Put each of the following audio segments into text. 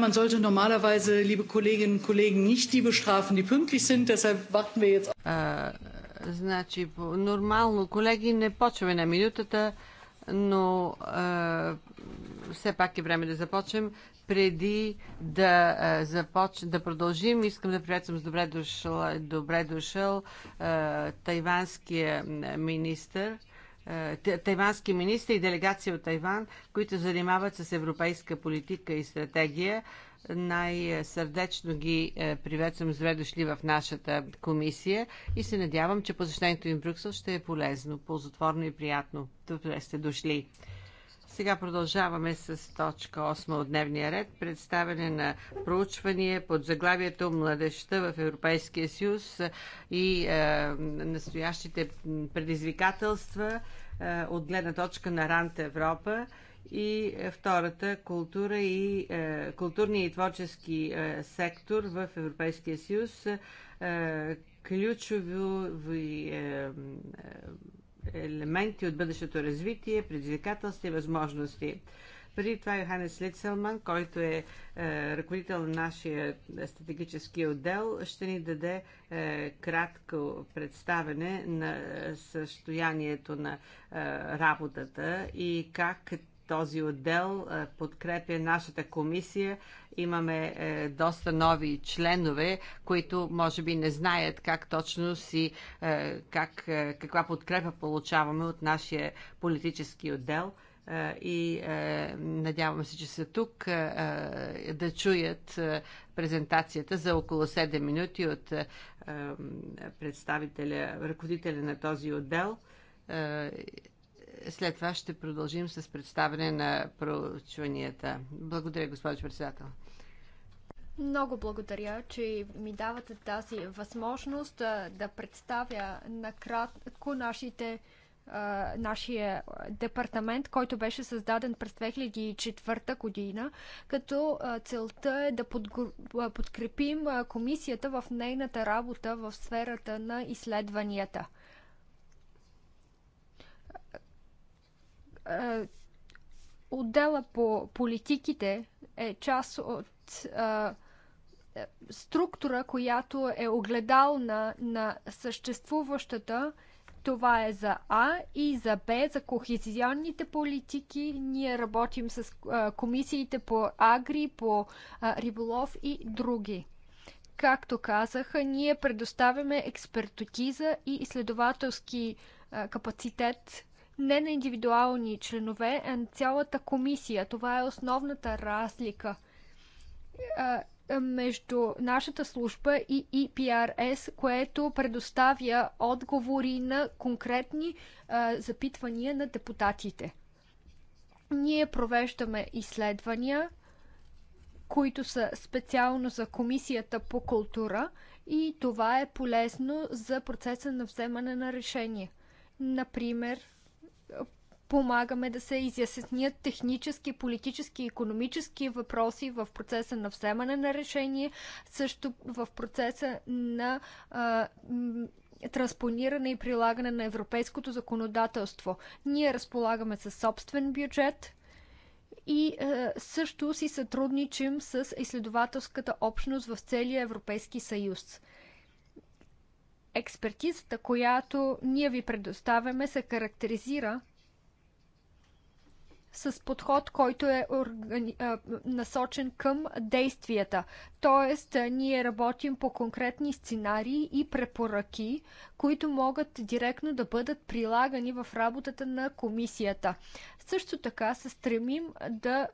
Man sollte normalerweise, liebe Kolleginnen und Kollegen, nicht die bestrafen, die pünktlich sind. Deshalb warten wir jetzt. значи, нормално, колеги, не почваме на минутата, но а, все пак е време да започнем. Преди да, а, започ... да продължим, искам да приветствам с добре дошъл, добре дошъл а, тайванския министър. Е, тайвански министри и делегация от Тайван, които занимават с европейска политика и стратегия. Най-сърдечно ги е, приветствам с дошли в нашата комисия и се надявам, че посещението им в Брюксел ще е полезно, ползотворно и приятно. Добре сте дошли. Сега продължаваме с точка 8 от дневния ред. Представяне на проучване под заглавието Младеща в Европейския съюз и е, настоящите предизвикателства е, от гледна точка на Рант Европа и втората култура и е, културния и творчески е, сектор в Европейския съюз. Е, ключови е, е елементи от бъдещето развитие, предизвикателства и възможности. Преди това Йоханес Литселман, който е, е ръководител на нашия стратегически отдел, ще ни даде е, кратко представене на е, състоянието на е, работата и как този отдел е, подкрепя нашата комисия. Имаме е, доста нови членове, които може би не знаят как точно си, е, как, каква подкрепа получаваме от нашия политически отдел. И надявам се, че са тук да чуят презентацията за около 7 минути от представителя, ръководителя на този отдел след това ще продължим с представяне на проучванията. Благодаря, госпожо председател. Много благодаря, че ми давате тази възможност да представя накратко нашите, нашия департамент, който беше създаден през 2004 година, като целта е да подкрепим комисията в нейната работа в сферата на изследванията. Е, отдела по политиките е част от а, е, е, структура, която е огледална на съществуващата. Това е за А и за Б, за кохезионните политики. Ние работим с а, комисиите по агри, по а, риболов и други. Както казаха, ние предоставяме експертотиза и изследователски а, капацитет не на индивидуални членове, а на цялата комисия. Това е основната разлика между нашата служба и EPRS, което предоставя отговори на конкретни а, запитвания на депутатите. Ние провеждаме изследвания, които са специално за Комисията по култура и това е полезно за процеса на вземане на решение. Например, помагаме да се изяснят технически, политически и економически въпроси в процеса на вземане на решение, също в процеса на а, транспониране и прилагане на европейското законодателство. Ние разполагаме със собствен бюджет, и а, също си сътрудничим с изследователската общност в целия Европейски съюз експертизата, която ние ви предоставяме, се характеризира с подход, който е органи... насочен към действията. Тоест, ние работим по конкретни сценарии и препоръки, които могат директно да бъдат прилагани в работата на комисията. Също така се стремим да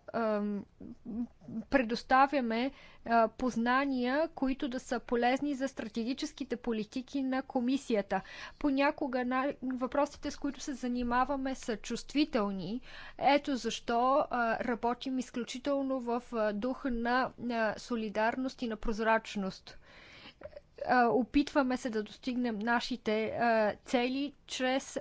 предоставяме а, познания, които да са полезни за стратегическите политики на комисията. Понякога на, въпросите, с които се занимаваме, са чувствителни. Ето защо а, работим изключително в а, дух на а, солидарност и на прозрачност опитваме се да достигнем нашите цели чрез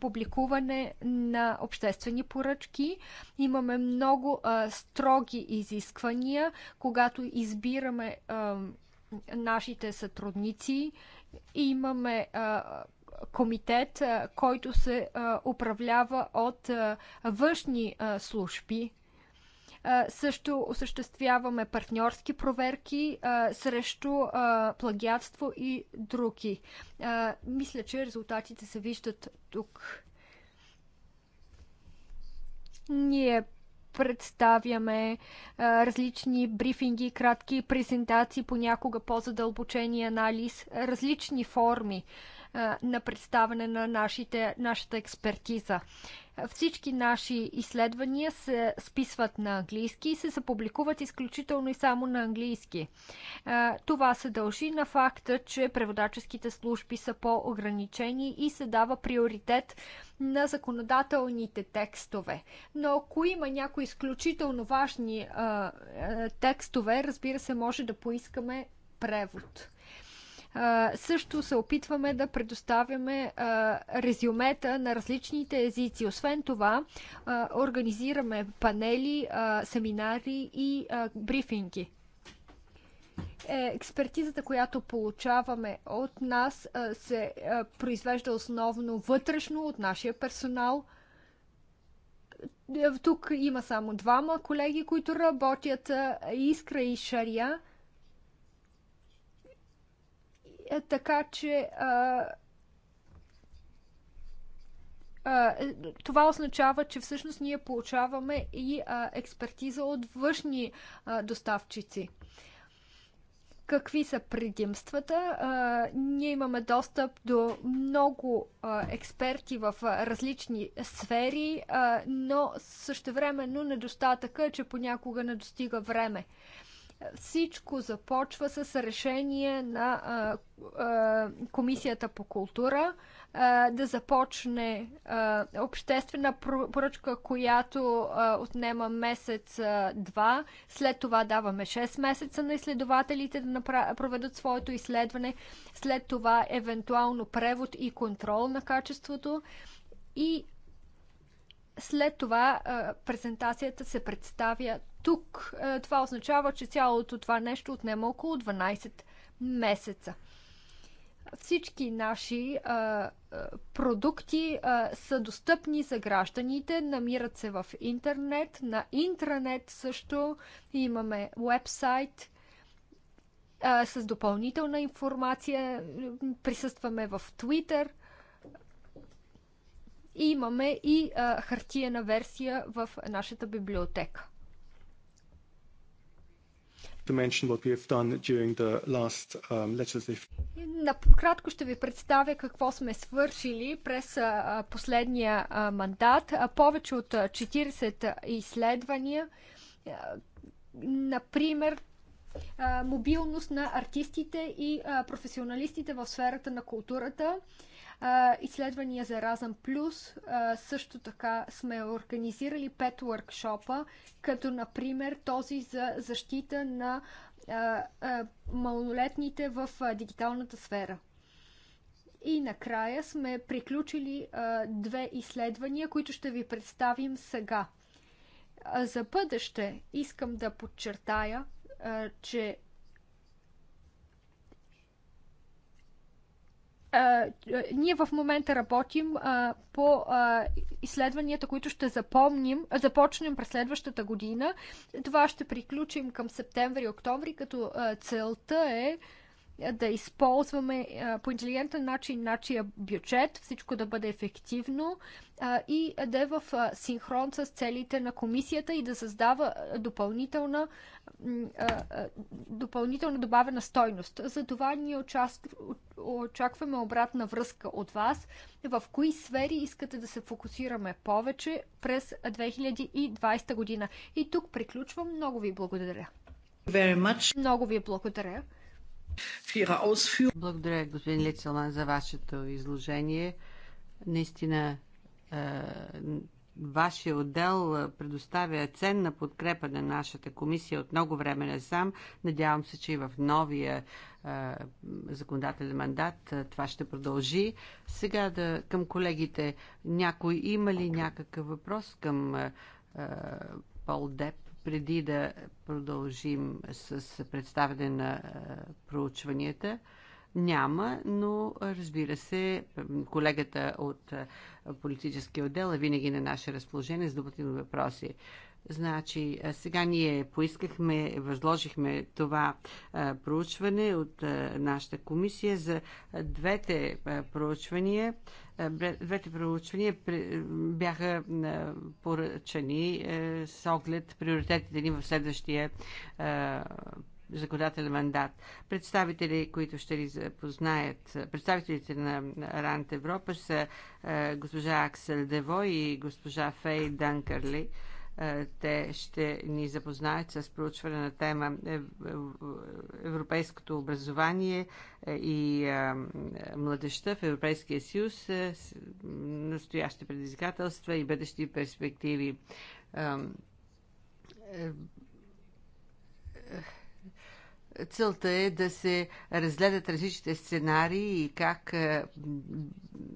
публикуване на обществени поръчки. Имаме много строги изисквания, когато избираме нашите сътрудници. Имаме комитет, който се управлява от външни служби също осъществяваме партньорски проверки срещу плагиатство и други. Мисля, че резултатите се виждат тук. Ние представяме различни брифинги, кратки презентации, понякога по-задълбочени анализ, различни форми на представяне на нашите, нашата експертиза. Всички наши изследвания се списват на английски и се публикуват изключително и само на английски. Това се дължи на факта, че преводаческите служби са по-ограничени и се дава приоритет на законодателните текстове. Но ако има някои изключително важни текстове, разбира се, може да поискаме превод също се опитваме да предоставяме резюмета на различните езици. Освен това, организираме панели, семинари и брифинги е, експертизата, която получаваме от нас, се произвежда основно вътрешно от нашия персонал. Тук има само двама колеги, които работят Искра и Шария. Е, така че а, а, е, това означава, че всъщност ние получаваме и а, експертиза от външни а, доставчици какви са предимствата. А, ние имаме достъп до много а, експерти в а, различни сфери, а, но същевременно недостатъка е, че понякога не достига време. А, всичко започва с решение на а, а, Комисията по култура а, да започне а, обществена поръчка, която а, отнема месец-два. След това даваме 6 месеца на изследователите да направ... проведат своето изследване. След това евентуално превод и контрол на качеството. И след това презентацията се представя тук. Това означава, че цялото това нещо отнема около 12 месеца всички наши а, продукти а, са достъпни за гражданите, намират се в интернет, на интранет също имаме вебсайт а, с допълнителна информация, присъстваме в Twitter – и имаме и а, хартиена версия в нашата библиотека. Um, накратко ще ви представя какво сме свършили през последния мандат. повече от 40 изследвания. Например, мобилност на артистите и професионалистите в сферата на културата изследвания за Разъм Плюс. Също така сме организирали пет въркшопа, като например този за защита на малолетните в дигиталната сфера. И накрая сме приключили две изследвания, които ще ви представим сега. за бъдеще искам да подчертая, че Е, ние в момента работим а, по а, изследванията, които ще запомним, започнем през следващата година. Това ще приключим към септември-октомври, като а, целта е да използваме по интелигентен начин нашия бюджет, всичко да бъде ефективно и да е в синхрон с целите на комисията и да създава допълнителна, допълнителна добавена стойност. За това ние очакваме обратна връзка от вас. В кои сфери искате да се фокусираме повече през 2020 година? И тук приключвам. Много ви благодаря. Много ви благодаря. Благодаря, господин Лицелман, за вашето изложение. Наистина, е, вашия отдел предоставя ценна подкрепа на нашата комисия от много време сам. Надявам се, че и в новия е, законодателен мандат е, това ще продължи. Сега да, към колегите. Някой има ли някакъв въпрос към Пол Деп? преди да продължим с представяне на е, проучванията? Няма, но разбира се, колегата от е, политическия отдел е винаги на наше разположение с допълнителни въпроси. Значи, сега ние поискахме, възложихме това а, проучване от а, нашата комисия за двете а, проучвания. Двете проучвания бяха поръчани с оглед приоритетите ни в следващия законодателен мандат. Представители, които ще ни запознаят, представителите на Рант Европа са госпожа Аксел Дево и госпожа Фей Данкърли. Е, те ще ни запознаят с проучване на тема е, Европейското образование е, и младеща в Европейския съюз, настоящи предизвикателства и бъдещи перспективи целта е да се разгледат различните сценарии и как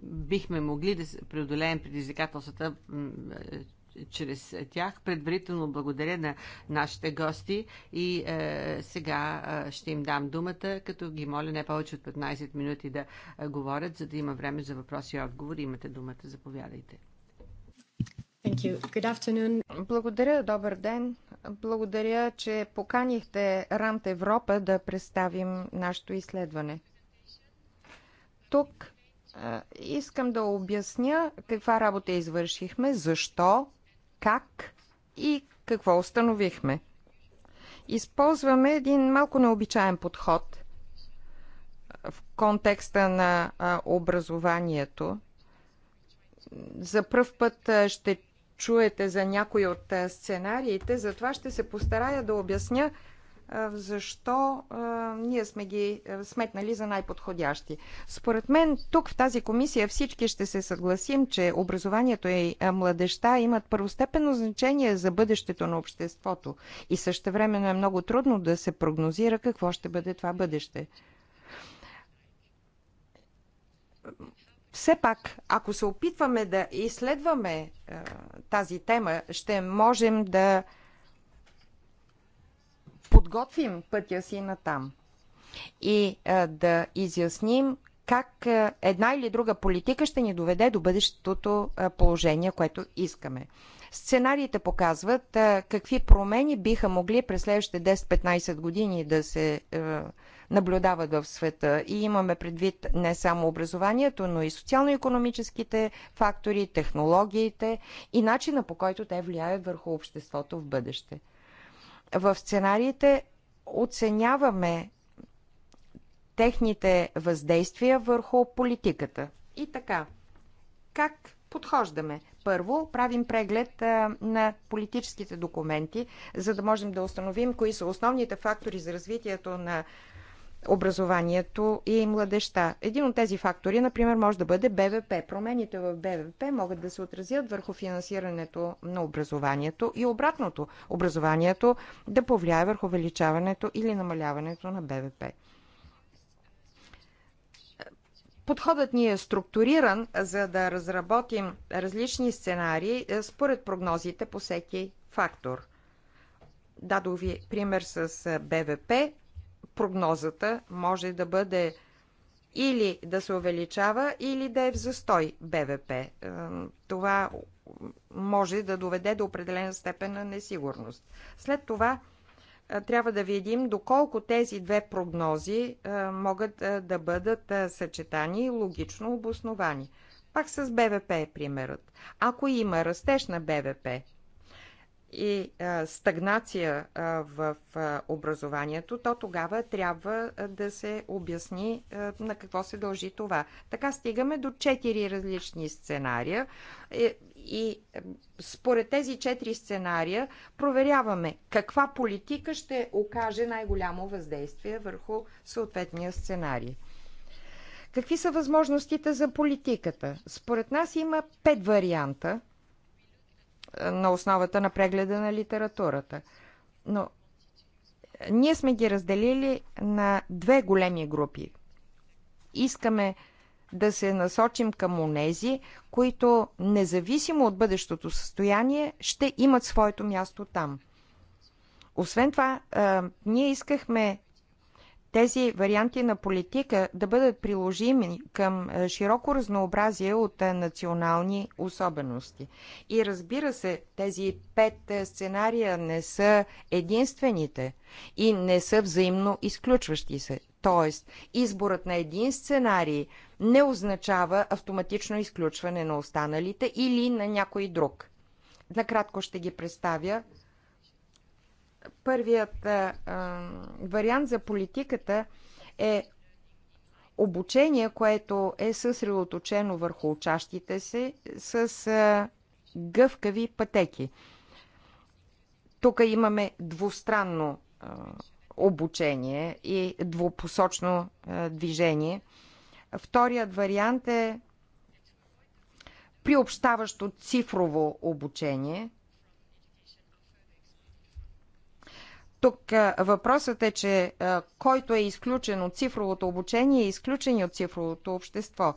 бихме могли да преодолеем предизвикателствата чрез тях. Предварително благодаря на нашите гости и е, сега е, ще им дам думата, като ги моля не повече от 15 минути да е, говорят, за да има време за въпроси и отговори. Имате думата, заповядайте. Благодаря, добър ден. Благодаря, че поканихте Рамт Европа да представим нашето изследване. Тук е, искам да обясня каква работа извършихме, защо как и какво установихме. Използваме един малко необичаен подход в контекста на образованието. За пръв път ще чуете за някои от сценариите, затова ще се постарая да обясня защо а, ние сме ги сметнали за най-подходящи. Според мен, тук в тази комисия всички ще се съгласим, че образованието и младеща имат първостепенно значение за бъдещето на обществото и също времено е много трудно да се прогнозира какво ще бъде това бъдеще. Все пак, ако се опитваме да изследваме а, тази тема, ще можем да а, подготвим пътя си на там и да изясним как една или друга политика ще ни доведе до бъдещото положение, което искаме. Сценариите показват какви промени биха могли през следващите 10-15 години да се наблюдават в света. И имаме предвид не само образованието, но и социално-економическите фактори, технологиите и начина по който те влияят върху обществото в бъдеще в сценариите оценяваме техните въздействия върху политиката. И така, как подхождаме? Първо, правим преглед а, на политическите документи, за да можем да установим кои са основните фактори за развитието на образованието и младеща. Един от тези фактори, например, може да бъде БВП. Промените в БВП могат да се отразят върху финансирането на образованието и обратното образованието да повлияе върху увеличаването или намаляването на БВП. Подходът ни е структуриран, за да разработим различни сценарии е, според прогнозите по всеки фактор. Дадох ви пример с е, БВП, прогнозата може да бъде или да се увеличава, или да е в застой БВП. Е, това може да доведе до определена степен на несигурност. След това е, трябва да видим доколко тези две прогнози е, могат да бъдат съчетани и логично обосновани. Пак с БВП е примерът. Ако има растеж на БВП и стагнация в образованието, то тогава трябва да се обясни на какво се дължи това. Така стигаме до четири различни сценария е, и според тези четири сценария проверяваме каква политика ще окаже най-голямо въздействие върху съответния сценарий. Какви са възможностите за политиката? Според нас има пет варианта – на основата на прегледа на литературата. Но ние сме ги разделили на две големи групи. Искаме да се насочим към онези, които, независимо от бъдещото състояние, ще имат своето място там. Освен това, ние искахме тези варианти на политика да бъдат приложими към е, широко разнообразие от е, национални особености. И разбира се, тези пет е, сценария не са единствените и не са взаимно изключващи се. Тоест, изборът на един сценарий не означава автоматично изключване на останалите или на някой друг. Накратко ще ги представя Първият а, е, е, вариант за политиката е обучение, което е съсредоточено върху учащите се с а, е, гъвкави пътеки. Тук имаме двустранно а, обучение и двупосочно а, движение. Вторият вариант е приобщаващо цифрово обучение. Тук въпросът е, че който е изключен от цифровото обучение, е изключен и от цифровото общество.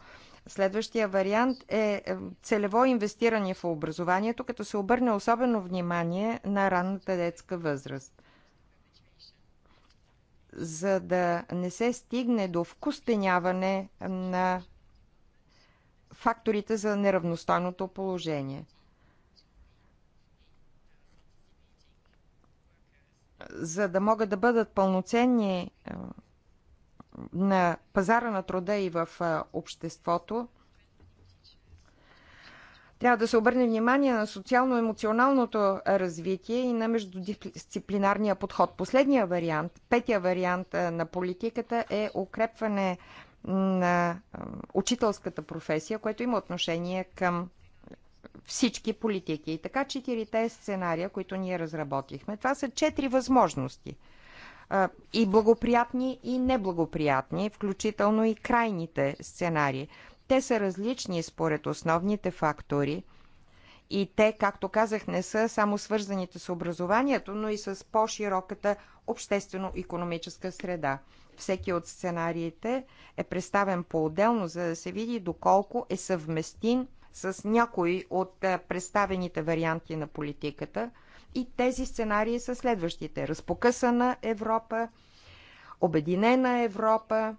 Следващия вариант е, е целево инвестиране в образованието, като се обърне особено внимание на ранната детска възраст. За да не се стигне до вкустеняване на факторите за неравностойното положение – за да могат да бъдат пълноценни е, на пазара на труда и в е, обществото, трябва да се обърне внимание на социално-емоционалното развитие и на междудисциплинарния подход. Последния вариант, петия вариант е, на политиката е укрепване на учителската професия, което има отношение към всички политики. И така четирите сценария, които ние разработихме, това са четири възможности. И благоприятни, и неблагоприятни, включително и крайните сценарии. Те са различни според основните фактори. И те, както казах, не са само свързаните с образованието, но и с по-широката обществено-економическа среда. Всеки от сценариите е представен по-отделно, за да се види доколко е съвместим с някои от е, представените варианти на политиката. И тези сценарии са следващите. Разпокъсана Европа, обединена Европа,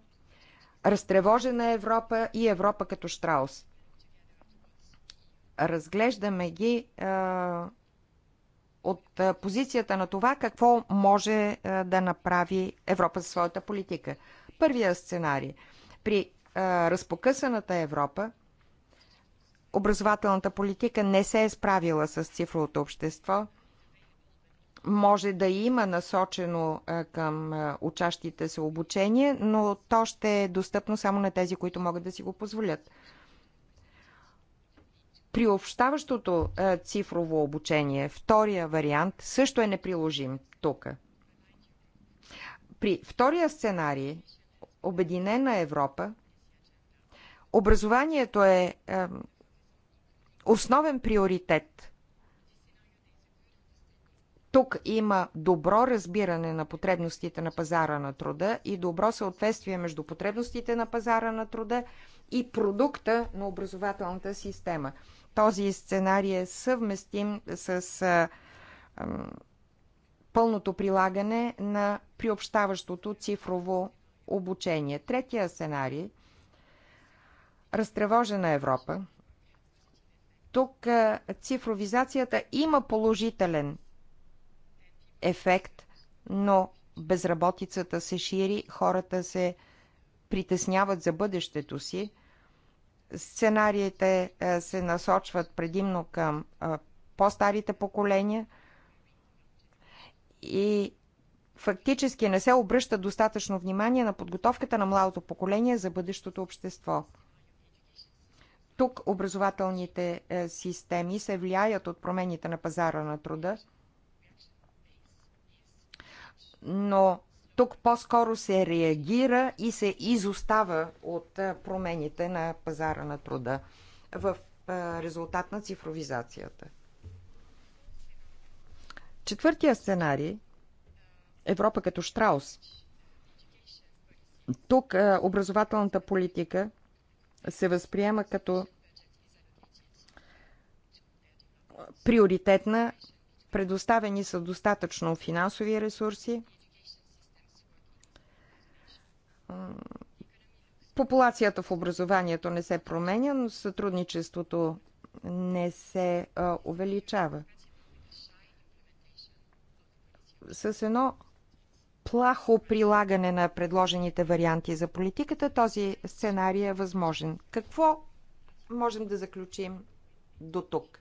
разтревожена Европа и Европа като Штраус. Разглеждаме ги а, е, от а, е, позицията на това какво може а, да направи Европа за своята политика. Първия сценарий. При а, разпокъсаната Европа образователната политика не се е справила с цифровото общество. Може да има насочено към учащите се обучение, но то ще е достъпно само на тези, които могат да си го позволят. Приобщаващото цифрово обучение, втория вариант, също е неприложим тук. При втория сценарий, Обединена Европа, образованието е, е основен приоритет. Тук има добро разбиране на потребностите на пазара на труда и добро съответствие между потребностите на пазара на труда и продукта на образователната система. Този сценарий е съвместим с а, а, пълното прилагане на приобщаващото цифрово обучение. Третия сценарий Разтревожена Европа тук цифровизацията има положителен ефект, но безработицата се шири, хората се притесняват за бъдещето си. Сценариите се насочват предимно към по-старите поколения и фактически не се обръща достатъчно внимание на подготовката на младото поколение за бъдещото общество. Тук образователните е, системи се влияят от промените на пазара на труда, но тук по-скоро се реагира и се изостава от е, промените на пазара на труда в е, резултат на цифровизацията. Четвъртия сценарий Европа като Штраус. Тук образователната политика се възприема като приоритетна, предоставени са достатъчно финансови ресурси, популацията в образованието не се променя, но сътрудничеството не се увеличава. С едно плахо прилагане на предложените варианти за политиката, този сценарий е възможен. Какво можем да заключим до тук?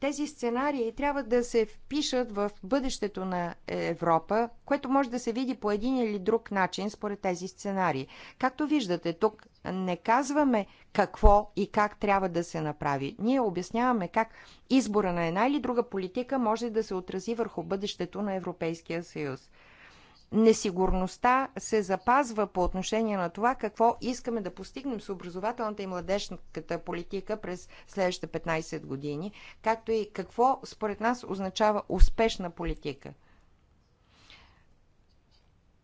Тези сценарии трябва да се впишат в бъдещето на Европа, което може да се види по един или друг начин според тези сценарии. Както виждате, тук не казваме какво и как трябва да се направи. Ние обясняваме как избора на една или друга политика може да се отрази върху бъдещето на Европейския съюз несигурността се запазва по отношение на това какво искаме да постигнем с образователната и младежката политика през следващите 15 години, както и какво според нас означава успешна политика.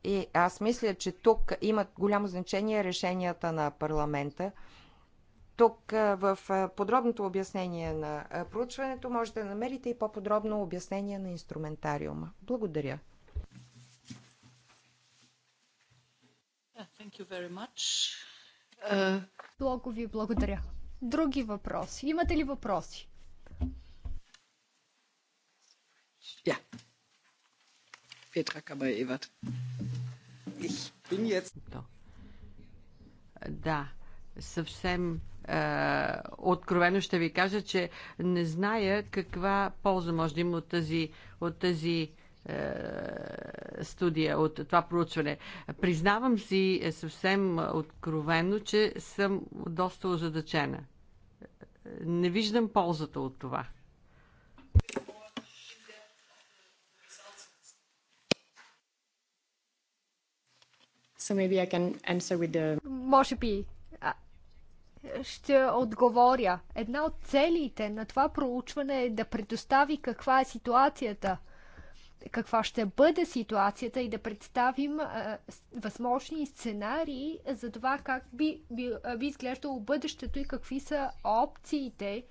И аз мисля, че тук имат голямо значение решенията на парламента. Тук в подробното обяснение на проучването може да намерите и по-подробно обяснение на инструментариума. Благодаря. Много е, ви благодаря. Други въпроси? Имате ли въпроси? Да. Петра Кабай Еват. Да, съвсем е, откровено ще ви кажа, че не зная каква полза може да има от тази, от тази е, студия, от това проучване. Признавам си съвсем откровенно, че съм доста озадачена. Не виждам ползата от това. So maybe I can answer with the... Може би ще отговоря. Една от целите на това проучване е да предостави каква е ситуацията каква ще бъде ситуацията и да представим а, възможни сценарии за това как би, би, би изглеждало бъдещето и какви са опциите,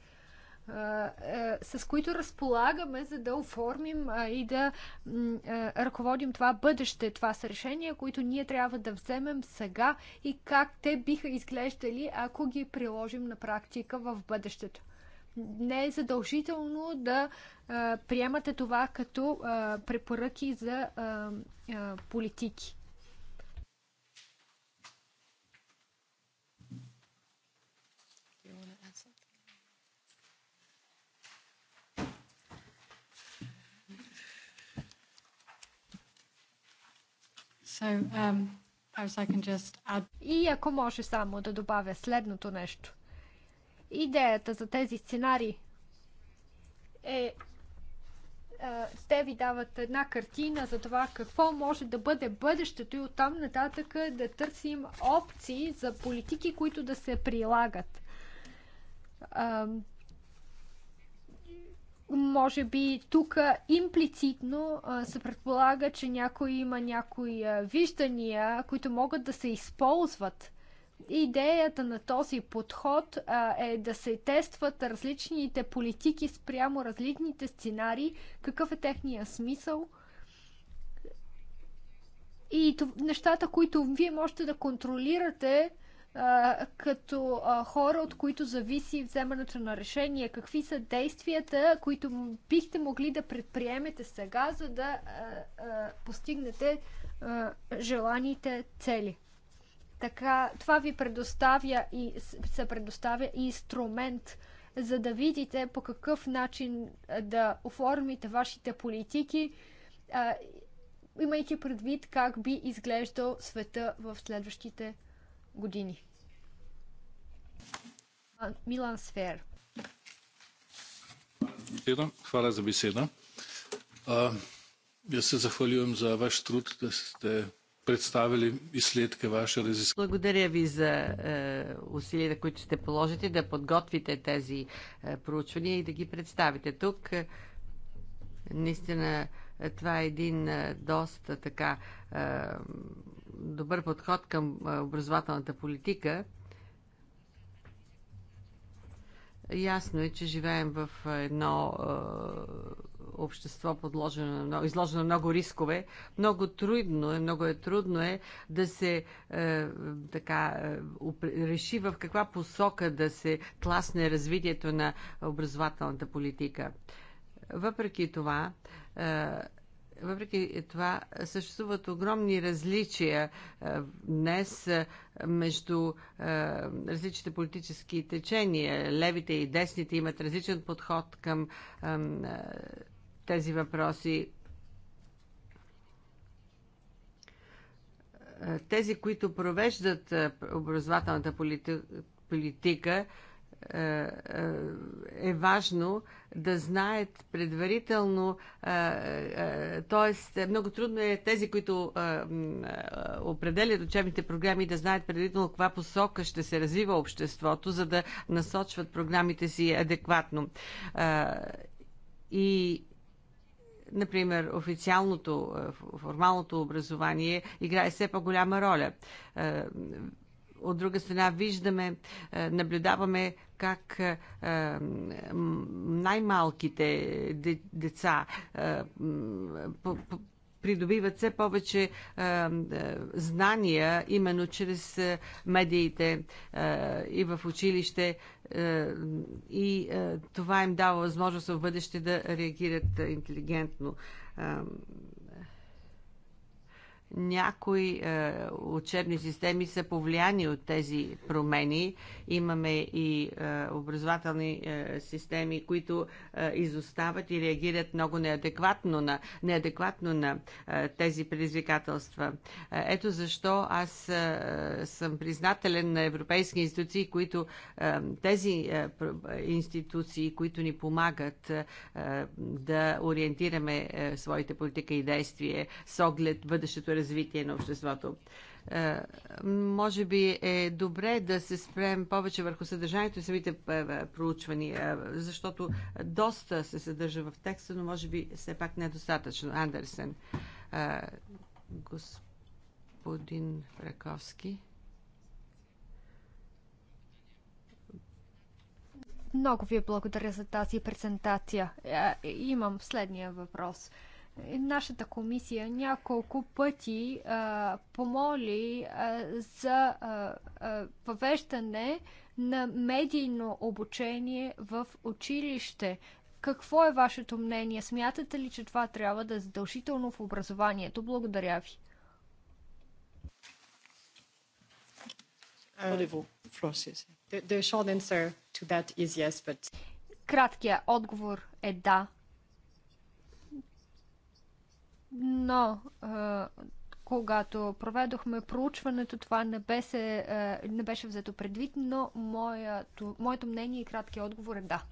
а, а, с които разполагаме, за да оформим а, и да м, а, ръководим това бъдеще. Това са решения, които ние трябва да вземем сега и как те биха изглеждали, ако ги приложим на практика в бъдещето не е задължително да а, приемате това като а, препоръки за а, а, политики. So, um, I can just add... И ако може само да добавя следното нещо. Идеята за тези сценари е те ви дават една картина за това какво може да бъде бъдещето и оттам нататък да търсим опции за политики, които да се прилагат. може би тук имплицитно се предполага, че някой има някои виждания, които могат да се използват Идеята на този подход а, е да се тестват различните политики спрямо различните сценарии, какъв е техния смисъл и нещата, които вие можете да контролирате а, като а, хора, от които зависи вземането на решение. Какви са действията, които бихте могли да предприемете сега, за да а, постигнете желаните цели? Така, това ви предоставя и се предоставя и инструмент, за да видите по какъв начин да оформите вашите политики, а, имайки предвид как би изглеждал света в следващите години. Милан Сфер. Hvala za besedo. Jaz se zahvaljujem za vaš trud, da ste представили изследка ваша разискване. Благодаря ви за е, усилията, които ще положите да подготвите тези е, проучвания и да ги представите тук. Е, наистина е, това е един е, доста така е, добър подход към е, образователната политика. Ясно е, че живеем в едно е, общество, подложено на много, изложено на много рискове, много трудно е, много е трудно е да се е, така е, реши в каква посока да се тласне развитието на образователната политика. Въпреки това, е, въпреки това, съществуват огромни различия е, днес е, между е, различните политически течения. Левите и десните имат различен подход към тези въпроси. Е, тези, които провеждат е, образователната политика, е, е важно да знаят предварително, т.е. много трудно е тези, които определят учебните програми, да знаят предварително каква посока ще се развива обществото, за да насочват програмите си адекватно. И например, официалното, е, формалното образование играе все по-голяма роля. Е, от друга страна виждаме, е, наблюдаваме как най-малките деца придобиват все повече знания, именно чрез медиите и в училище. И това им дава възможност в бъдеще да реагират интелигентно някои е, учебни системи са повлияни от тези промени. Имаме и е, образователни е, системи, които е, изостават и реагират много неадекватно на, неадекватно на е, тези предизвикателства. Е, ето защо аз е, съм признателен на европейски институции, които е, тези е, институции, които ни помагат е, е, да ориентираме е, своите политика и действие с оглед бъдещето развитие на обществото. Е, може би е добре да се спрем повече върху съдържанието и самите е, е, проучвания, защото доста се съдържа в текста, но може би все пак недостатъчно. Андерсен, господин Раковски. Много ви благодаря за тази презентация. Имам следния въпрос. Нашата комисия няколко пъти а, помоли а, за а, а, въвеждане на медийно обучение в училище. Какво е вашето мнение? Смятате ли, че това трябва да е задължително в образованието? Благодаря ви. Uh, Краткият отговор е да но когато проведохме проучването, това не беше, не беше взето предвид, но моето, моето мнение и кратки отговор е да.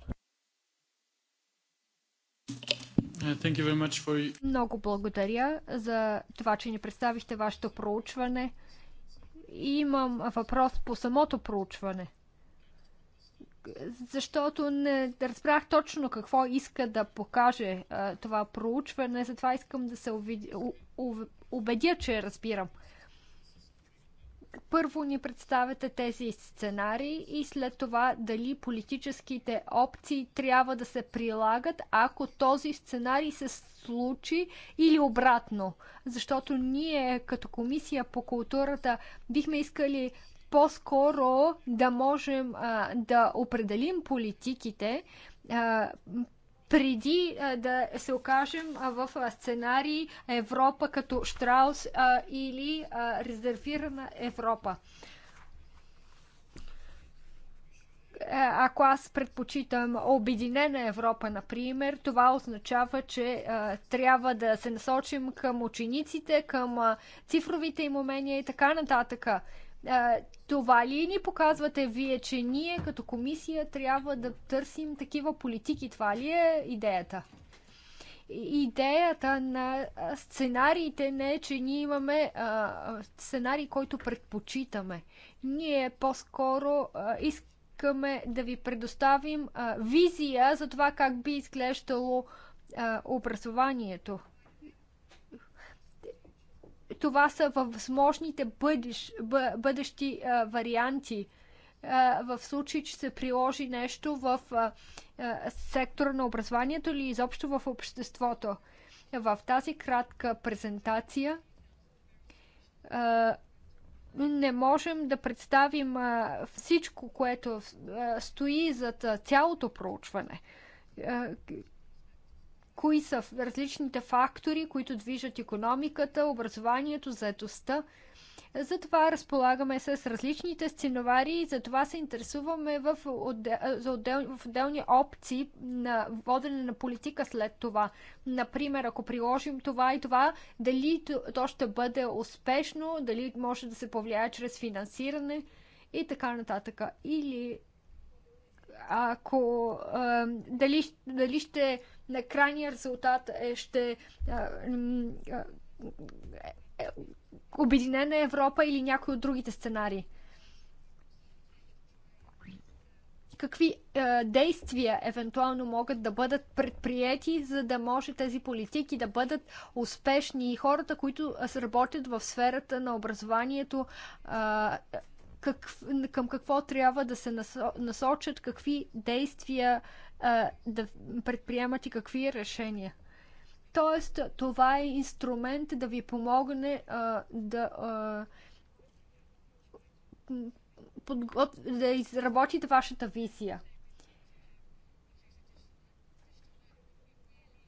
Uh, for... Много благодаря за това, че ни представихте вашето проучване. Имам въпрос по самото проучване защото не разбрах точно какво иска да покаже а, това проучване, затова искам да се у, у, убедя, че разбирам. Първо ни представяте тези сценарии и след това дали политическите опции трябва да се прилагат, ако този сценарий се случи или обратно. Защото ние като комисия по културата бихме искали по-скоро да можем а, да определим политиките а, преди а, да се окажем а, в а, сценарий Европа като Штраус а, или а, резервирана Европа. Е, ако аз предпочитам Обединена Европа, например, това означава, че а, трябва да се насочим към учениците, към а, цифровите им умения и така нататък това ли ни показвате вие, че ние като комисия трябва да търсим такива политики? Това ли е идеята? Идеята на сценариите не е, че ние имаме а, сценарий, който предпочитаме. Ние по-скоро искаме да ви предоставим а, визия за това как би изглеждало а, образованието това са възможните бъдещ, бъдещи а, варианти в случай, че се приложи нещо в сектора на образованието или изобщо в обществото. В тази кратка презентация не можем да представим всичко, което стои зад цялото проучване кои са различните фактори, които движат економиката, образованието, заедостта. Затова разполагаме с различните сценовари и затова се интересуваме в, отдел, за отдел, в отделни опции на водене на политика след това. Например, ако приложим това и това, дали то, ще бъде успешно, дали може да се повлияе чрез финансиране и така нататък. Или ако дали, дали ще на крайния резултат е, ще е, Обединена Европа или някой от другите сценарии. Какви е, действия евентуално могат да бъдат предприяти, за да може тези политики да бъдат успешни и хората, които работят в сферата на образованието, е, как, към какво трябва да се насочат, какви действия е, а, да предприемат и какви решения. Тоест, това е инструмент да ви помогне а, да. А, подгод... да изработите вашата визия.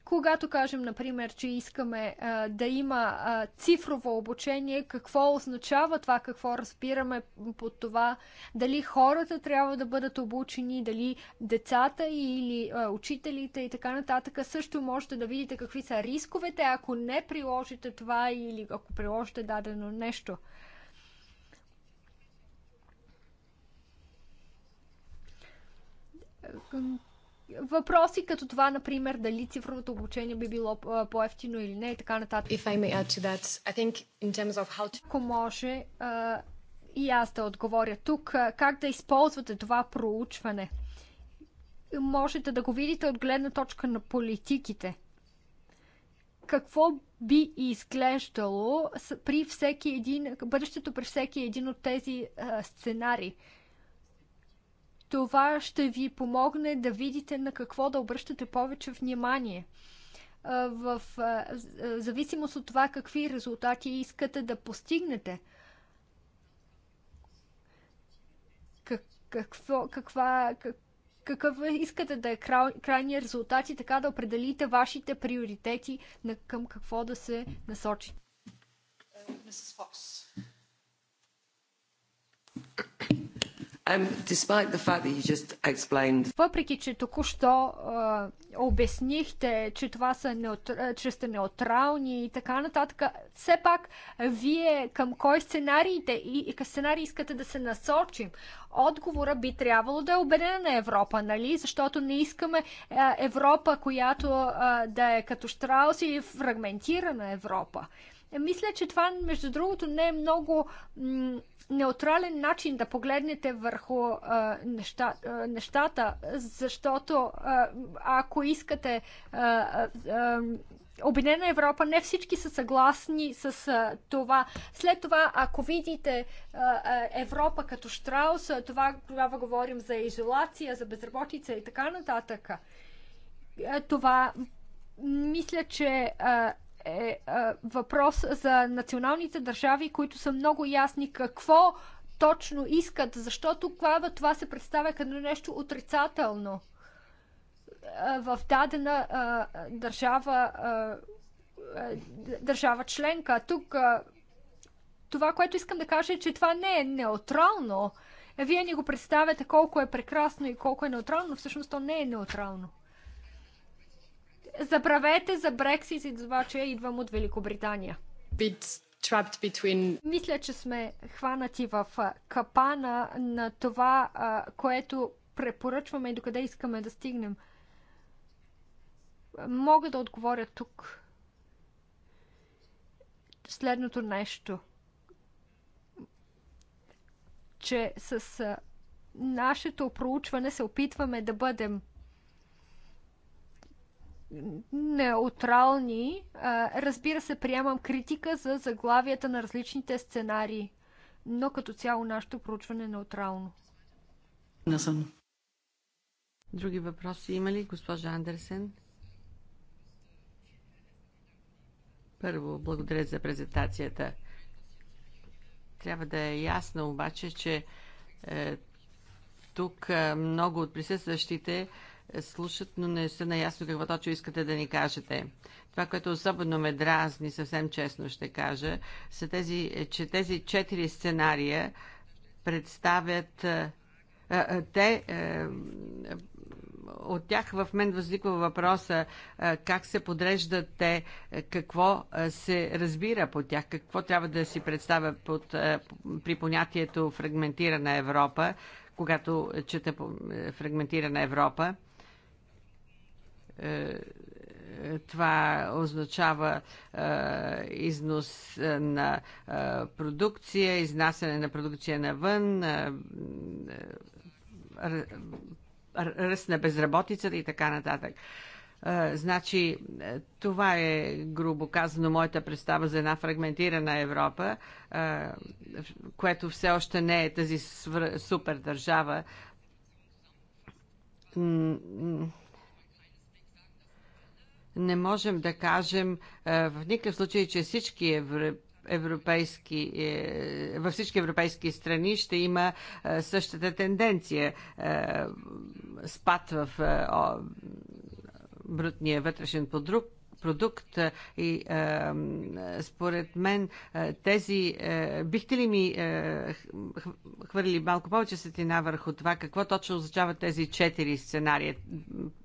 Когато кажем, например, че искаме а, да има а, цифрово обучение, какво означава това, какво разбираме под това, дали хората трябва да бъдат обучени, дали децата или а, учителите и така нататък, също можете да видите какви са рисковете, ако не приложите това или ако приложите дадено нещо въпроси като това, например, дали цифровото обучение би било по-ефтино или не и така нататък. If I may add to that, I think in terms of how to... Ако може и аз да отговоря тук, как да използвате това проучване? Можете да го видите от гледна точка на политиките. Какво би изглеждало при всеки един, бъдещето при всеки един от тези сценарии? сценари? Това ще ви помогне да видите на какво да обръщате повече внимание в зависимост от това какви резултати искате да постигнете. какво, каква, как, какъв искате да е крайния крайният резултат и така да определите вашите приоритети на, към какво да се насочите. Mrs. Fox. Um, Въпреки, че току-що е, обяснихте, че това са неутр... че сте неутрални и така нататък, все пак вие към кой сценариите и, и към сценарий искате да се насочим? Отговора би трябвало да е обедена на Европа, нали? Защото не искаме е, Европа, която е, да е като Штраус или фрагментирана Европа. Мисля, че това, между другото, не е много неутрален начин да погледнете върху а, неща, а, нещата, защото а, ако искате. А, а, Обединена Европа, не всички са съгласни с а, това. След това, ако видите а, а, Европа като Штраус, това тогава говорим за изолация, за безработица и така нататък. А, това мисля, че а, е, е въпрос за националните държави, които са много ясни какво точно искат, защото тогава това се представя като нещо отрицателно. Е, в дадена а, е, държава, а, държава членка. Тук а, това, което искам да кажа е, че това не е неутрално. Вие ни го представяте колко е прекрасно и колко е неутрално, всъщност то не е неутрално. Забравете за Брексит и това, че идвам от Великобритания. Between... Мисля, че сме хванати в капана на това, което препоръчваме и докъде искаме да стигнем. Мога да отговоря тук следното нещо. Че с нашето проучване се опитваме да бъдем неутрални. Разбира се, приемам критика за заглавията на различните сценарии, но като цяло нашето проучване е неутрално. Не съм. Други въпроси има ли, госпожа Андерсен? Първо, благодаря за презентацията. Трябва да е ясно обаче, че е, тук е, много от присъстващите слушат, но не са наясно какво точно искате да ни кажете. Това, което особено ме дразни, съвсем честно ще кажа, са тези, че тези четири сценария представят те от тях в мен възниква въпроса как се подреждат те, какво се разбира по тях, какво трябва да си представя под, при понятието фрагментирана Европа, когато чета фрагментирана Европа. Е, е, това означава е, износ е, на е, продукция, изнасяне на продукция навън, е, е, ръст на безработицата и така нататък. Е, значи, е, това е, грубо казано, моята представа за една фрагментирана Европа, е, което все още не е тази свър... супер държава не можем да кажем е, в никакъв случай, че всички европейски европейски, във всички европейски страни ще има е, същата тенденция е, спад в брутния вътрешен продукт, продукт и а, според мен тези... А, бихте ли ми а, хвърли малко повече светлина върху това? Какво точно означават тези четири сценария?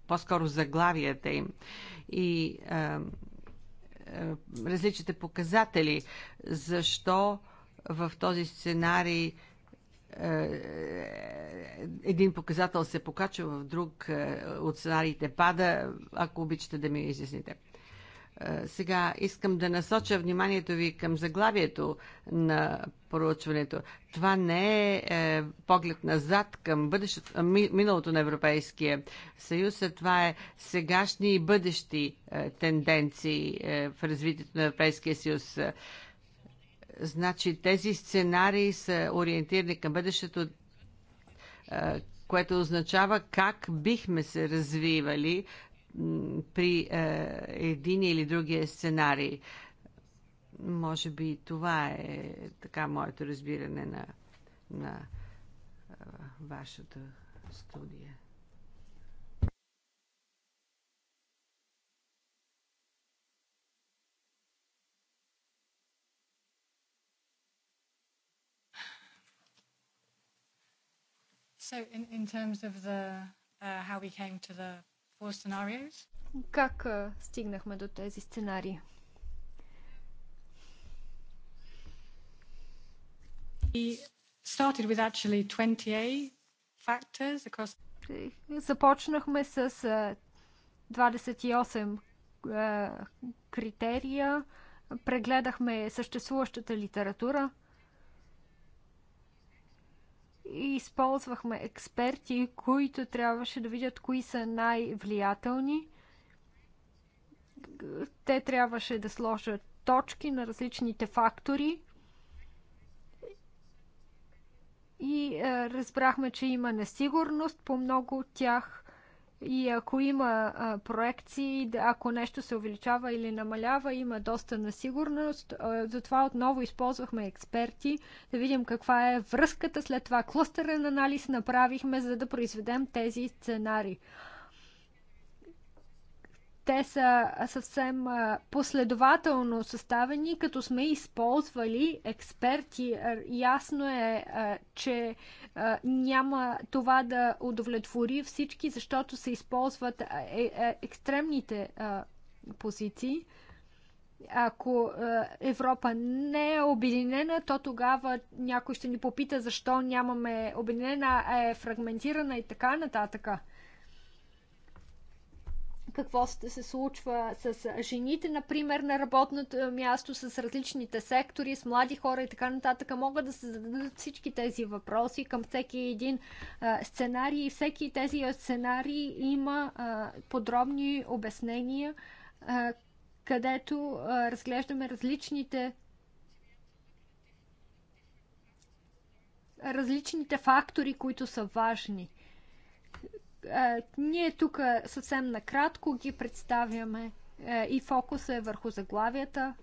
По-скоро заглавията им. И а, различните показатели. Защо в този сценарий един показател се покачва в друг от сценариите пада, ако обичате да ми изясните. Е, сега искам да насоча вниманието ви към заглавието на проучването. Това не е, е поглед назад към бъдещето, миналото на Европейския съюз, а това е сегашни и бъдещи е, тенденции в развитието на Европейския съюз. Значи тези сценарии са ориентирани към бъдещето, което означава как бихме се развивали при е, един или другия сценарий. Може би това е така моето разбиране на, на е, вашата студия. So in, in terms of the, uh, how we came to the как стигнахме до тези сценарии? Започнахме с 28 критерия, прегледахме съществуващата литература – използвахме експерти, които трябваше да видят кои са най-влиятелни. Те трябваше да сложат точки на различните фактори. И е, разбрахме, че има несигурност по много от тях. И ако има а, проекции, ако нещо се увеличава или намалява, има доста насигурност. Затова отново използвахме експерти, да видим каква е връзката. След това клъстерен анализ направихме, за да произведем тези сценари. Те са съвсем последователно съставени, като сме използвали експерти. Ясно е, че няма това да удовлетвори всички, защото се използват е, е, екстремните позиции ако Европа не е обединена, то тогава някой ще ни попита защо нямаме обединена, а е фрагментирана и така нататък какво се случва с жените, например, на работното място, с различните сектори, с млади хора и така нататък. Могат да се зададат всички тези въпроси към всеки един сценарий. И всеки тези сценарии има подробни обяснения, където разглеждаме различните различните фактори, които са важни – е, ние тук съвсем накратко ги представяме е, и фокуса е върху заглавията.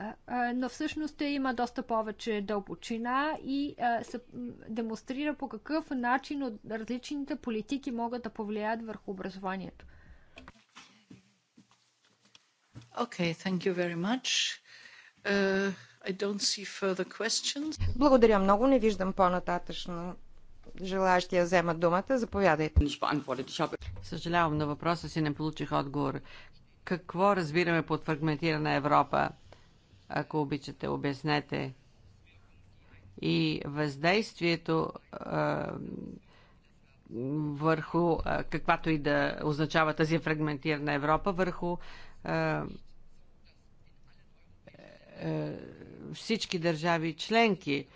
Е, но всъщност има доста повече дълбочина и се демонстрира по какъв начин от различните политики могат да повлияят върху образованието. Okay, thank you very much. Uh, I don't see further questions. Благодаря много. Не виждам по-нататъчно желаящи да вземат думата. Заповядайте. Съжалявам, на въпроса си не получих отговор. Какво разбираме под фрагментирана Европа? Ако обичате, обяснете. И въздействието а, върху, а, каквато и да означава тази фрагментирана Европа, върху а, всички държави членки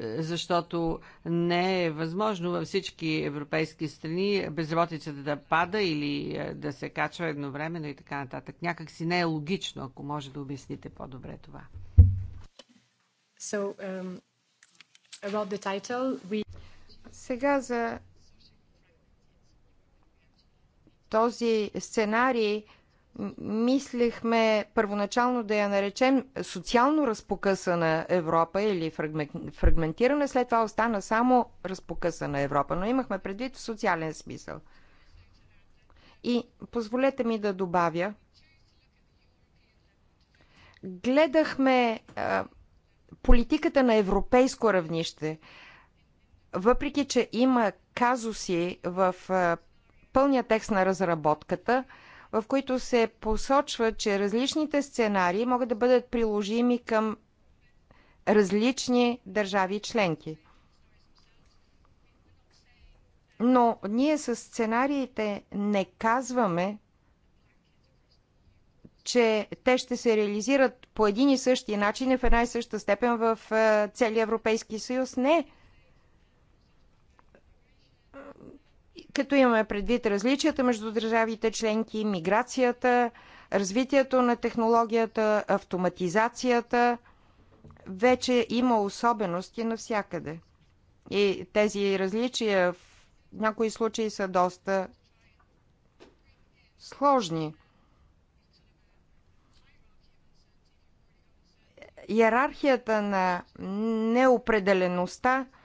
защото не е възможно във всички европейски страни безработицата да пада или е, да се качва едновременно и така нататък. Някак си не е логично, ако може да обясните по-добре това. So, um, about the title, we... Сега за този сценарий, мислехме първоначално да я наречем социално разпокъсана Европа или фрагментирана, след това остана само разпокъсана Европа, но имахме предвид в социален смисъл. И позволете ми да добавя, гледахме а, политиката на европейско равнище, въпреки че има казуси в а, пълния текст на разработката – в които се посочва, че различните сценарии могат да бъдат приложими към различни държави членки. Но ние с сценариите не казваме, че те ще се реализират по един и същи начин и в една и съща степен в е, целия Европейски съюз. Не. като имаме предвид различията между държавите членки, миграцията, развитието на технологията, автоматизацията, вече има особености навсякъде. И тези различия в някои случаи са доста сложни. Иерархията на неопределеността –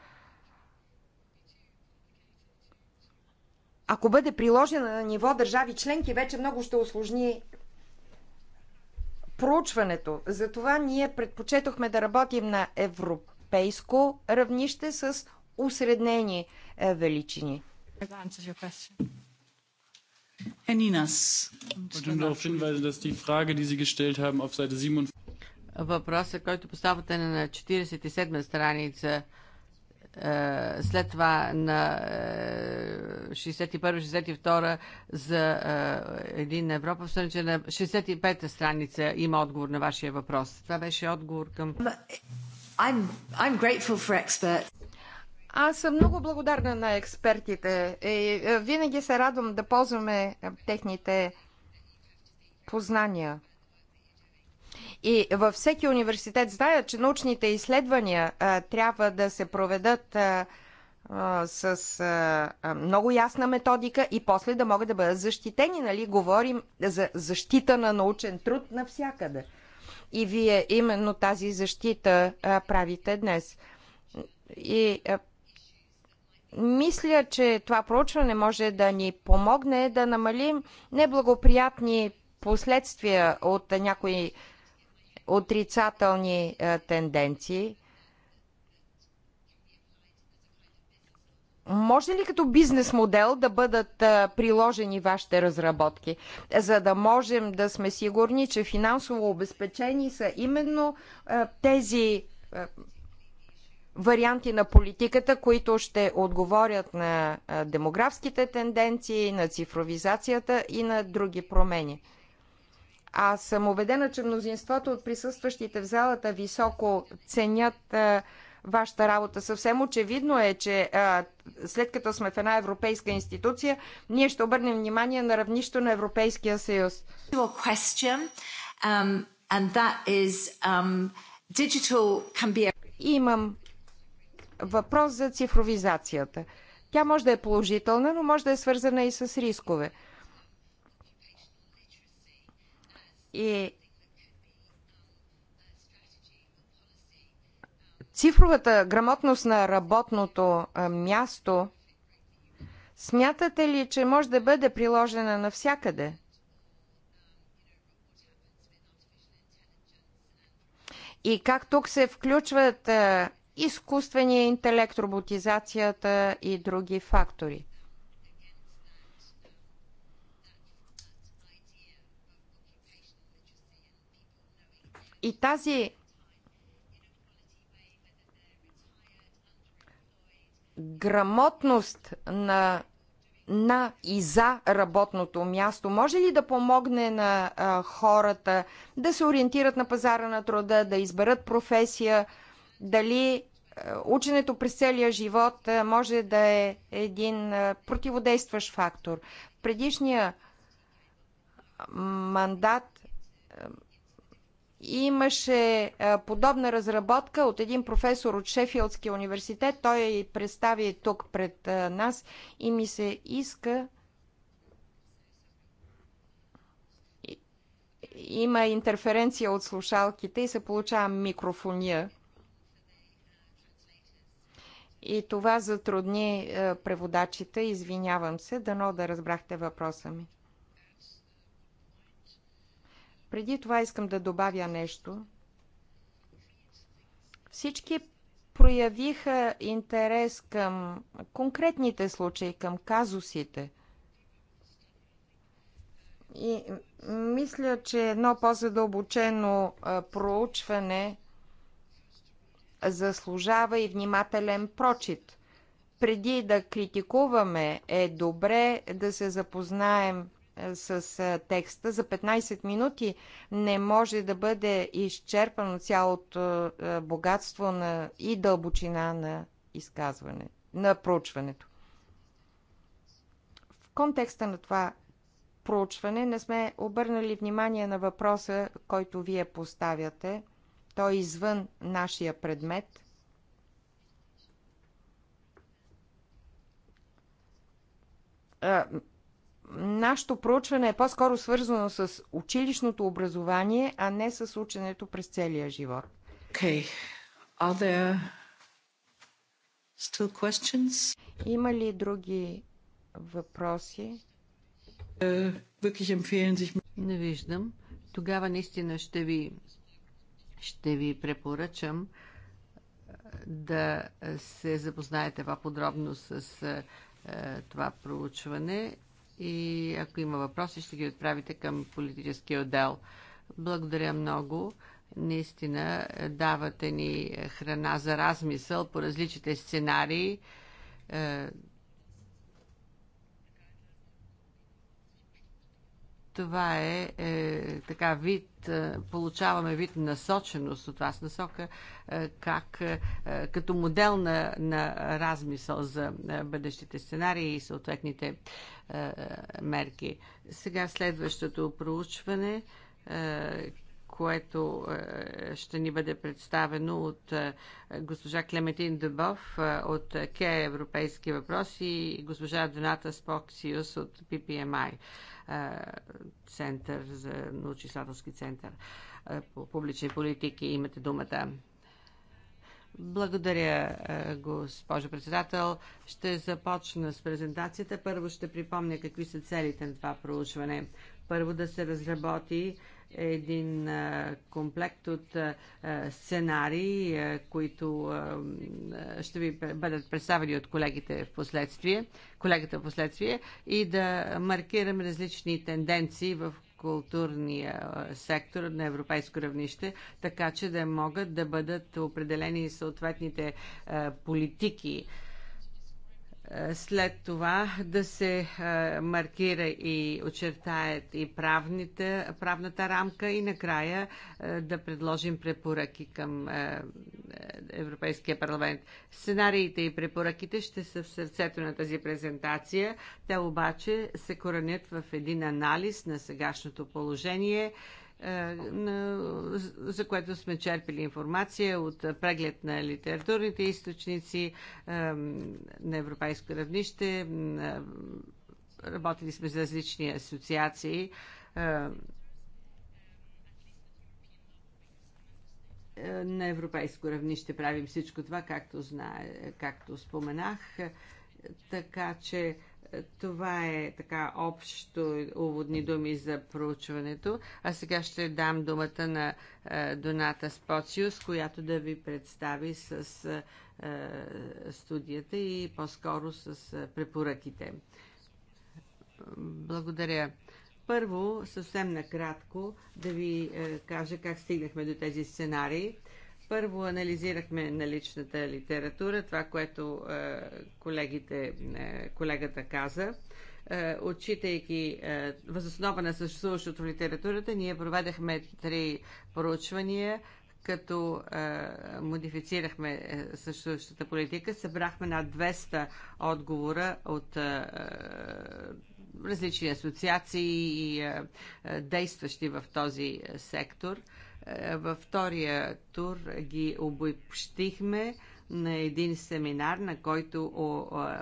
ако бъде приложена на ниво държави членки, вече много ще осложни проучването. Затова ние предпочетохме да работим на европейско равнище с усреднени е, величини. Herr Ninas. Въпросът, който поставяте на 47 страница е, след това на 61-62 е, за е, един Европа, всъщност на 65-та страница има отговор на вашия въпрос. Това беше отговор към... I'm, I'm grateful for experts. Аз съм много благодарна на експертите и винаги се радвам да ползваме техните познания. И във всеки университет знаят, че научните изследвания а, трябва да се проведат а, а, с а, много ясна методика и после да могат да бъдат защитени. Нали? Говорим за защита на научен труд навсякъде. И вие именно тази защита а, правите днес. И а, мисля, че това проучване може да ни помогне да намалим неблагоприятни последствия от някои отрицателни е, тенденции. Може ли като бизнес модел да бъдат е, приложени вашите разработки, за да можем да сме сигурни, че финансово обезпечени са именно е, тези варианти на политиката, които ще отговорят на демографските тенденции, на цифровизацията и на други промени? Аз съм убедена, че мнозинството от присъстващите в залата високо ценят а, вашата работа. Съвсем очевидно е, че а, след като сме в една европейска институция, ние ще обърнем внимание на равнището на Европейския съюз. Um, um, Имам въпрос за цифровизацията. Тя може да е положителна, но може да е свързана и с рискове. И цифровата грамотност на работното място, смятате ли, че може да бъде приложена навсякъде? И как тук се включват изкуствения интелект, роботизацията и други фактори? И тази грамотност на, на и за работното място може ли да помогне на а, хората да се ориентират на пазара на труда, да изберат професия, дали ученето през целия живот може да е един противодействащ фактор. В предишния мандат Имаше подобна разработка от един професор от Шефилдския университет. Той я и представи тук пред нас и ми се иска има интерференция от слушалките и се получава микрофония. И това затрудни преводачите. Извинявам се, дано да разбрахте въпроса ми. Преди това искам да добавя нещо. Всички проявиха интерес към конкретните случаи, към казусите. И мисля, че едно по-задълбочено проучване заслужава и внимателен прочит. Преди да критикуваме, е добре да се запознаем с текста за 15 минути не може да бъде изчерпано цялото богатство на и дълбочина на изказване, на проучването. В контекста на това проучване не сме обърнали внимание на въпроса, който вие поставяте. Той е извън нашия предмет. А, нашето проучване е по-скоро свързано с училищното образование, а не с ученето през целия живот. Okay. Are there still questions? Има ли други въпроси? Uh, е, sich... Не виждам. Тогава наистина ще ви, ще ви препоръчам е, да се запознаете по-подробно с е, това проучване и ако има въпроси, ще ги отправите към политическия отдел. Благодаря много. Наистина е, давате ни е, храна за размисъл по различните сценарии е, Това е, е така вид, е, получаваме вид насоченост от вас, насока е, как е, е като модел на, на размисъл за е, бъдещите сценарии и съответните е, е, мерки. Сега следващото проучване е, което е, ще ни бъде представено от е, госпожа Клементин Дебов е, от КЕ Европейски въпроси и госпожа Дената Споксиус от PPMI Център за научно-изследователски център по публични политики. Имате думата. Благодаря, госпожо председател. Ще започна с презентацията. Първо ще припомня какви са целите на това проучване. Първо да се разработи един комплект от сценарии, които ще ви бъдат представени от колегите в последствие, колегата в последствие и да маркирам различни тенденции в културния сектор на европейско равнище, така че да могат да бъдат определени съответните политики след това да се е, маркира и очертаят и правните, правната рамка и накрая е, да предложим препоръки към е, Европейския парламент. Сценариите и препоръките ще са в сърцето на тази презентация. Те обаче се коренят в един анализ на сегашното положение, е, за което сме черпили информация от преглед на литературните източници е, на европейско равнище. Е, работили сме с различни асоциации. На европейско равнище правим всичко това, както, знае, както споменах. Така че това е така общо уводни думи за проучването. А сега ще дам думата на е, Доната Споциус, която да ви представи с е, студията и по-скоро с е, препоръките. Благодаря. Първо, съвсем накратко, да ви кажа как стигнахме до тези сценарии. Първо анализирахме наличната литература, това, което е, колегите, е, колегата каза. Е, отчитайки възоснова на съществуващото литературата, ние проведахме три проучвания, като е, модифицирахме съществуващата политика, събрахме над 200 отговора от е, различни асоциации и е, действащи в този сектор. Е, е, във втория тур ги обобщихме на един семинар, на който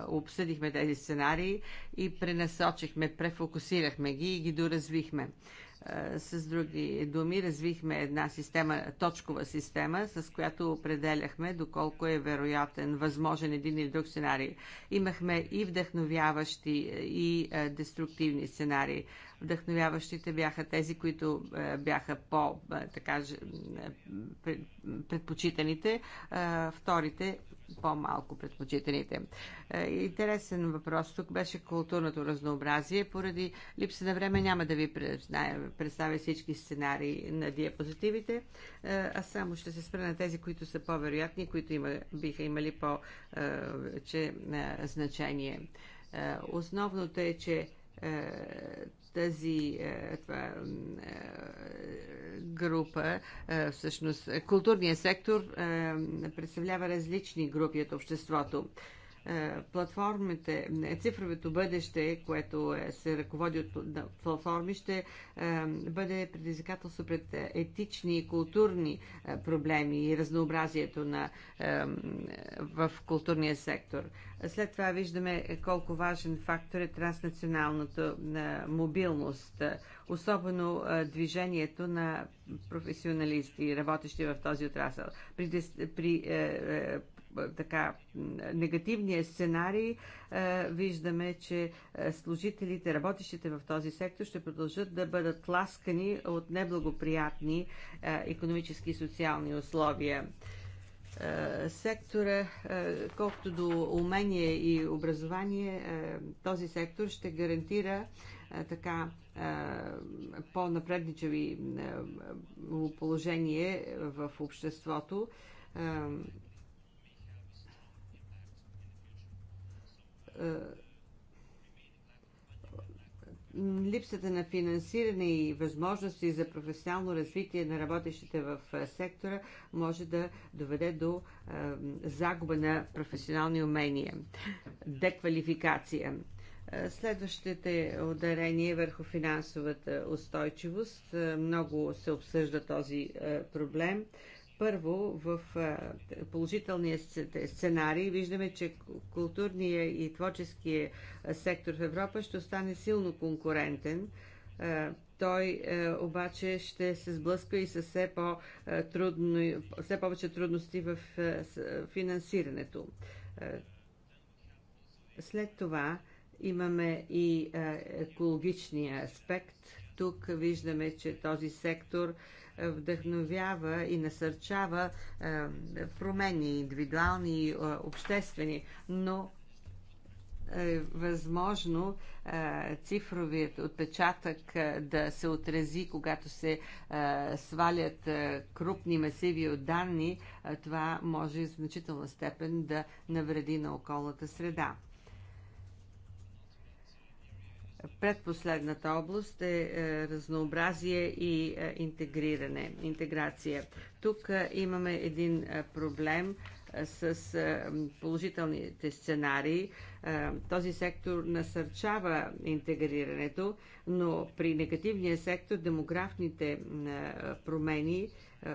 обсъдихме тези сценарии и пренасочихме, префокусирахме ги и ги доразвихме е, с други думи, развихме една система, точкова система, с която определяхме доколко е вероятен, възможен един или друг сценарий. Имахме и вдъхновяващи, и е, деструктивни сценарии. Вдъхновяващите бяха тези, които е, бяха по е, така, е, предпочитаните, вторите по-малко предпочитаните. Интересен въпрос тук беше културното разнообразие. Поради липса на време няма да ви представя всички сценарии на диапозитивите, а само ще се спра на тези, които са по-вероятни, които има, биха имали по-че значение. Основното е, че тази е, това, е, група, е, всъщност културния сектор представлява различни групи от обществото. Е, платформите, е, цифровето бъдеще, което е, се ръководи от платформи, ще бъде предизвикателство пред етични и културни проблеми и разнообразието на, в културния сектор. След това виждаме колко важен фактор е транснационалната мобилност, особено движението на професионалисти, работещи в този отрасъл. При, при така негативния сценарий, е, виждаме, че е, служителите, работещите в този сектор ще продължат да бъдат ласкани от неблагоприятни економически и социални условия е, сектора, колкото до умение и образование, този сектор ще гарантира така по напредничави положение в обществото Е, липсата на финансиране и възможности за професионално развитие на работещите в е, сектора може да доведе до е, загуба на професионални умения, деквалификация. Следващите ударение върху финансовата устойчивост. Много се обсъжда този проблем. Първо, в положителния сценарий виждаме, че културния и творческия сектор в Европа ще остане силно конкурентен. Той е, обаче ще се сблъска и с все, по-трудно, е, все повече трудности в е, финансирането. След това имаме и екологичния аспект. Тук виждаме, че този сектор вдъхновява и насърчава е, промени, индивидуални и е, обществени, но е възможно е, цифровият отпечатък да се отрази, когато се свалят крупни масиви от данни, това може в значителна степен да навреди на околната среда. Предпоследната област е, е разнообразие и е, интегриране, интеграция. Тук е, имаме един проблем с положителните сценарии. Този сектор насърчава интегрирането, но при негативния сектор демографните промени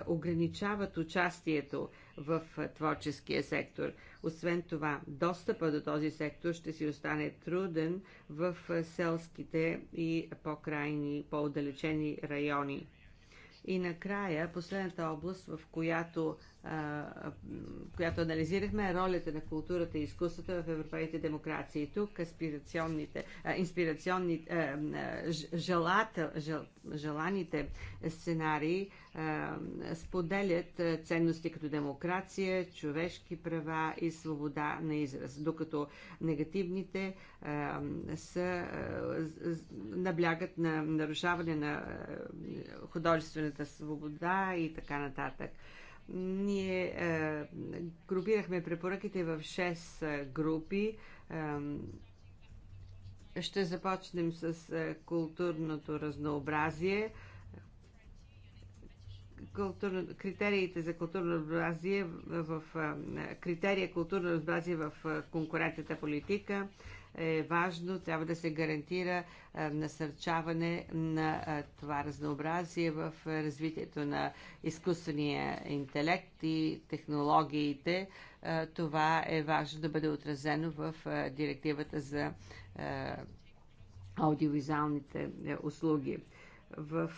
ограничават участието в творческия сектор. Освен това, достъпа до този сектор ще си остане труден в селските и по-крайни, по-отдалечени райони. И накрая, последната област, в която, а, която анализирахме, е ролята на културата и изкуствата в европейските демокрации. Тук аспирационните, а, инспирационните, а, желата, жел, желаните сценарии споделят ценности като демокрация, човешки права и свобода на израз, докато негативните са, наблягат на нарушаване на художествената свобода и така нататък ние групирахме препоръките в 6 групи. ще започнем с културното разнообразие културно, критериите за културно разбразие в, в критерия културно разнообразие в конкурентната политика е важно, трябва да се гарантира насърчаване на това разнообразие в развитието на изкуствения интелект и технологиите. Това е важно да бъде отразено в директивата за аудиовизуалните е, услуги. В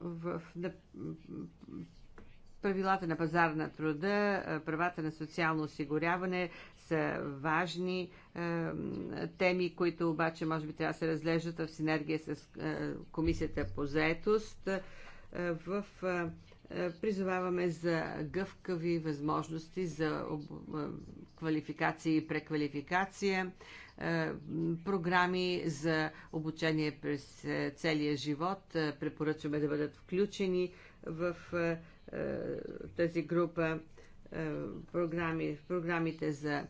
в на, правилата на пазар на труда, правата на социално осигуряване са важни е, теми, които обаче може би трябва да се разглеждат в синергия с е, Комисията по заетост. Е, в призоваваме за гъвкави възможности за квалификация и преквалификация. Е, програми за обучение през е, целия живот. Е, препоръчваме да бъдат включени в тази група програми, програмите за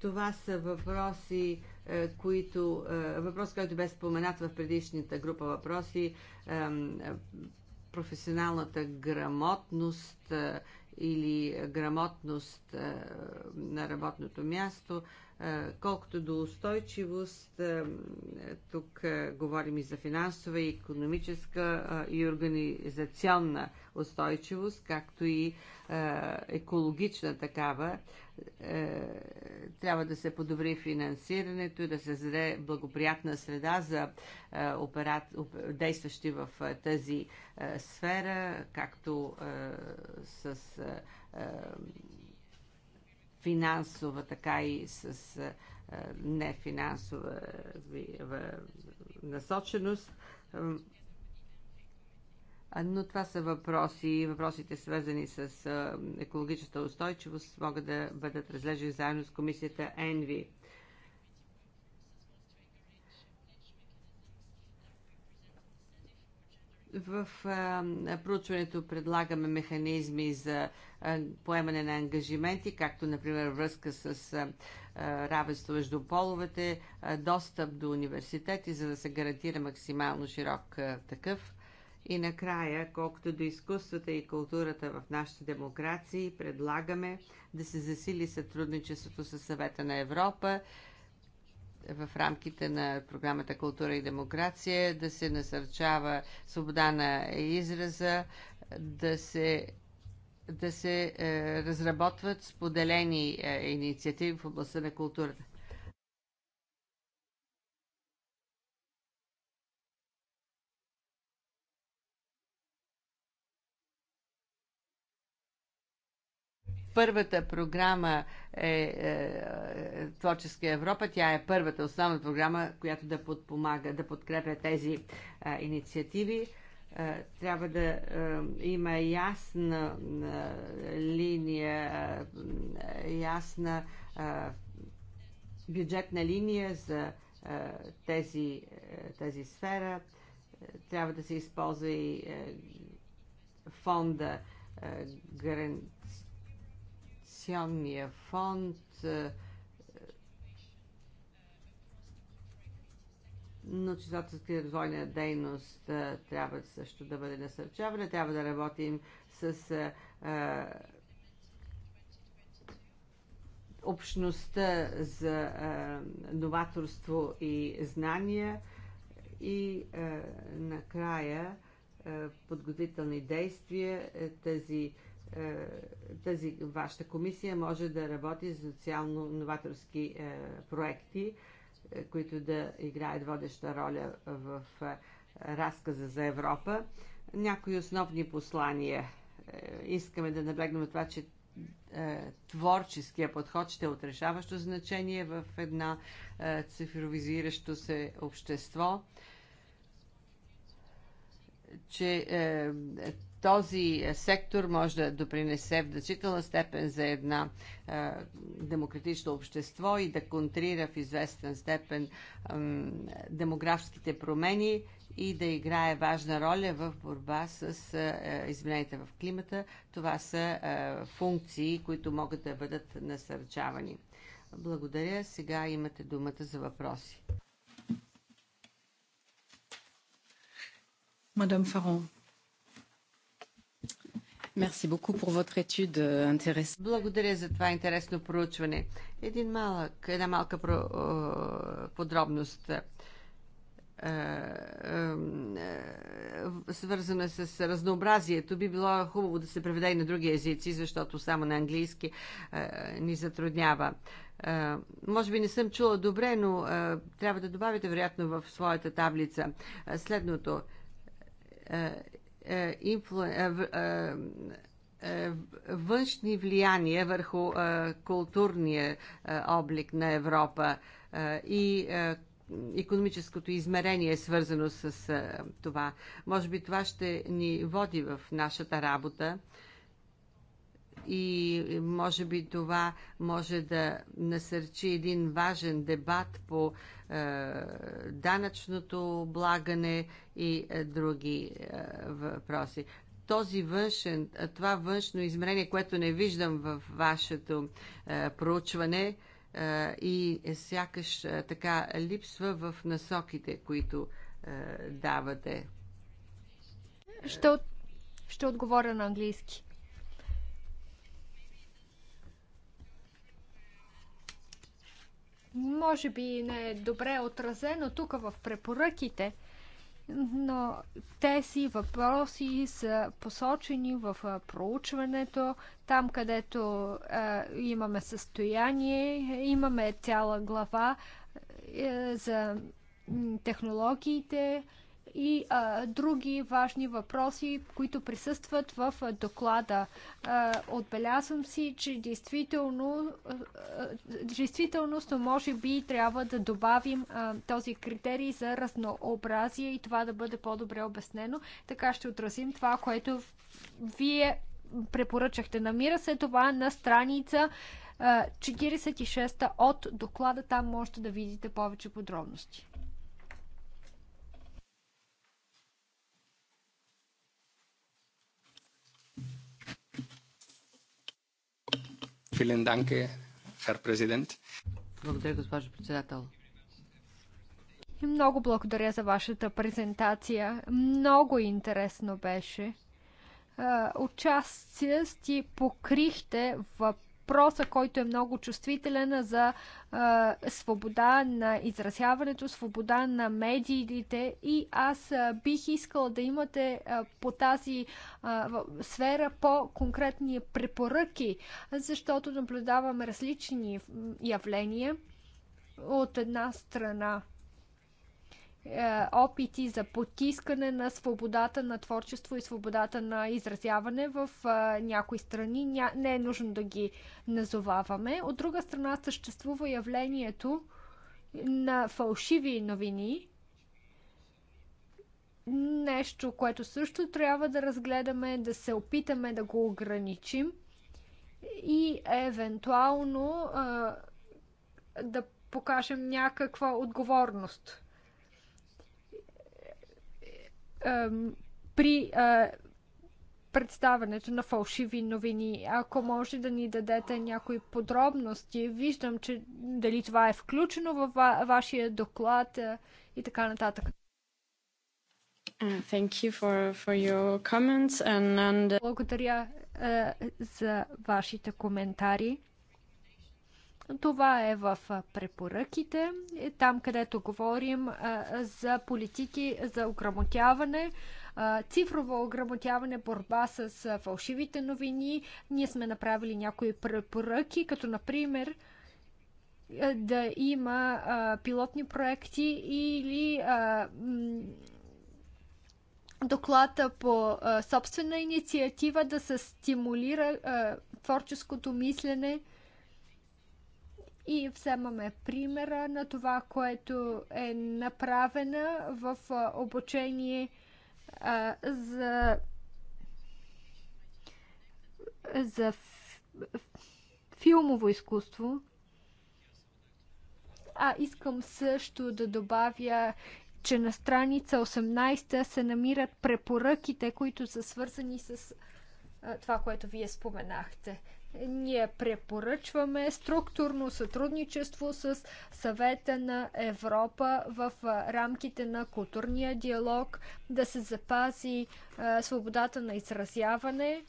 Това са въпроси, които, въпрос, който бе споменат в предишната група въпроси, професионалната грамотност или грамотност на работното място Колкото до устойчивост, тук говорим и за финансова, и економическа, и организационна устойчивост, както и екологична такава. Трябва да се подобри финансирането и да се заде благоприятна среда за операт... действащи в тази сфера, както с финансова, така и с нефинансова насоченост. Но това са въпроси. Въпросите, свързани с екологичната устойчивост, могат да бъдат разлежени заедно с комисията ЕНВИ. В проучването предлагаме механизми за поемане на ангажименти, както например връзка с равенство между половете, достъп до университети, за да се гарантира максимално широк такъв. И накрая, колкото до изкуствата и културата в нашите демокрации, предлагаме да се засили сътрудничеството с съвета на Европа в рамките на програмата Култура и демокрация, да се насърчава свобода на израза, да се да се е, разработват споделени е, инициативи в областта на културата. Първата програма е, е Творческа Европа. Тя е първата основна програма, която да подпомага, да подкрепя тези е, инициативи. Е, трябва да е, има ясна е, линия, е, ясна е, бюджетна линия за е, тези, е, тази сфера. Трябва да се използва и е, фонда, пенсионния фонд, е, Но изследователска и развойна дейност е, трябва също да бъде насърчавана. Трябва да работим с а, е, общността за а, новаторство и знания и а, накрая подготвителни действия тези. Е, тази вашата комисия може да работи за социално-новаторски е, проекти, е, които да играят водеща роля в разказа за Европа. Някои основни послания. Искаме да наблегнем това, че творческия подход ще е отрешаващо значение в една цифровизиращо се общество че този е, сектор може да допринесе в значителна степен за една е, демократично общество и да контрира в известен степен е, демографските промени и да играе важна роля в борба с е, измененията в климата. Това са е, функции, които могат да бъдат насърчавани. Благодаря. Сега имате думата за въпроси. Мадам Фарон. Merci beaucoup pour votre étude euh, intéressante. Благодаря за това интересно проучване. Един малък, една малка про, подробност е, е, е, свързана с разнообразието, би било хубаво да се преведе и на други езици, защото само на английски ни затруднява. Може би не съм чула добре, но трябва да добавите вероятно в своята таблица следното е, е, е, външни влияния върху културния облик на Европа и економическото измерение е свързано с това. Може би това ще ни води в нашата работа и може би това може да насърчи един важен дебат по е, данъчното облагане и е, други е, въпроси. Този външен, това външно измерение, което не виждам в вашето е, проучване е, и сякаш е, така липсва в насоките, които е, давате. Ще, от... ще отговоря на английски. може би не е добре отразено тук в препоръките, но тези въпроси са посочени в проучването, там където е, имаме състояние, имаме цяла глава е, за технологиите, и а, други важни въпроси, които присъстват в а, доклада. А, отбелязвам си, че действително, а, действителност, може би трябва да добавим а, този критерий за разнообразие и това да бъде по-добре обяснено. Така ще отразим това, което вие препоръчахте. Намира се това на страница 46 от доклада. Там можете да видите повече подробности. Благодаря, госпожо председател. Много благодаря за вашата презентация. Много интересно беше. Участие сте покрихте въпроса въпроса, който е много чувствителен за а, свобода на изразяването, свобода на медиите и аз а, бих искала да имате а, по тази а, сфера по-конкретни препоръки, защото наблюдаваме различни явления от една страна е, опити за потискане на свободата на творчество и свободата на изразяване в е, някои страни. Не е нужно да ги назоваваме. От друга страна съществува явлението на фалшиви новини. Нещо, което също трябва да разгледаме, да се опитаме да го ограничим и евентуално е, да покажем някаква отговорност при представането на фалшиви новини. Ако може да ни дадете някои подробности, виждам, че дали това е включено във вашия доклад и така нататък. Uh, thank you for, for your comments and, and... Uh, Благодаря е, за вашите коментари. Това е в препоръките, е, там където говорим за политики за ограмотяване, цифрово ограмотяване, борба с фалшивите новини. Ние сме направили някои препоръки, като например да има пилотни проекти или доклада по собствена инициатива да се стимулира творческото мислене и вземаме примера на това, което е направено в обучение а, за, за филмово изкуство. А искам също да добавя, че на страница 18 се намират препоръките, които са свързани с това, което вие споменахте. Ние препоръчваме структурно сътрудничество с съвета на Европа в рамките на културния диалог, да се запази е, свободата на изразяване,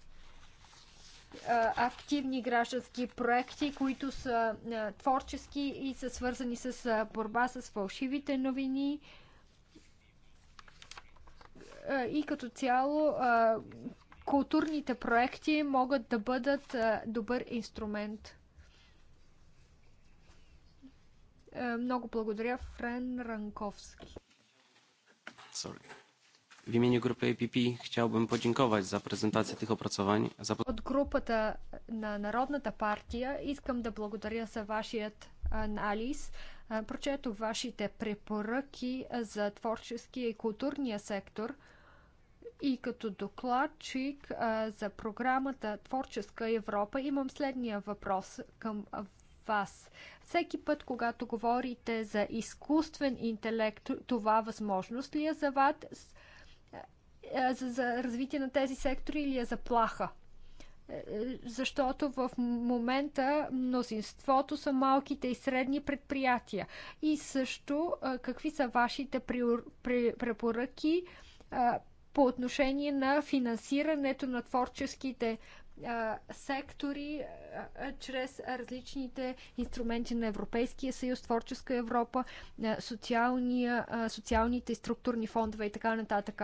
активни граждански проекти, които са творчески и са свързани с борба с фалшивите новини. И като цяло културните проекти могат да бъдат е, добър инструмент. Е, много благодаря, Френ Ранковски. Sorry. W imieniu grupy APP chciałbym podziękować za prezentację tych opracowań. За... От групата на Народната партия искам да благодаря за вашият е, анализ. Прочето вашите препоръки за творческия и културния сектор – и като докладчик а, за програмата Творческа Европа имам следния въпрос към вас. Всеки път, когато говорите за изкуствен интелект, това възможност ли е за вас за, за развитие на тези сектори или е заплаха? Е, е, защото в момента мнозинството са малките и средни предприятия. И също какви са вашите препоръки по отношение на финансирането на творческите сектори чрез различните инструменти на Европейския съюз, Творческа Европа, социалните и структурни фондове и така нататък.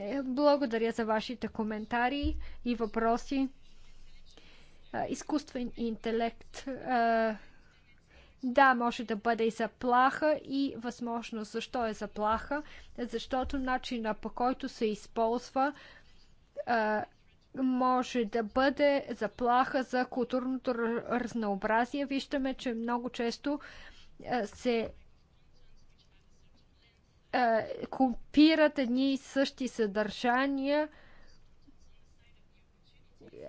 Е, благодаря за вашите коментари и въпроси. Изкуствен интелект да, може да бъде и заплаха и възможно, Защо е заплаха? Защото начина по който се използва може да бъде заплаха за културното разнообразие. Виждаме, че много често се копират едни и същи съдържания –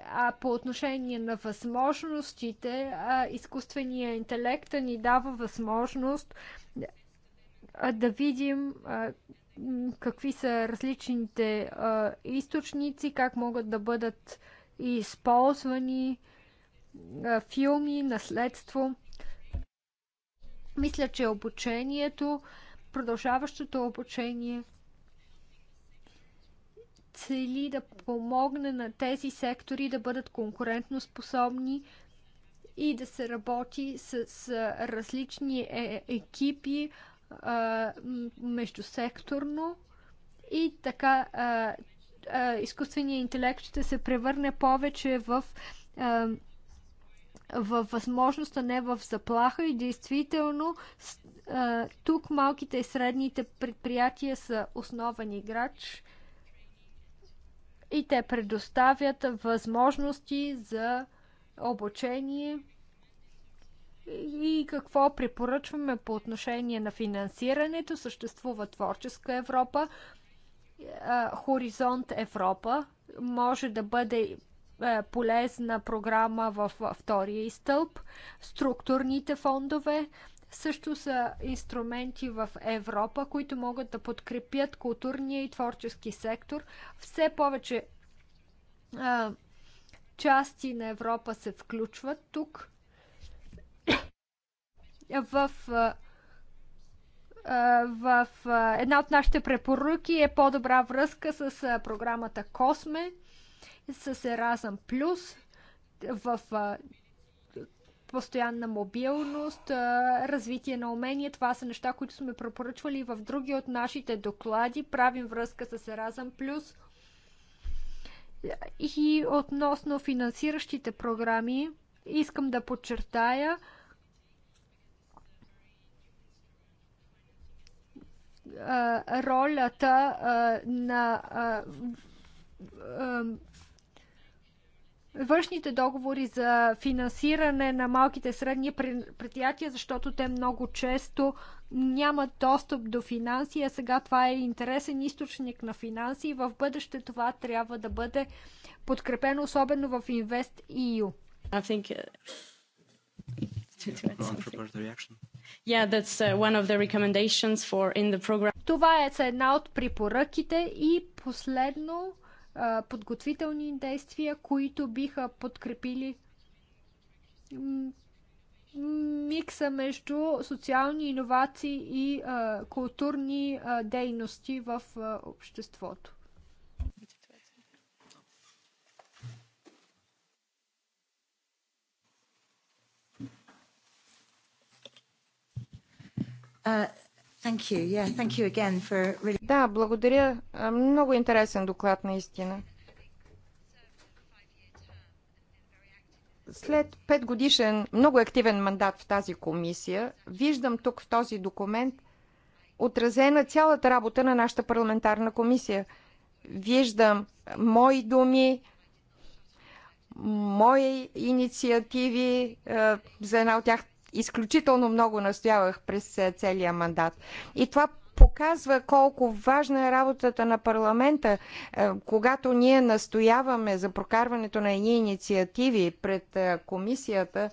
а по отношение на възможностите, изкуственият интелект ни дава възможност да видим какви са различните източници, как могат да бъдат използвани филми, наследство. Мисля, че обучението, продължаващото обучение цели да помогне на тези сектори да бъдат конкурентно способни и да се работи с, с различни е, екипи а, междусекторно и така а, изкуственият интелект ще се превърне повече в а, в възможност, а не в заплаха. И действително тук малките и средните предприятия са основен играч и те предоставят възможности за обучение и какво препоръчваме по отношение на финансирането. Съществува Творческа Европа, Хоризонт Европа може да бъде полезна програма във втория изтълб, структурните фондове, също са инструменти в Европа, които могат да подкрепят културния и творчески сектор. Все повече а, части на Европа се включват тук в, в, в една от нашите препоръки е по-добра връзка с програмата Косме, с Еразъм Плюс в постоянна мобилност, развитие на умения. Това са неща, които сме препоръчвали в други от нашите доклади. Правим връзка с Еразъм Плюс. И относно финансиращите програми, искам да подчертая, ролята на външните договори за финансиране на малките и средни предприятия, защото те много често нямат достъп до финанси, а сега това е интересен източник на финанси и в бъдеще това трябва да бъде подкрепено, особено в Invest EU. I think uh, uh, Това е една от препоръките и последно подготвителни действия, които биха подкрепили микса между социални иновации и а, културни а, дейности в а, обществото. Uh, да, благодаря. Много интересен доклад наистина. След пет годишен, много активен мандат в тази комисия, виждам тук в този документ отразена цялата работа на нашата парламентарна комисия. Виждам мои думи, мои инициативи, за една от тях изключително много настоявах през е, целия мандат. И това показва колко важна е работата на парламента, е, когато ние настояваме за прокарването на едни инициативи пред е, комисията.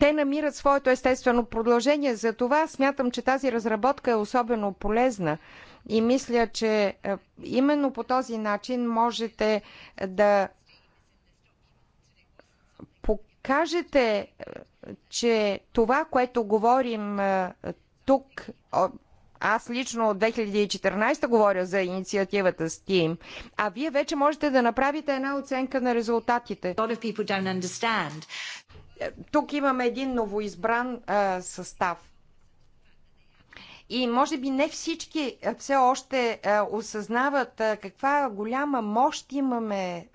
Те намират своето естествено продължение. За това смятам, че тази разработка е особено полезна. И мисля, че именно по този начин можете да кажете, е, че това, което говорим е, тук, аз лично от 2014 говоря за инициативата Steam, а вие вече можете да направите една оценка на резултатите. Е, тук имаме един новоизбран а, състав и може би не всички все още осъзнават каква голяма мощ имаме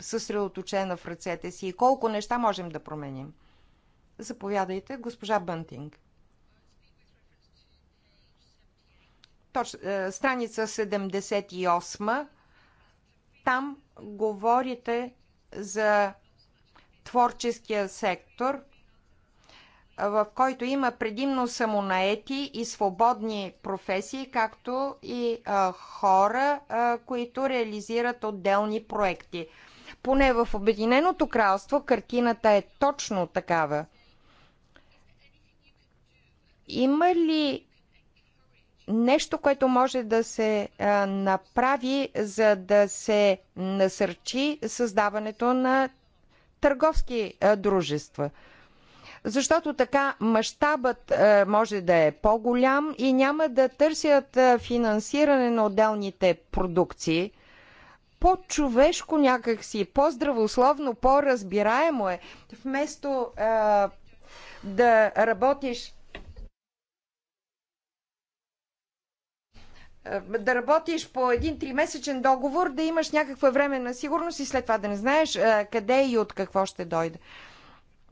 съсредоточена в ръцете си и колко неща можем да променим. Заповядайте, госпожа Бънтинг. Точ, страница 78. Там говорите за творческия сектор – в който има предимно самонаети и свободни професии, както и хора, които реализират отделни проекти. Поне в Обединеното кралство картината е точно такава. Има ли нещо, което може да се направи, за да се насърчи създаването на търговски дружества? защото така мащабът е, може да е по-голям и няма да търсят е, финансиране на отделните продукции. По-човешко някакси, по-здравословно, по-разбираемо е, вместо е, да работиш е, да работиш по един тримесечен договор, да имаш някаква време на сигурност и след това да не знаеш къде и от какво ще дойде.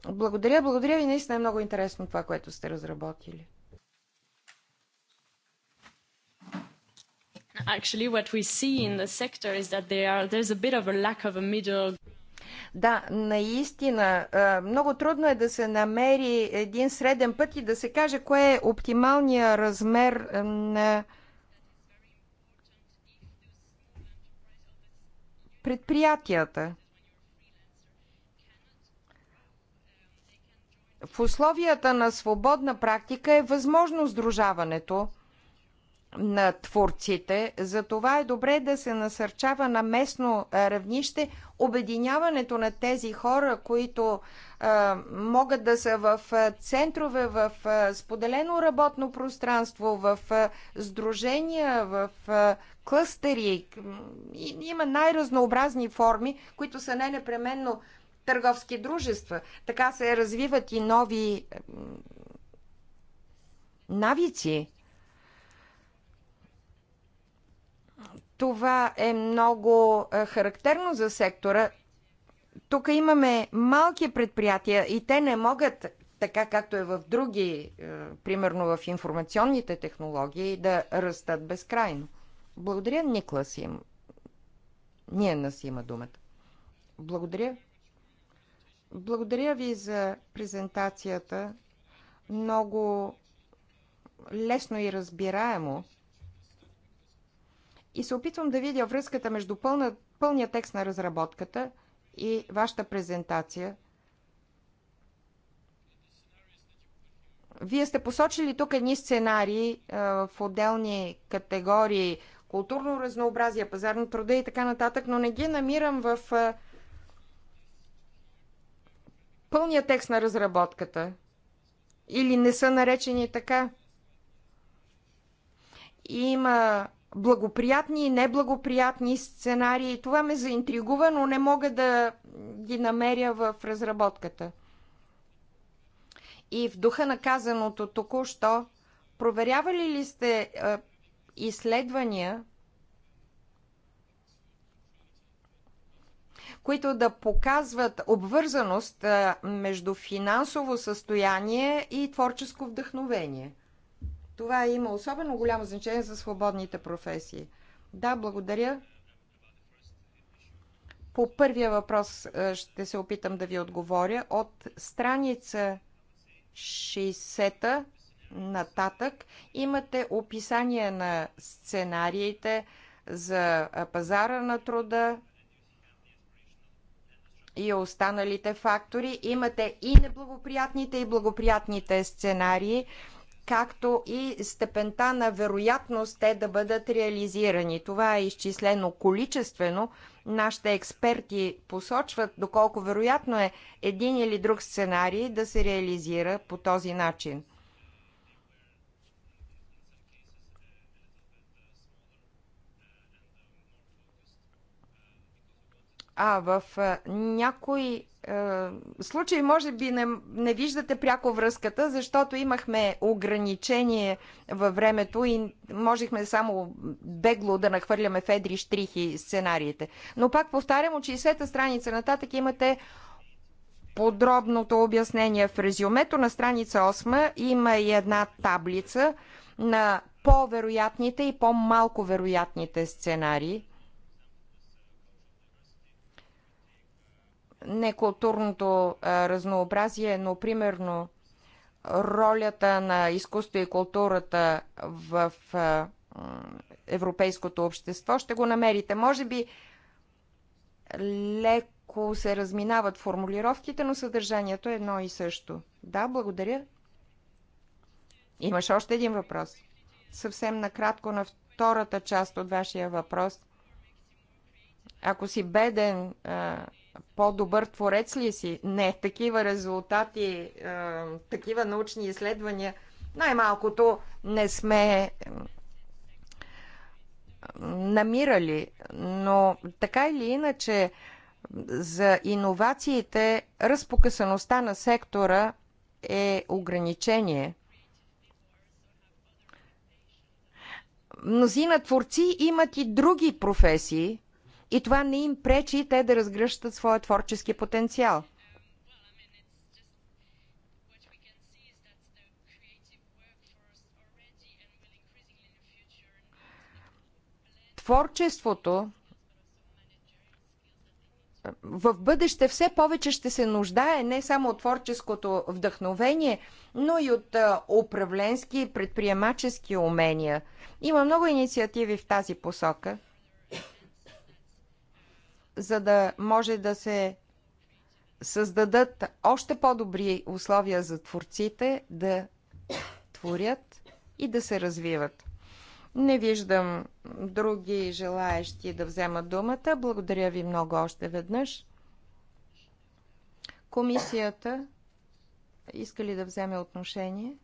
Благодаря, благодаря ви. Наистина е много интересно това, което сте разработили. Actually, what we see in the sector is that there are, there's a bit of a lack of a middle да, наистина, много трудно е да се намери един среден път и да се каже кое е оптималния размер на предприятията. В условията на свободна практика е възможно сдружаването на творците. Затова е добре да се насърчава на местно равнище обединяването на тези хора, които а, могат да са в центрове, в а, споделено работно пространство, в а, сдружения, в а, клъстери. И, има най-разнообразни форми, които са не непременно търговски дружества. Така се развиват и нови навици. Това е много е, характерно за сектора. Тук имаме малки предприятия и те не могат, така както е в други, е, примерно в информационните технологии, да растат безкрайно. Благодаря, Никлас им. Ние нас има думата. Благодаря. Благодаря ви за презентацията. Много лесно и разбираемо. И се опитвам да видя връзката между пълна, пълния текст на разработката и вашата презентация. Вие сте посочили тук едни сценарии а, в отделни категории културно разнообразие, пазар на труда и така нататък, но не ги намирам в а, пълния текст на разработката или не са наречени така. Има благоприятни и неблагоприятни сценарии. Това ме заинтригува, но не мога да ги намеря в разработката. И в духа на казаното току-що, проверявали ли сте изследвания които да показват обвързаност между финансово състояние и творческо вдъхновение. Това има особено голямо значение за свободните професии. Да, благодаря. По първия въпрос ще се опитам да ви отговоря. От страница 60-та нататък имате описание на сценариите за пазара на труда, и останалите фактори. Имате и неблагоприятните и благоприятните сценарии, както и степента на вероятност те да бъдат реализирани. Това е изчислено количествено. Нашите експерти посочват доколко вероятно е един или друг сценарий да се реализира по този начин. А в някои случай, може би не, не виждате пряко връзката, защото имахме ограничение във времето и можехме само бегло да нахвърляме федри штрихи сценариите. Но пак повтарям, от 60-та страница нататък имате подробното обяснение в резюмето. На страница 8 има и една таблица на по-вероятните и по-малко вероятните сценарии – некултурното разнообразие, но примерно ролята на изкуство и културата в европейското общество, ще го намерите. Може би леко се разминават формулировките, но съдържанието е едно и също. Да, благодаря. Имаш още един въпрос. Съвсем накратко на втората част от вашия въпрос. Ако си беден, по-добър творец ли си? Не, такива резултати, е, такива научни изследвания най-малкото не сме е, намирали, но така или иначе за иновациите разпокъсаността на сектора е ограничение. Мнозина творци имат и други професии, и това не им пречи те да разгръщат своя творчески потенциал. Творчеството в бъдеще все повече ще се нуждае не само от творческото вдъхновение, но и от управленски и предприемачески умения. Има много инициативи в тази посока за да може да се създадат още по-добри условия за творците да творят и да се развиват. Не виждам други желаящи да вземат думата. Благодаря ви много още веднъж. Комисията иска ли да вземе отношение?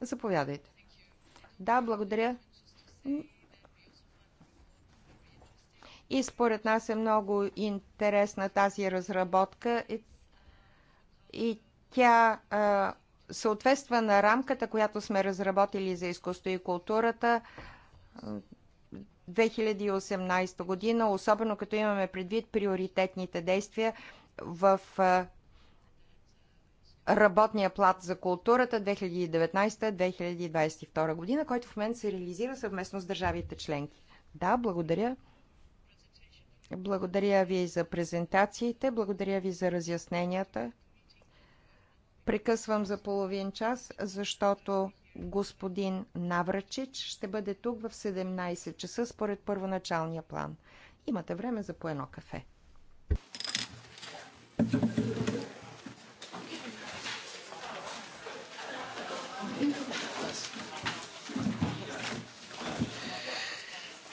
Заповядайте. Да, благодаря. И според нас е много интересна тази разработка и, и тя а, съответства на рамката, която сме разработили за изкуство и културата 2018 година, особено като имаме предвид приоритетните действия в а, работния плат за културата 2019-2022 година, който в момента се реализира съвместно с държавите членки. Да, благодаря. Благодаря ви за презентациите, благодаря ви за разясненията. Прекъсвам за половин час, защото господин Наврачич ще бъде тук в 17 часа според първоначалния план. Имате време за по едно кафе. Thank you.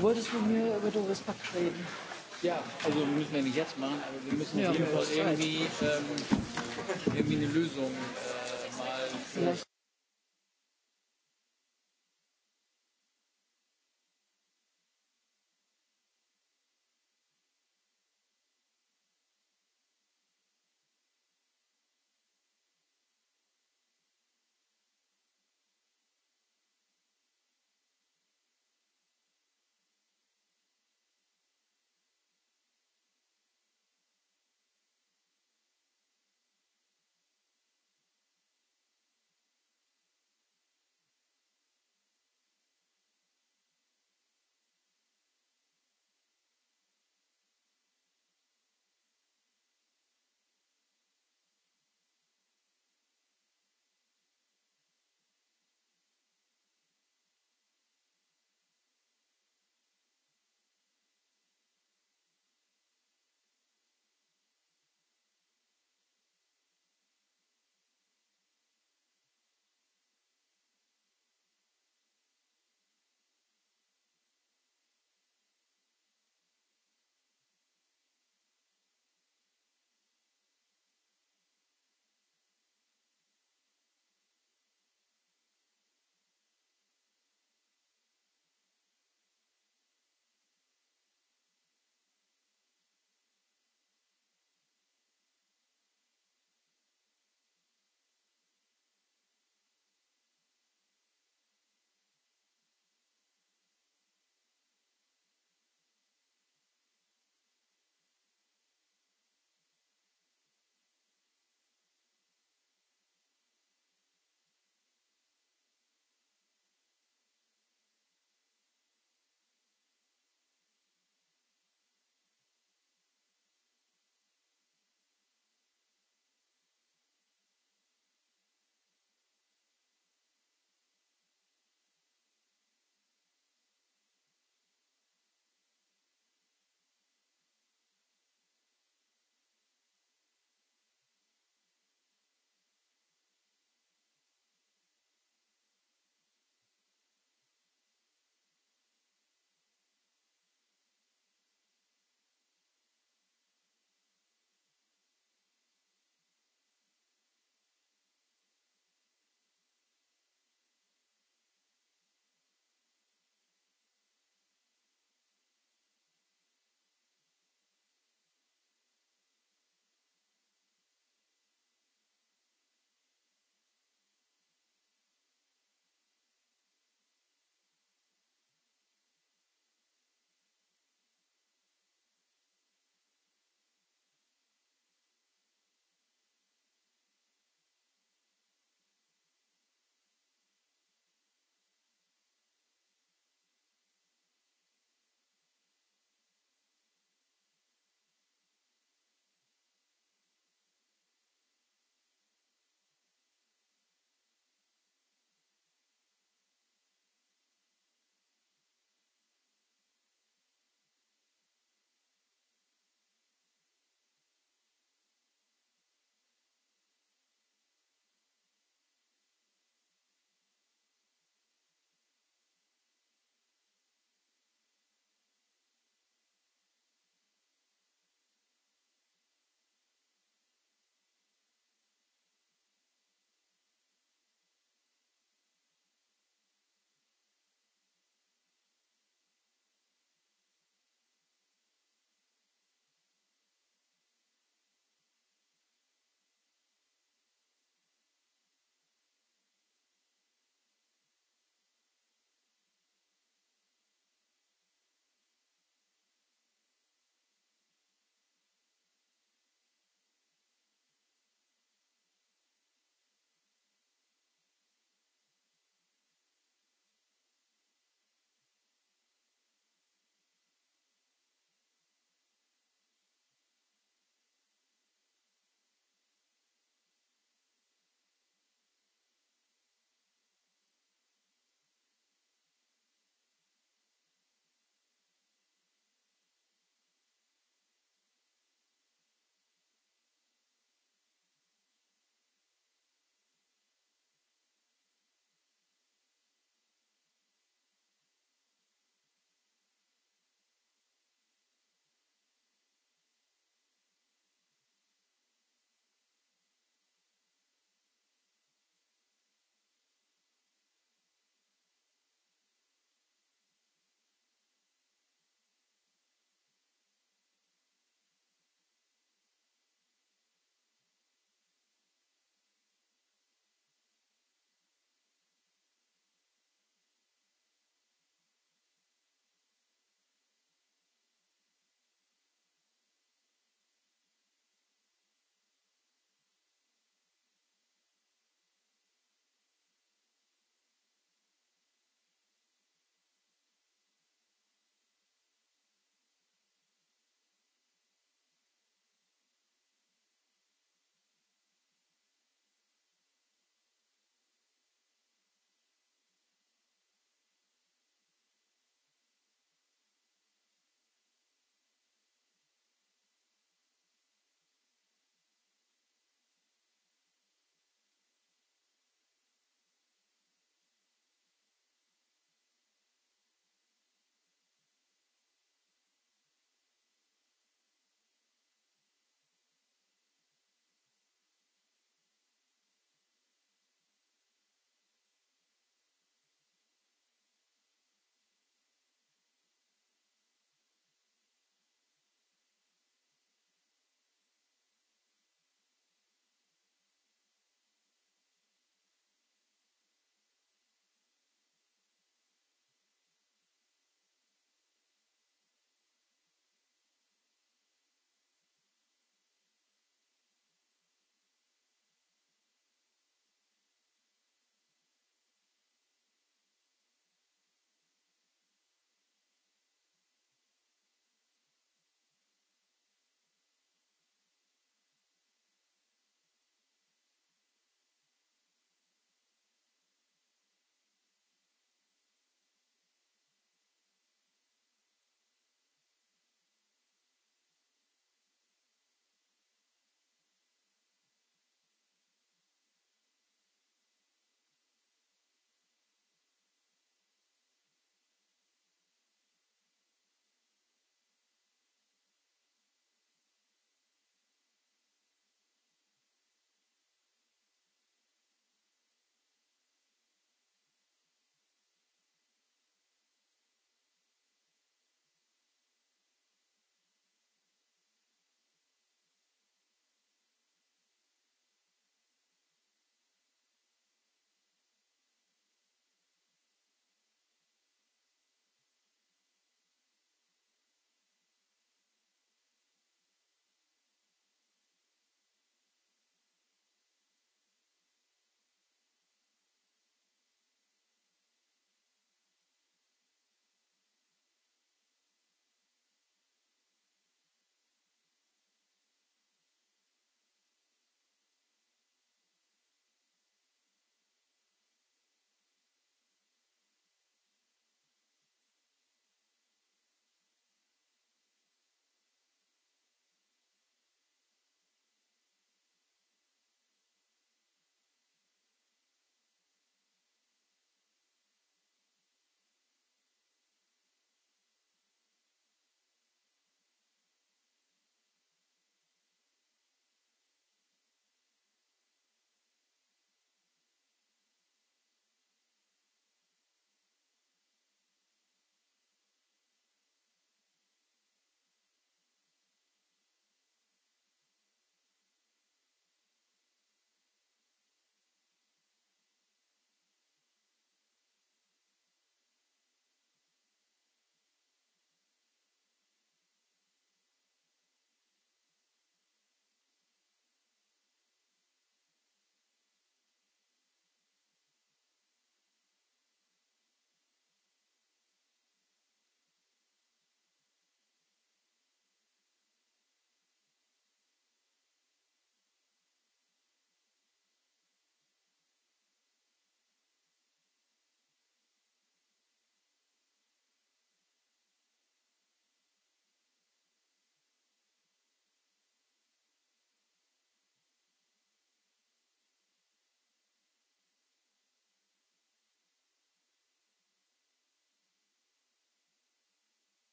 Du wolltest mit mir über den Pack reden. Ja, also müssen wir nicht jetzt machen, aber wir müssen auf jeden Fall irgendwie, ähm, irgendwie eine Lösung äh, mal.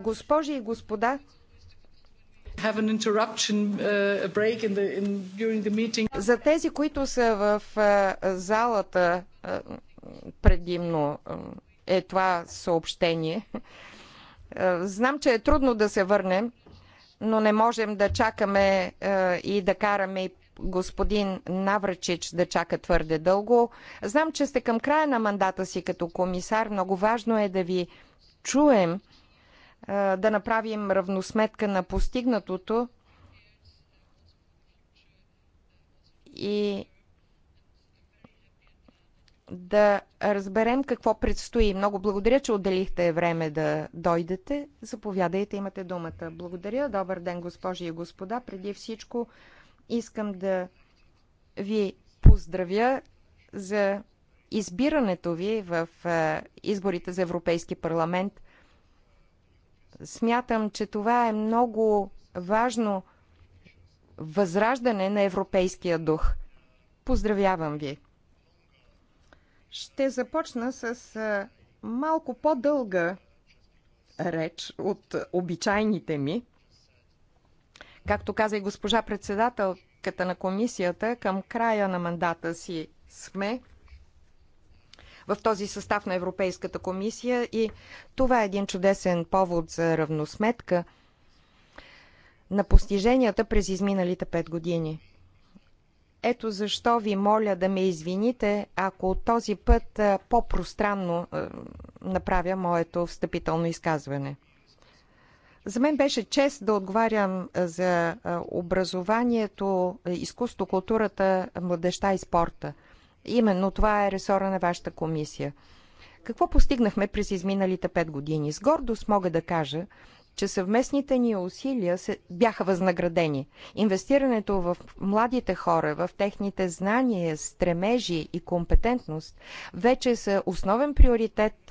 Госпожи и господа, uh, За тези, които са в uh, залата, uh, предимно е това съобщение. Знам, че е трудно да се върнем, но не можем да чакаме и да караме и господин Навръчич да чака твърде дълго. Знам, че сте към края на мандата си като комисар. Много важно е да ви чуем, да направим равносметка на постигнатото и да разберем какво предстои. Много благодаря, че отделихте време да дойдете. Заповядайте, имате думата. Благодаря. Добър ден, госпожи и господа. Преди всичко, Искам да ви поздравя за избирането ви в изборите за Европейски парламент. Смятам, че това е много важно възраждане на европейския дух. Поздравявам ви! Ще започна с малко по-дълга реч от обичайните ми – Както каза и госпожа председателката на комисията, към края на мандата си сме в този състав на Европейската комисия и това е един чудесен повод за равносметка на постиженията през изминалите пет години. Ето защо ви моля да ме извините, ако този път по-пространно направя моето встъпително изказване. За мен беше чест да отговарям за образованието, изкуство, културата, младеща и спорта. Именно това е ресора на вашата комисия. Какво постигнахме през изминалите пет години? С гордост мога да кажа, че съвместните ни усилия бяха възнаградени. Инвестирането в младите хора, в техните знания, стремежи и компетентност вече са основен приоритет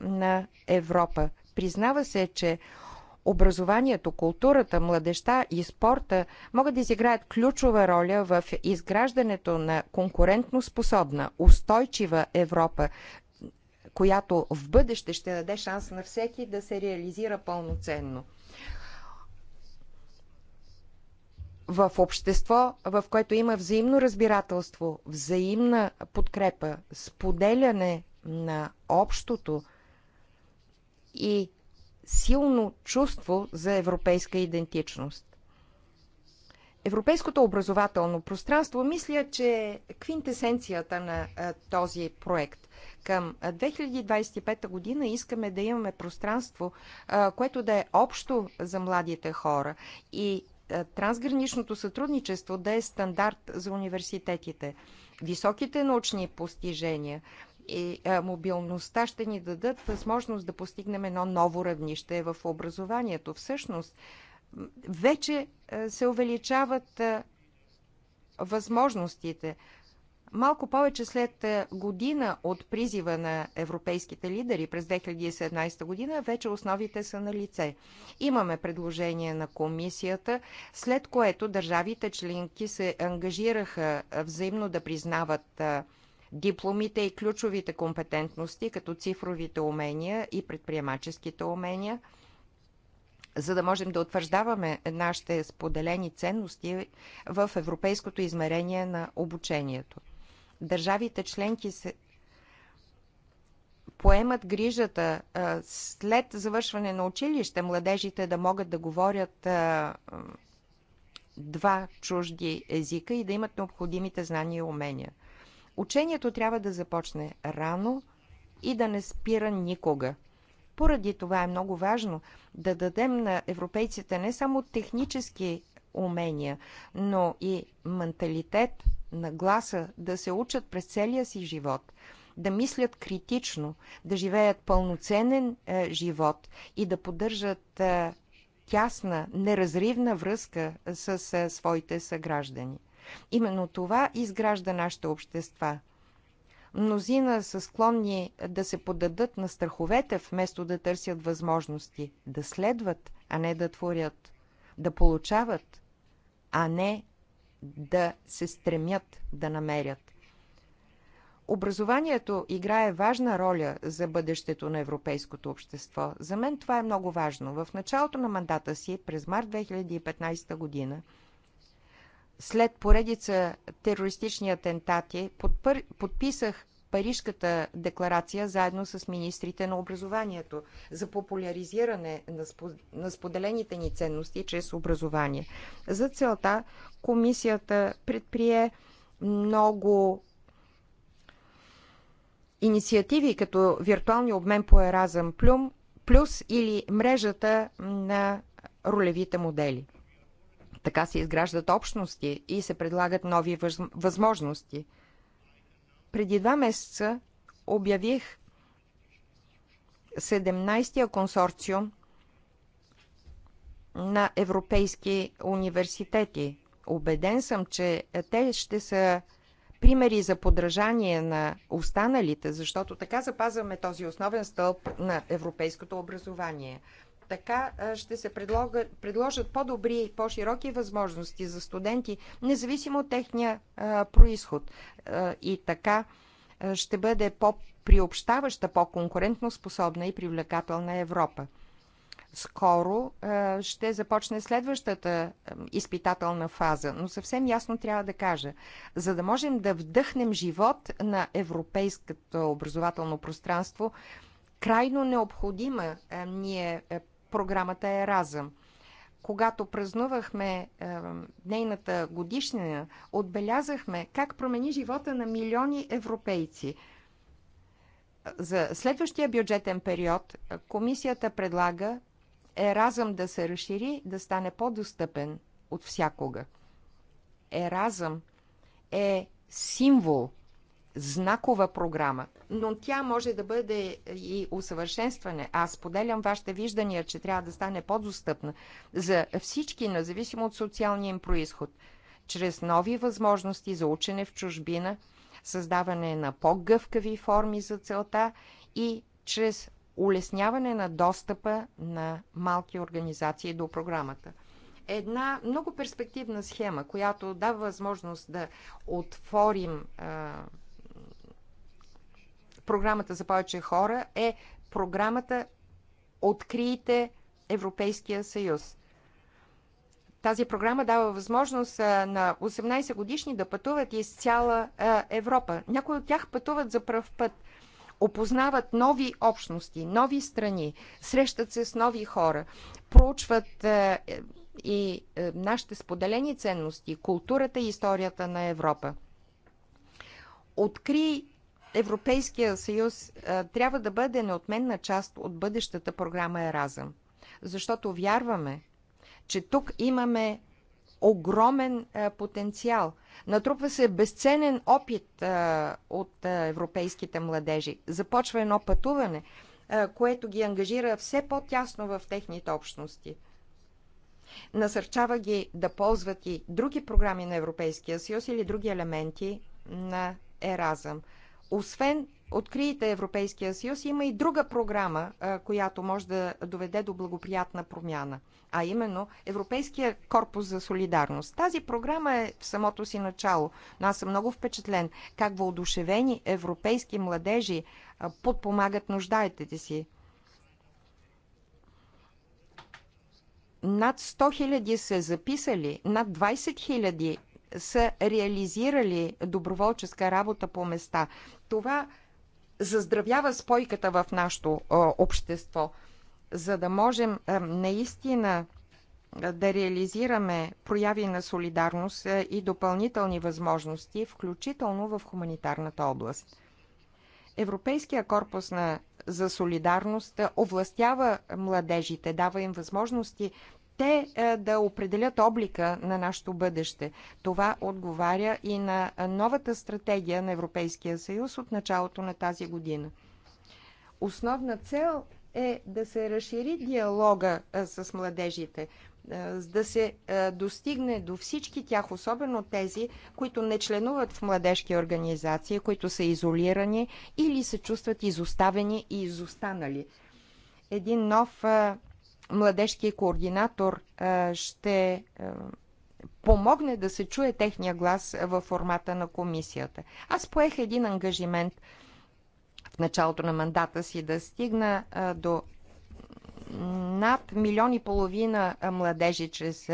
на Европа. Признава се, че Образованието, културата, младеща и спорта могат да изиграят ключова роля в изграждането на конкурентно способна, устойчива Европа, която в бъдеще ще даде шанс на всеки да се реализира пълноценно. в общество, в което има взаимно разбирателство, взаимна подкрепа, споделяне на общото и силно чувство за европейска идентичност. Европейското образователно пространство мисля, че е квинтесенцията на този проект. Към 2025 година искаме да имаме пространство, което да е общо за младите хора и трансграничното сътрудничество да е стандарт за университетите. Високите научни постижения – и мобилността ще ни дадат възможност да постигнем едно ново равнище в образованието. Всъщност, вече се увеличават възможностите. Малко повече след година от призива на европейските лидери през 2017 година, вече основите са на лице. Имаме предложение на комисията, след което държавите членки се ангажираха взаимно да признават дипломите и ключовите компетентности, като цифровите умения и предприемаческите умения, за да можем да утвърждаваме нашите споделени ценности в европейското измерение на обучението. Държавите членки се поемат грижата след завършване на училище младежите да могат да говорят два чужди езика и да имат необходимите знания и умения. Учението трябва да започне рано и да не спира никога. Поради това е много важно да дадем на европейците не само технически умения, но и менталитет, на гласа да се учат през целия си живот, да мислят критично, да живеят пълноценен е, живот и да поддържат е, тясна, неразривна връзка с е, своите съграждани. Именно това изгражда нашите общества. Мнозина са склонни да се подадат на страховете, вместо да търсят възможности, да следват, а не да творят, да получават, а не да се стремят да намерят. Образованието играе важна роля за бъдещето на европейското общество. За мен това е много важно. В началото на мандата си, през март 2015 година, след поредица терористични атентати, подпър... подписах Парижката декларация заедно с министрите на образованието за популяризиране на, спо... на споделените ни ценности чрез образование. За целта комисията предприе много инициативи като виртуалния обмен по Еразъм Плюм, плюс или мрежата на ролевите модели. Така се изграждат общности и се предлагат нови възможности. Преди два месеца обявих 17-я консорциум на европейски университети. Обеден съм, че те ще са примери за подражание на останалите, защото така запазваме този основен стълб на европейското образование. Така ще се предложат по-добри и по-широки възможности за студенти, независимо от техния происход. и така ще бъде по-приобщаваща, по-конкурентно способна и привлекателна Европа. Скоро ще започне следващата изпитателна фаза, но съвсем ясно трябва да кажа, за да можем да вдъхнем живот на европейското образователно пространство, крайно необходима ни е, е програмата Еразъм. Когато празнувахме е, нейната годишнина, отбелязахме как промени живота на милиони европейци. За следващия бюджетен период е, комисията предлага Еразъм да се разшири, да стане по-достъпен от всякога. Еразъм е символ знакова програма, но тя може да бъде и усъвършенстване. Аз поделям вашите виждания, че трябва да стане по-достъпна за всички, независимо от социалния им происход, чрез нови възможности за учене в чужбина, създаване на по-гъвкави форми за целта и чрез улесняване на достъпа на малки организации до програмата една много перспективна схема, която дава възможност да отворим а, програмата за повече хора е програмата Откриете Европейския съюз. Тази програма дава възможност на 18 годишни да пътуват из цяла Европа. Някои от тях пътуват за пръв път. Опознават нови общности, нови страни, срещат се с нови хора, проучват и нашите споделени ценности, културата и историята на Европа. Откри Европейския съюз трябва да бъде неотменна част от бъдещата програма Еразъм, защото вярваме, че тук имаме огромен потенциал. Натрупва се безценен опит от европейските младежи. Започва едно пътуване, което ги ангажира все по-тясно в техните общности. Насърчава ги да ползват и други програми на Европейския съюз или други елементи на Еразъм. Освен Откриете Европейския съюз, има и друга програма, която може да доведе до благоприятна промяна, а именно Европейския корпус за солидарност. Тази програма е в самото си начало, но аз съм много впечатлен как въодушевени европейски младежи подпомагат нуждаетите си. Над 100 000 се записали, над 20 000 са реализирали доброволческа работа по места. Това заздравява спойката в нашето общество, за да можем наистина да реализираме прояви на солидарност и допълнителни възможности, включително в хуманитарната област. Европейския корпус на, за солидарност овластява младежите, дава им възможности те е, да определят облика на нашето бъдеще. Това отговаря и на новата стратегия на Европейския съюз от началото на тази година. Основна цел е да се разшири диалога е, с младежите, е, да се достигне до всички тях, особено тези, които не членуват в младежки организации, които са изолирани или се чувстват изоставени и изостанали. Един нов младежки координатор ще помогне да се чуе техния глас в формата на комисията. Аз поех един ангажимент в началото на мандата си да стигна до над милион и половина младежи чрез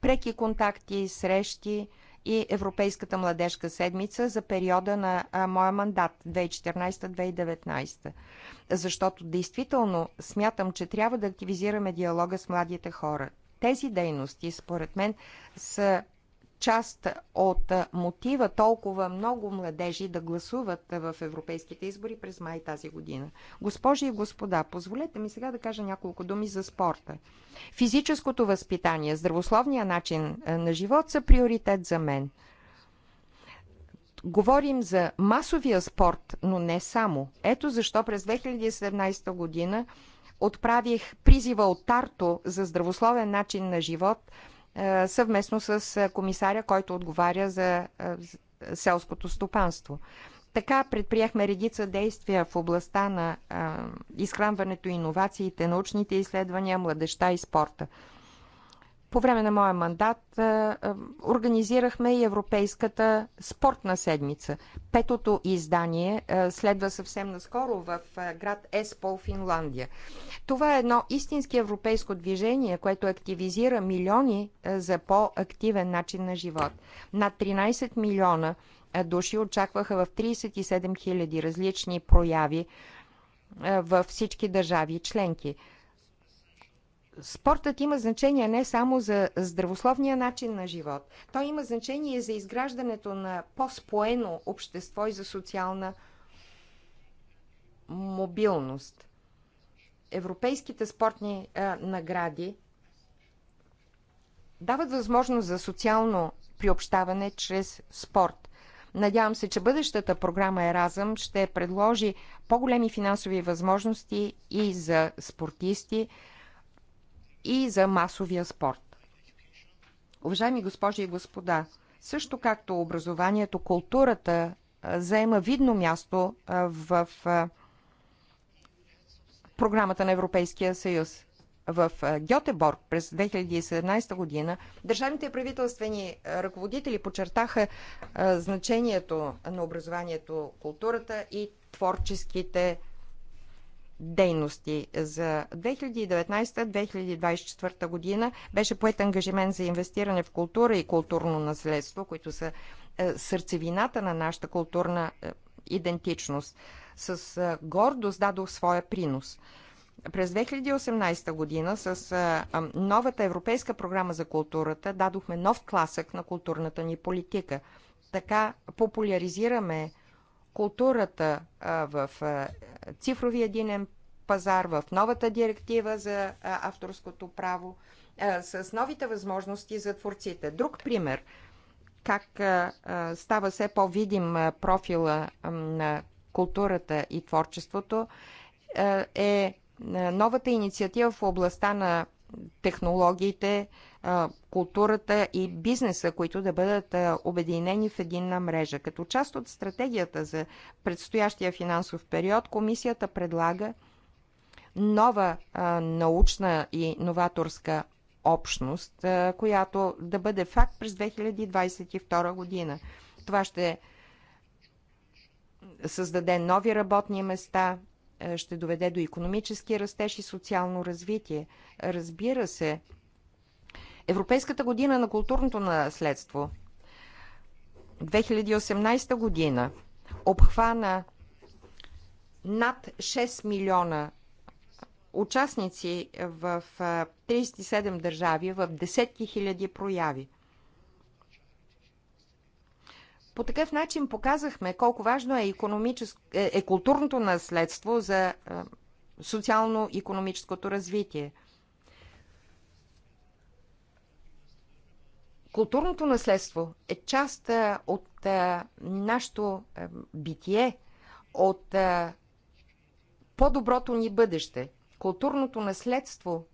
преки контакти, срещи и Европейската младежка седмица за периода на моя мандат 2014-2019 защото действително смятам, че трябва да активизираме диалога с младите хора. Тези дейности, според мен, са част от мотива толкова много младежи да гласуват в европейските избори през май тази година. Госпожи и господа, позволете ми сега да кажа няколко думи за спорта. Физическото възпитание, здравословния начин на живот са приоритет за мен – Говорим за масовия спорт, но не само. Ето защо през 2017 година отправих призива от Тарто за здравословен начин на живот е, съвместно с е, комисаря, който отговаря за е, селското стопанство. Така предприехме редица действия в областта на изхранването, иновациите, научните изследвания, младеща и спорта. По време на моя мандат организирахме и Европейската спортна седмица. Петото издание следва съвсем наскоро в град Еспол, Финландия. Това е едно истински европейско движение, което активизира милиони за по-активен начин на живот. Над 13 милиона души очакваха в 37 хиляди различни прояви във всички държави членки. Спортът има значение не само за здравословния начин на живот. Той има значение за изграждането на по-споено общество и за социална мобилност. Европейските спортни а, награди дават възможност за социално приобщаване чрез спорт. Надявам се, че бъдещата програма Еразъм ще предложи по-големи финансови възможности и за спортисти, и за масовия спорт. Уважаеми госпожи и господа, също както образованието, културата заема видно място в програмата на Европейския съюз. В Гьотеборг през 2017 година държавните правителствени ръководители подчертаха значението на образованието, културата и творческите дейности за 2019-2024 година беше поет ангажимент за инвестиране в култура и културно наследство, които са е, сърцевината на нашата културна е, идентичност. С е, гордост дадох своя принос. През 2018 година с новата Европейска програма за културата дадохме нов класък на културната ни политика. Така популяризираме културата в цифрови единен пазар, в новата директива за авторското право, с новите възможности за творците. Друг пример как става все по-видим профила на културата и творчеството е новата инициатива в областта на технологиите културата и бизнеса, които да бъдат обединени в единна мрежа. Като част от стратегията за предстоящия финансов период, комисията предлага нова научна и новаторска общност, която да бъде факт през 2022 година. Това ще създаде нови работни места, ще доведе до економически растеж и социално развитие. Разбира се, Европейската година на културното наследство 2018 година обхвана над 6 милиона участници в 37 държави в десетки хиляди прояви. По такъв начин показахме колко важно е, е, е културното наследство за социално-економическото развитие. Културното наследство е част от нашето битие, от по-доброто ни бъдеще. Културното наследство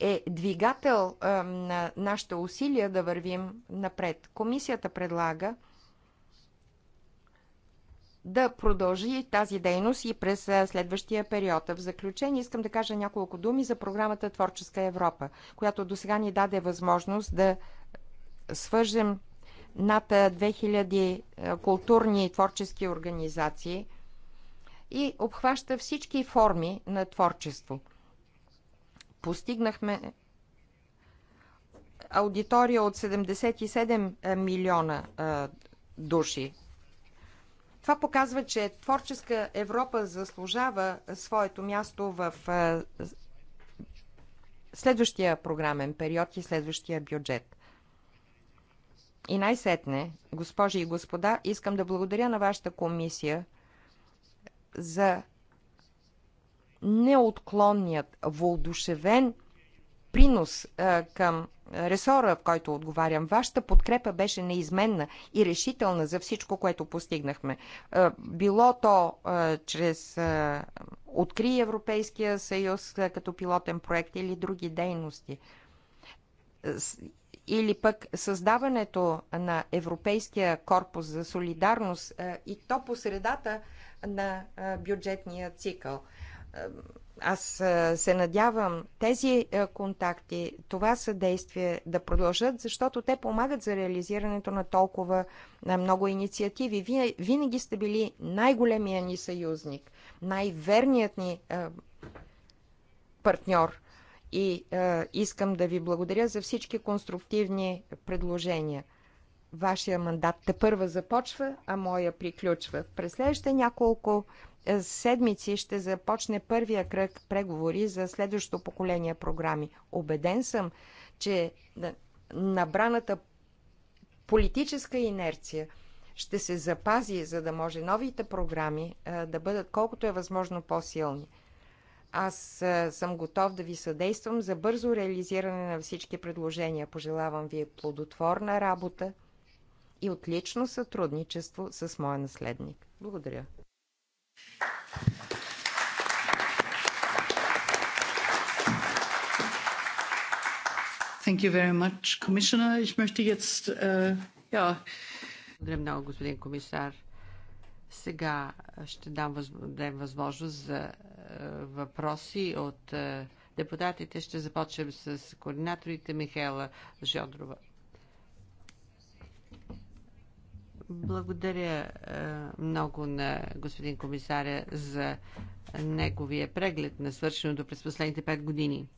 е двигател на нашите усилия да вървим напред. Комисията предлага да продължи тази дейност и през следващия период. В заключение искам да кажа няколко думи за програмата Творческа Европа, която до сега ни даде възможност да свържем над 2000 е, културни и творчески организации и обхваща всички форми на творчество. Постигнахме аудитория от 77 е, милиона е, души. Това показва, че творческа Европа заслужава своето място в следващия програмен период и следващия бюджет. И най-сетне, госпожи и господа, искам да благодаря на вашата комисия за неотклонният, въодушевен принос а, към ресора, в който отговарям. Вашата подкрепа беше неизменна и решителна за всичко, което постигнахме. А, било то а, чрез а, Откри Европейския съюз а, като пилотен проект или други дейности или пък създаването на Европейския корпус за солидарност и то по средата на бюджетния цикъл. Аз се надявам тези контакти, това съдействие да продължат, защото те помагат за реализирането на толкова много инициативи. Вие винаги сте били най-големия ни съюзник, най-верният ни партньор – и а, е, искам да ви благодаря за всички конструктивни предложения. Вашия мандат те първа започва, а моя приключва. През следващите няколко е, седмици ще започне първия кръг преговори за следващото поколение програми. Обеден съм, че набраната политическа инерция ще се запази, за да може новите програми е, да бъдат колкото е възможно по-силни. Аз съм готов да ви съдействам за бързо реализиране на всички предложения. Пожелавам ви плодотворна работа и отлично сътрудничество с моя наследник. Благодаря. Thank you very much, Commissioner. Ich möchte jetzt, äh, Благодаря много, господин комисар. Сега ще дам възможност за въпроси от депутатите. Ще започнем с координаторите Михаела Жодрова. Благодаря много на господин комисаря за неговия преглед на свършеното през последните пет години.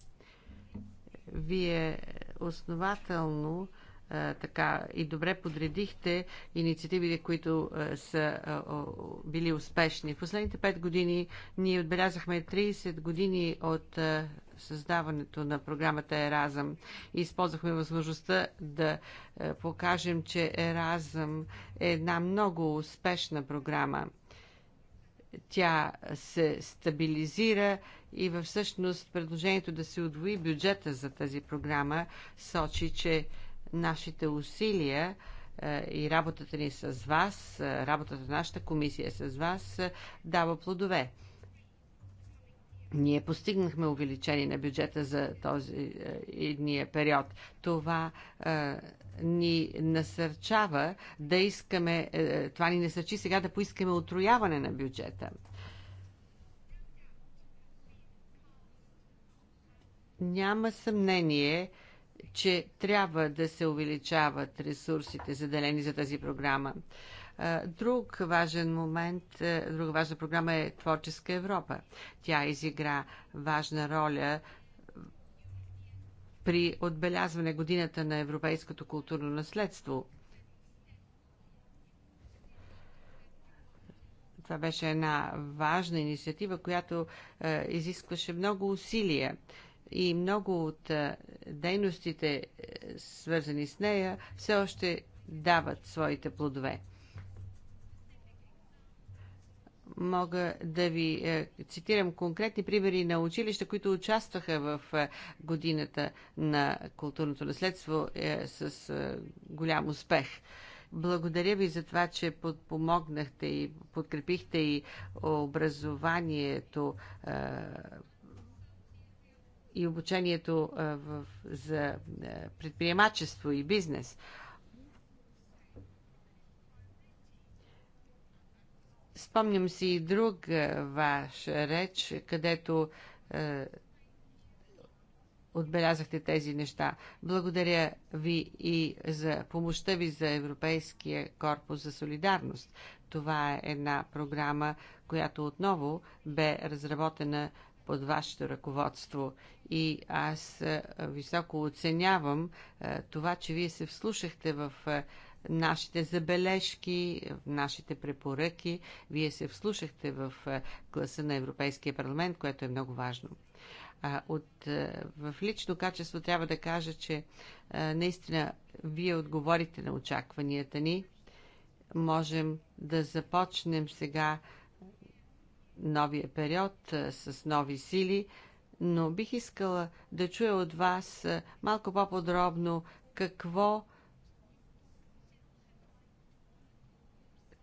Вие основателно така и добре подредихте инициативите, които са били успешни. В последните пет години ние отбелязахме 30 години от създаването на програмата Еразъм и използвахме възможността да покажем, че Еразъм е една много успешна програма. Тя се стабилизира и всъщност предложението да се удвои бюджета за тази програма сочи, че нашите усилия е, и работата ни с вас, е, работата на нашата комисия с вас е, дава плодове. Ние постигнахме увеличение на бюджета за този едния период. Това ни насърчава да искаме, това ни насърчи сега да поискаме отрояване на бюджета. Няма съмнение, че трябва да се увеличават ресурсите, заделени за тази програма. Друг важен момент, друга важна програма е Творческа Европа. Тя изигра важна роля при отбелязване годината на европейското културно наследство. Това беше една важна инициатива, която е, изискваше много усилия и много от дейностите, е, свързани с нея, все още дават своите плодове. Мога да ви е, цитирам конкретни примери на училища, които участваха в е, годината на културното наследство с голям успех. Благодаря ви за това, че подпомогнахте и подкрепихте и образованието и обучението в, за предприемачество и бизнес. Спомням си и друг ваш реч, където е, отбелязахте тези неща. Благодаря ви и за помощта ви за Европейския корпус за солидарност. Това е една програма, която отново бе разработена под вашето ръководство и аз е, високо оценявам е, това, че вие се вслушахте в е, нашите забележки, в нашите препоръки. Вие се вслушахте в гласа на Европейския парламент, което е много важно. От, в лично качество трябва да кажа, че наистина вие отговорите на очакванията ни. Можем да започнем сега новия период с нови сили, но бих искала да чуя от вас малко по-подробно какво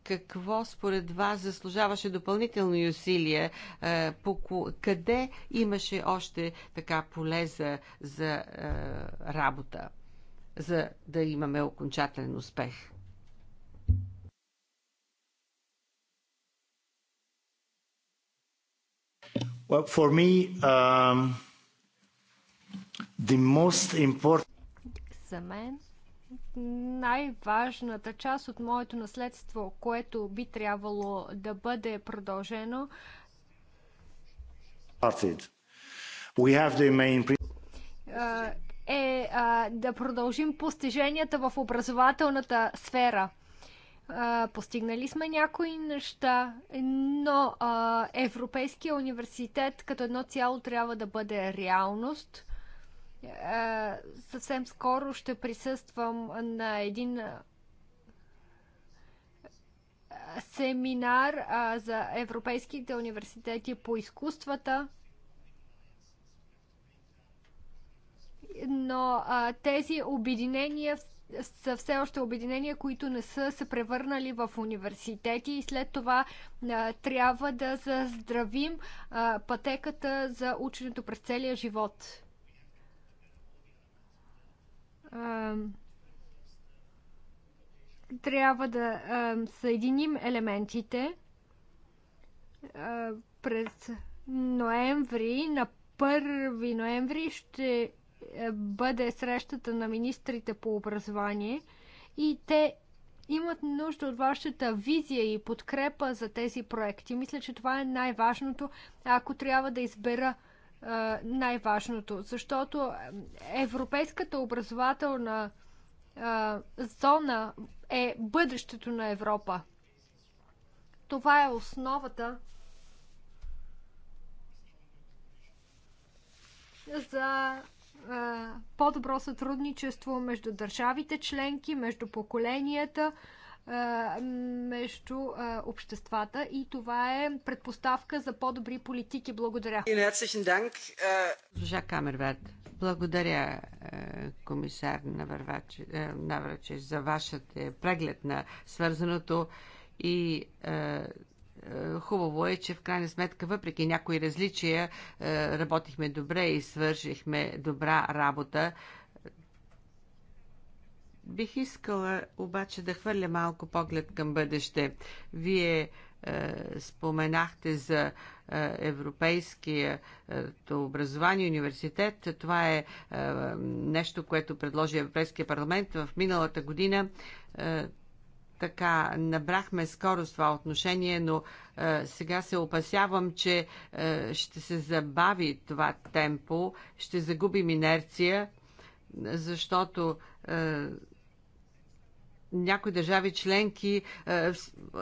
какво според вас заслужаваше допълнителни усилия? По къде имаше още така поле за, за работа, за да имаме окончателен успех? Well, for me, um, the most important... За мен най-важната част от моето наследство, което би трябвало да бъде продължено. Е да продължим постиженията в образователната сфера а, постигнали сме някои неща, но а, Европейския университет като едно цяло трябва да бъде реалност. А, е, съвсем скоро ще присъствам на един семинар а, за европейските университети по изкуствата. Но а, тези обединения са все още обединения, които не са се превърнали в университети и след това а, трябва да заздравим а, пътеката за ученето през целия живот. А, трябва да а, съединим елементите а, през ноември, на 1 ноември ще бъде срещата на министрите по образование и те имат нужда от вашата визия и подкрепа за тези проекти. Мисля, че това е най-важното, ако трябва да избера най-важното, защото европейската образователна зона е бъдещето на Европа. Това е основата за по-добро сътрудничество между държавите членки, между поколенията, между обществата и това е предпоставка за по-добри политики. Благодаря. Госпожа Камерверт, благодаря комисар Навраче за вашата преглед на свързаното и Хубаво е, че в крайна сметка, въпреки някои различия, е, работихме добре и свършихме добра работа. Бих искала обаче да хвърля малко поглед към бъдеще. Вие е, споменахте за е, Европейското образование университет. Това е нещо, което предложи Европейския парламент в миналата година така набрахме скорост това отношение, но е, сега се опасявам, че е, ще се забави това темпо, ще загубим инерция, защото е, някои държави членки, е,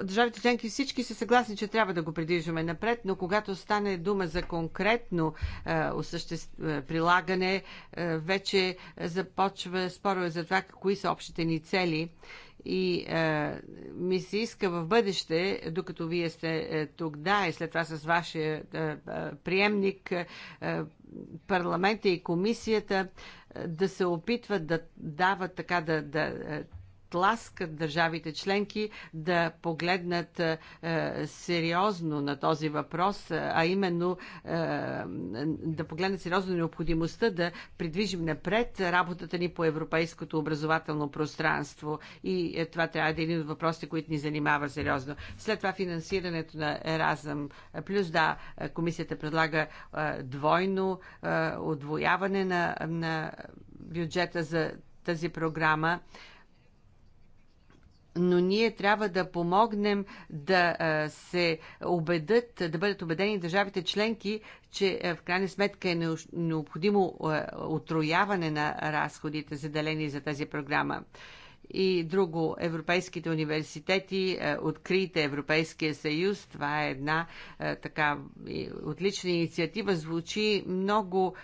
държавите членки всички са съгласни, че трябва да го придвижваме напред, но когато стане дума за конкретно е, е, прилагане, вече започва спорове за това кои са общите ни цели и а, е, ми се иска в бъдеще, докато вие сте а, е, тук, да, и след това с вашия а, е, приемник, а, парламента и комисията, а, да се опитват да дават така, да, да тласкат държавите членки да погледнат е, сериозно на този въпрос, е, а именно е, да погледнат сериозно необходимостта да придвижим напред работата ни по европейското образователно пространство. И е, това трябва да е един от въпросите, които ни занимава сериозно. След това финансирането на Еразъм. Плюс да, е, комисията предлага е, двойно е, отвояване на, на бюджета за тази програма но ние трябва да помогнем да се убедат, да бъдат убедени държавите членки, че в крайна сметка е необходимо отрояване на разходите, заделени за тази програма и друго европейските университети, открите Европейския съюз. Това е една така отлична инициатива. Звучи много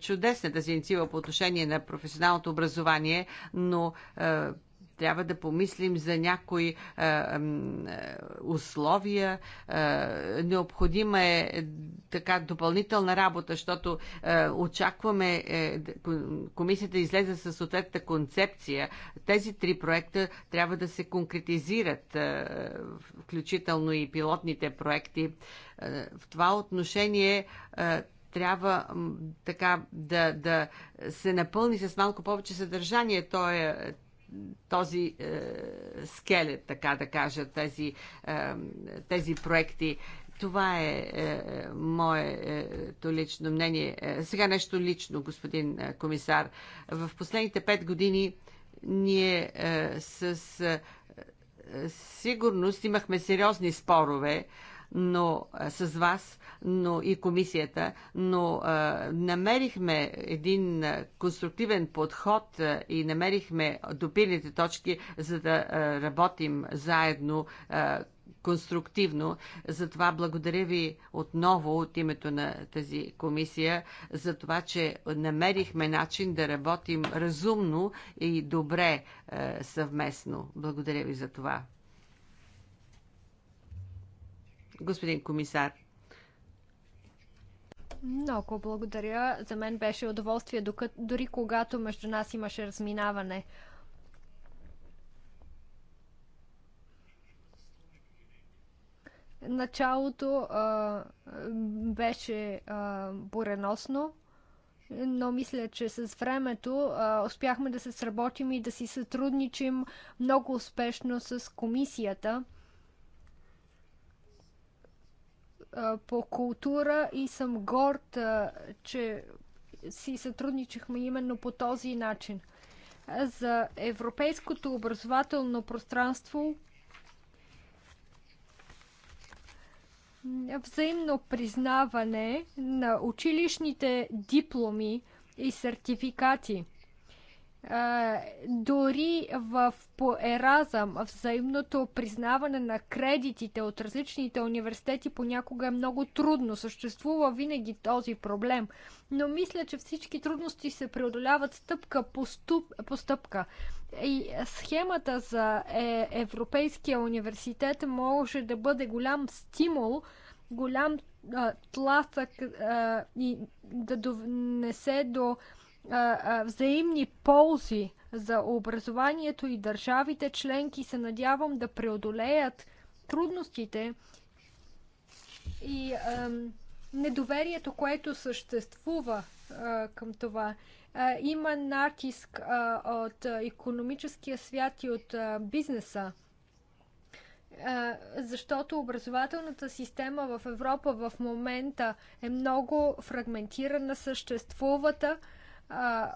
чудесна тази инициатива по отношение на професионалното образование, но трябва да помислим за някои е, е, условия. Е, необходима е така допълнителна работа, защото очакваме комисията излезе с съответната концепция. Тези три проекта трябва да се конкретизират, включително и пилотните проекти. В това отношение трябва така да, да се напълни с малко повече съдържание е този е, скелет, така да кажа, тези, е, тези проекти. Това е, е моето лично мнение. Е, сега нещо лично, господин е, комисар. В последните пет години ние е, с е, сигурност имахме сериозни спорове. Е, но с вас, но и комисията, но а, намерихме един конструктивен подход а, и намерихме допилните точки, за да а, работим заедно а, конструктивно. Затова благодаря ви отново от името на тази комисия за това, че намерихме начин да работим разумно и добре е, съвместно. Благодаря ви за това господин комисар. Много благодаря. За мен беше удоволствие, докато, дори когато между нас имаше разминаване. Началото а, беше а, буреносно, но мисля, че с времето а, успяхме да се сработим и да си сътрудничим много успешно с комисията – по култура и съм горд, че си сътрудничахме именно по този начин. За европейското образователно пространство взаимно признаване на училищните дипломи и сертификати – дори в по взаимното признаване на кредитите от различните университети понякога е много трудно. Съществува винаги този проблем. Но мисля, че всички трудности се преодоляват стъпка по, ступ, по стъпка. И схемата за е, Европейския университет може да бъде голям стимул, голям а, тласък а, и да донесе до взаимни ползи за образованието и държавите членки се надявам да преодолеят трудностите и недоверието, което съществува към това. има натиск от економическия свят и от бизнеса. защото образователната система в Европа в момента е много фрагментирана, съществувата а,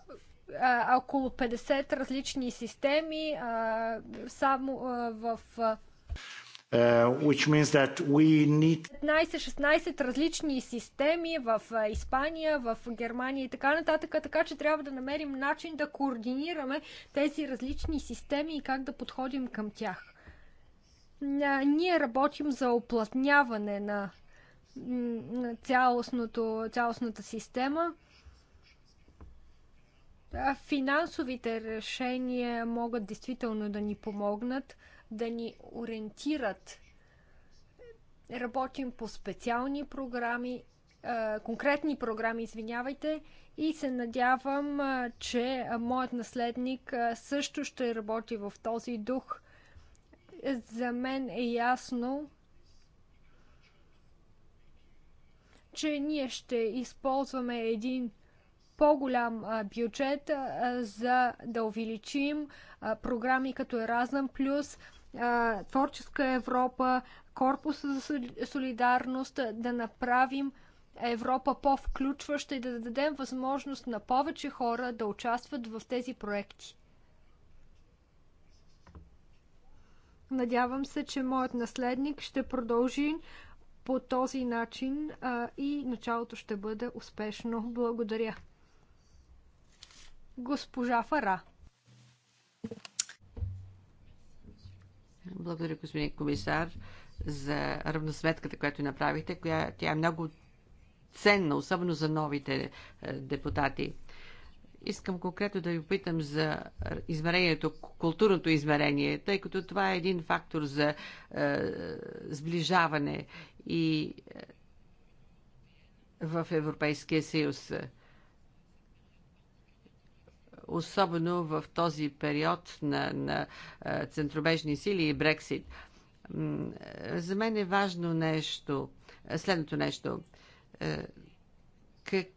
около 50 различни системи а, само а, в. Uh, which means that we need 15-16 различни системи в Испания, в Германия и така нататък, така че трябва да намерим начин да координираме тези различни системи и как да подходим към тях. Ние работим за оплътняване на цялостната система. Финансовите решения могат действително да ни помогнат, да ни ориентират. Работим по специални програми, конкретни програми, извинявайте, и се надявам, че моят наследник също ще работи в този дух. За мен е ясно, че ние ще използваме един по-голям бюджет, за да увеличим програми като Еразъм Плюс, Творческа Европа, Корпуса за солидарност, да направим Европа по-включваща и да дадем възможност на повече хора да участват в тези проекти. Надявам се, че моят наследник ще продължи по този начин а, и началото ще бъде успешно. Благодаря. Госпожа Фара. Благодаря, господин комисар, за равносметката, която направихте. Коя, тя е много ценна, особено за новите е, депутати. Искам конкретно да ви опитам за измерението, културното измерение, тъй като това е един фактор за е, сближаване и е, в Европейския съюз. Е, особено в този период на, на е, центробежни сили и Брексит. За мен е важно нещо, е, следното нещо е,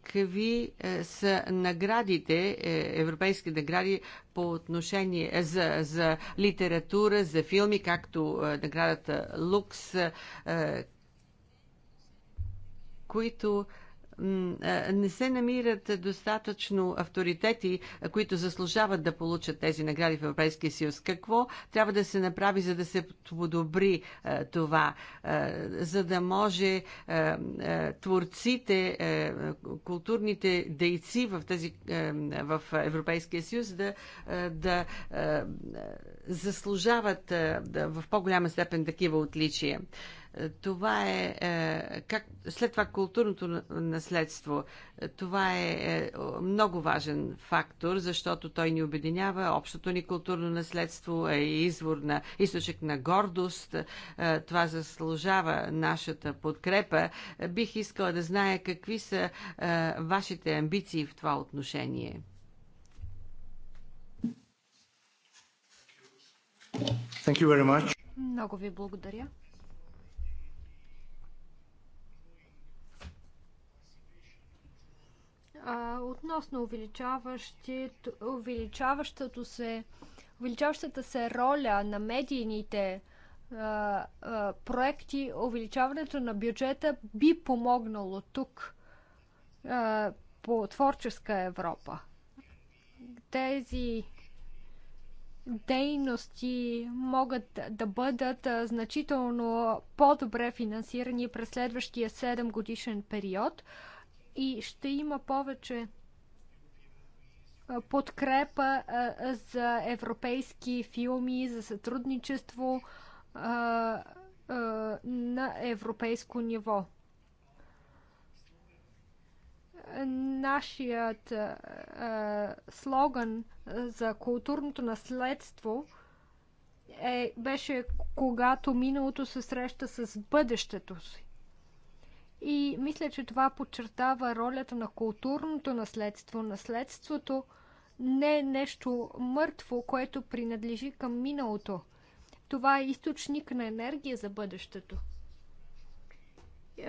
какви са наградите, европейски награди по отношение за, за литература, за филми, както наградата Лукс, които не се намират достатъчно авторитети, които заслужават да получат тези награди в Европейския съюз. Какво трябва да се направи, за да се подобри това, за да може творците, културните дейци в, тези, в Европейския съюз да, да заслужават в по-голяма степен такива отличия? Това е, е, как, след това културното наследство. Това е, е много важен фактор, защото той ни обединява. Общото ни културно наследство е извор на източник на гордост. Е, това заслужава нашата подкрепа. Бих искала да зная какви са вашите амбиции в това отношение. Thank you very much. Много ви благодаря. а, относно увеличаващото се, увеличаващата се роля на медийните а, а, проекти, увеличаването на бюджета би помогнало тук а, по творческа Европа. Тези дейности могат да бъдат значително по-добре финансирани през следващия 7 годишен период – и ще има повече подкрепа за европейски филми, за сътрудничество на европейско ниво. Нашият слоган за културното наследство е, беше когато миналото се среща с бъдещето си. И мисля, че това подчертава ролята на културното наследство. Наследството не е нещо мъртво, което принадлежи към миналото. Това е източник на енергия за бъдещето.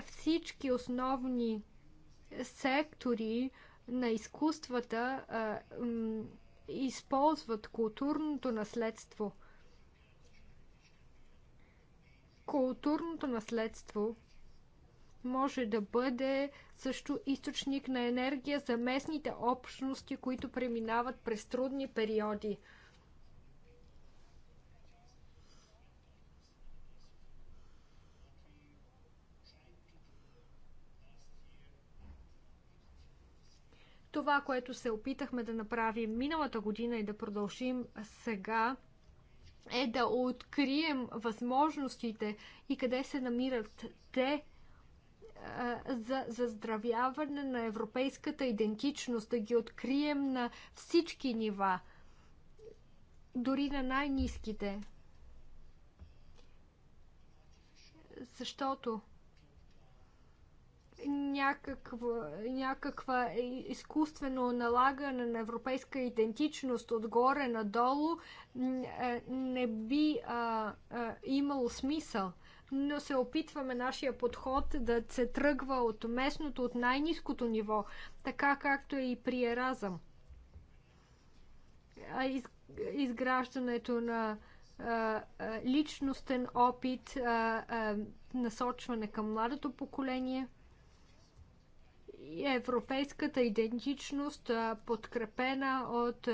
Всички основни сектори на изкуствата а, м, използват културното наследство. Културното наследство може да бъде също източник на енергия за местните общности, които преминават през трудни периоди. Това, което се опитахме да направим миналата година и да продължим сега, е да открием възможностите и къде се намират те за заздравяване на европейската идентичност, да ги открием на всички нива, дори на най-низките. Защото някаква, някаква изкуствено налагане на европейска идентичност отгоре надолу е, не би а, а, имало смисъл но се опитваме нашия подход да се тръгва от местното, от най-низкото ниво, така както е и при Еразъм. Изграждането на личностен опит, насочване към младото поколение – европейската идентичност, подкрепена от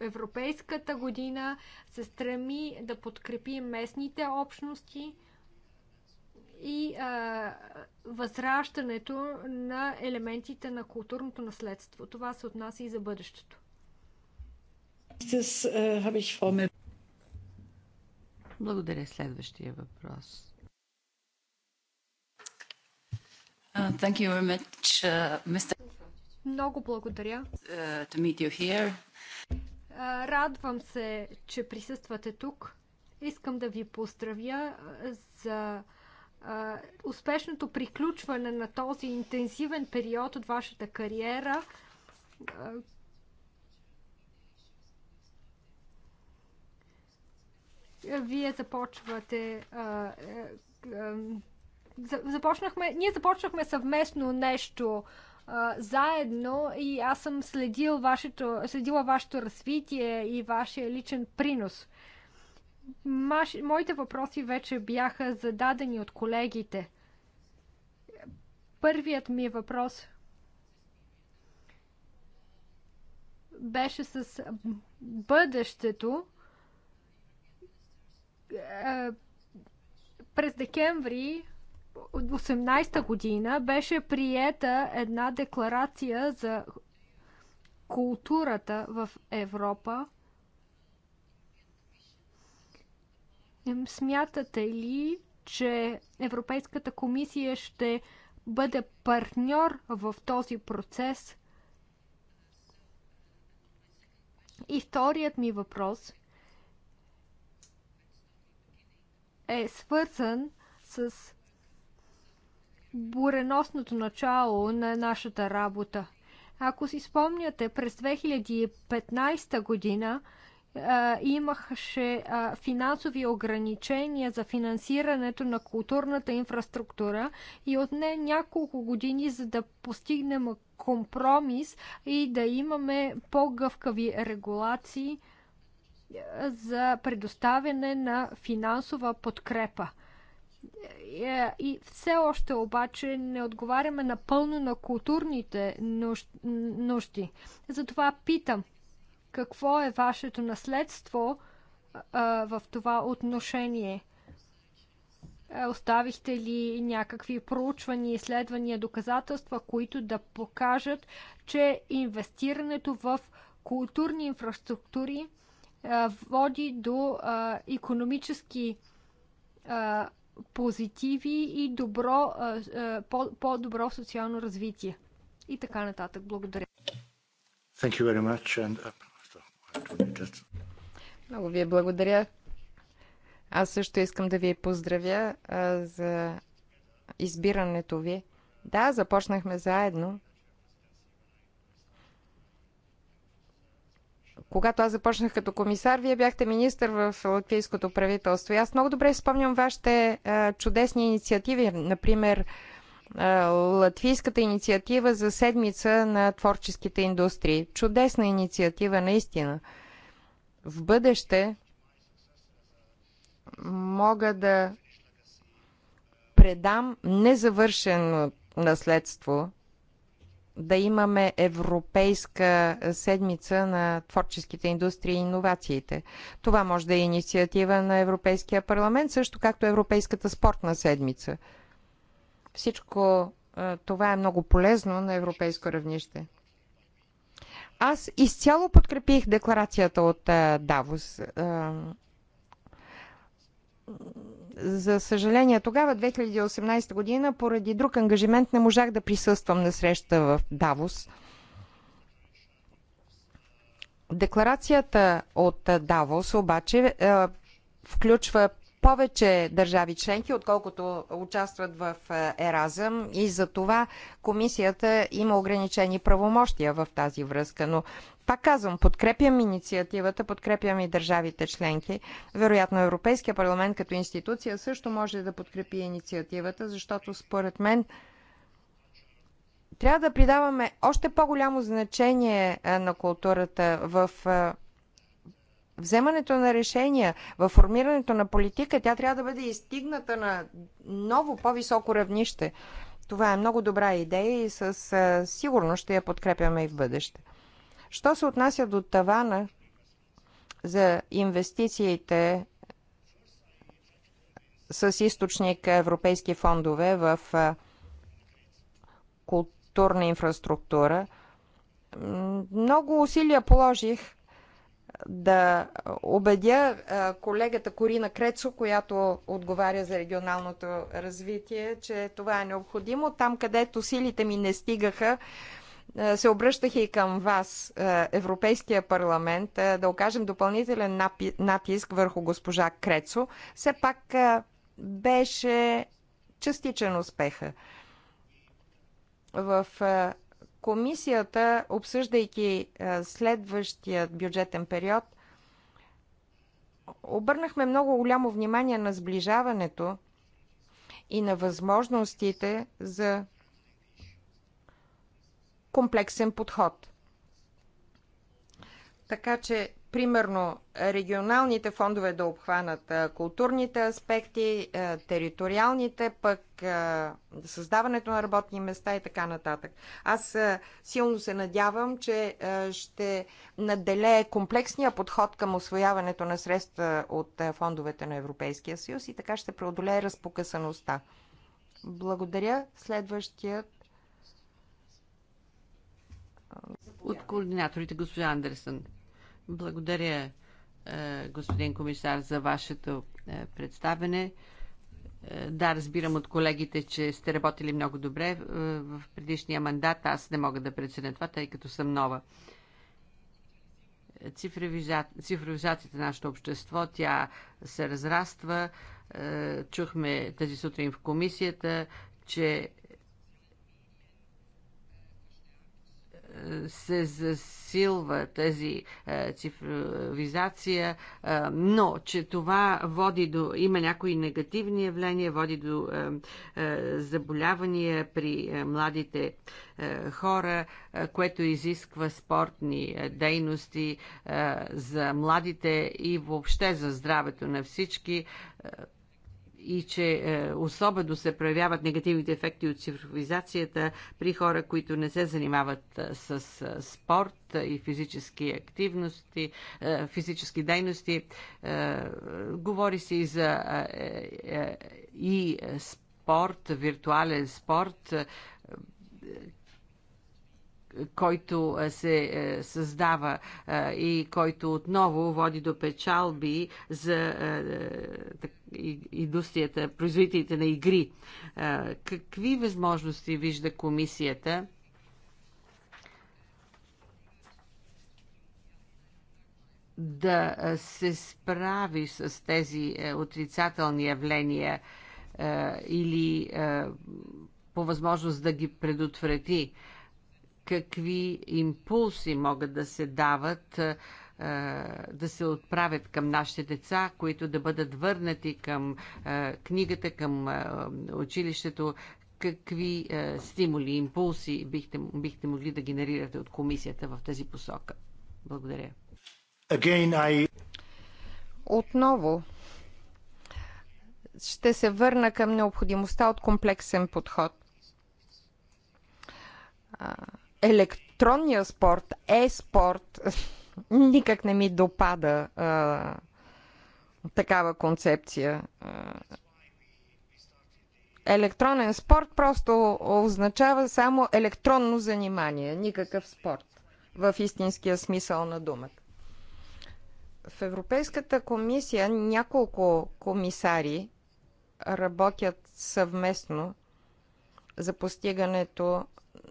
Европейската година, се стреми да подкрепи местните общности и възращането на елементите на културното наследство. Това се отнася и за бъдещето. Uh, Благодаря. Следващия въпрос. Uh, thank you very much, uh, Mr. Много благодаря. Uh, to meet you here. Uh, радвам се, че присъствате тук. Искам да ви поздравя uh, за uh, успешното приключване на този интензивен период от вашата кариера. Uh, вие започвате uh, започнахме, ние започнахме съвместно нещо а, заедно и аз съм следил вашето, следила вашето развитие и вашия личен принос. Маш, моите въпроси вече бяха зададени от колегите. Първият ми въпрос беше с бъдещето е, през декември 18-та година беше приета една декларация за културата в Европа. Смятате ли, че Европейската комисия ще бъде партньор в този процес? И вторият ми въпрос е свързан с буреносното начало на нашата работа. Ако си спомняте, през 2015 година а, имаше а, финансови ограничения за финансирането на културната инфраструктура и отне няколко години, за да постигнем компромис и да имаме по-гъвкави регулации за предоставяне на финансова подкрепа. Е, и все още обаче не отговаряме напълно на културните нужди. Затова питам, какво е вашето наследство в това отношение? Е, оставихте ли някакви проучвания, изследвания, доказателства, които да покажат, че инвестирането в културни инфраструктури води до а, економически а, позитиви и добро, по-добро -по социално развитие. И така нататък. Благодаря. Thank you very much. And, uh, Много ви благодаря. Аз също искам да ви поздравя за избирането ви. Да, започнахме заедно. Когато аз започнах като комисар, вие бяхте министр в латвийското правителство. И аз много добре спомням вашите чудесни инициативи. Например, латвийската инициатива за седмица на творческите индустрии. Чудесна инициатива, наистина. В бъдеще мога да предам незавършено наследство да имаме Европейска седмица на творческите индустрии и иновациите. Това може да е инициатива на Европейския парламент, също както Европейската спортна седмица. Всичко е, това е много полезно на европейско равнище. Аз изцяло подкрепих декларацията от е, Давос е, за съжаление, тогава, 2018 година, поради друг ангажимент не можах да присъствам на среща в Давос. Декларацията от Давос обаче е, включва повече държави членки, отколкото участват в е, Еразъм и за това комисията има ограничени правомощия в тази връзка. Но пак казвам, подкрепям инициативата, подкрепям и държавите членки. Вероятно Европейския парламент като институция също може да подкрепи инициативата, защото според мен трябва да придаваме още по-голямо значение е, на културата в е, вземането на решения, в формирането на политика, тя трябва да бъде изтигната на ново по-високо равнище. Това е много добра идея и с сигурност ще я подкрепяме и в бъдеще. Що се отнася до тавана за инвестициите с източник европейски фондове в културна инфраструктура, много усилия положих да убедя колегата Корина Крецо, която отговаря за регионалното развитие, че това е необходимо. Там, където силите ми не стигаха, се обръщах и към вас, Европейския парламент, да окажем допълнителен натиск върху госпожа Крецо. Все пак беше частичен успеха в Комисията, обсъждайки следващия бюджетен период, обърнахме много голямо внимание на сближаването и на възможностите за комплексен подход. Така че примерно регионалните фондове да обхванат културните аспекти, териториалните, пък създаването на работни места и така нататък. Аз силно се надявам, че ще наделее комплексния подход към освояването на средства от фондовете на Европейския съюз и така ще преодолее разпокъсаността. Благодаря. Следващият от координаторите, госпожа Андерсън. Благодаря, е, господин комисар, за вашето е, представене. Е, да, разбирам от колегите, че сте работили много добре в предишния мандат. Аз не мога да преценя това, тъй като съм нова. Цифровизацията на нашето общество, тя се разраства. Чухме тази сутрин в комисията, че се засилва тази е, цифровизация, е, но че това води до... Има някои негативни явления, води до е, заболявания при младите хора, което изисква спортни дейности за младите и въобще за здравето на всички и че е, особено се проявяват негативните ефекти от цифровизацията при хора, които не се занимават е, с е, спорт и физически активности, физически дейности. Говори се и за и спорт, виртуален спорт, който е, се е, създава е, и който отново води до печалби за индустрията, производителите на игри. Какви възможности вижда комисията? да се справи с тези отрицателни явления или по възможност да ги предотврати какви импулси могат да се дават, е, е, да се отправят към нашите деца, които да бъдат върнати към е, книгата, към училището, какви стимули, импулси бихте, бихте могли да генерирате от комисията в тази посока? Благодаря. Again, I... Отново ще се върна към необходимостта от комплексен подход електронния спорт, е-спорт, никак не ми допада а, такава концепция. Електронен спорт просто означава само електронно занимание, никакъв спорт в истинския смисъл на думата. В Европейската комисия няколко комисари работят съвместно за постигането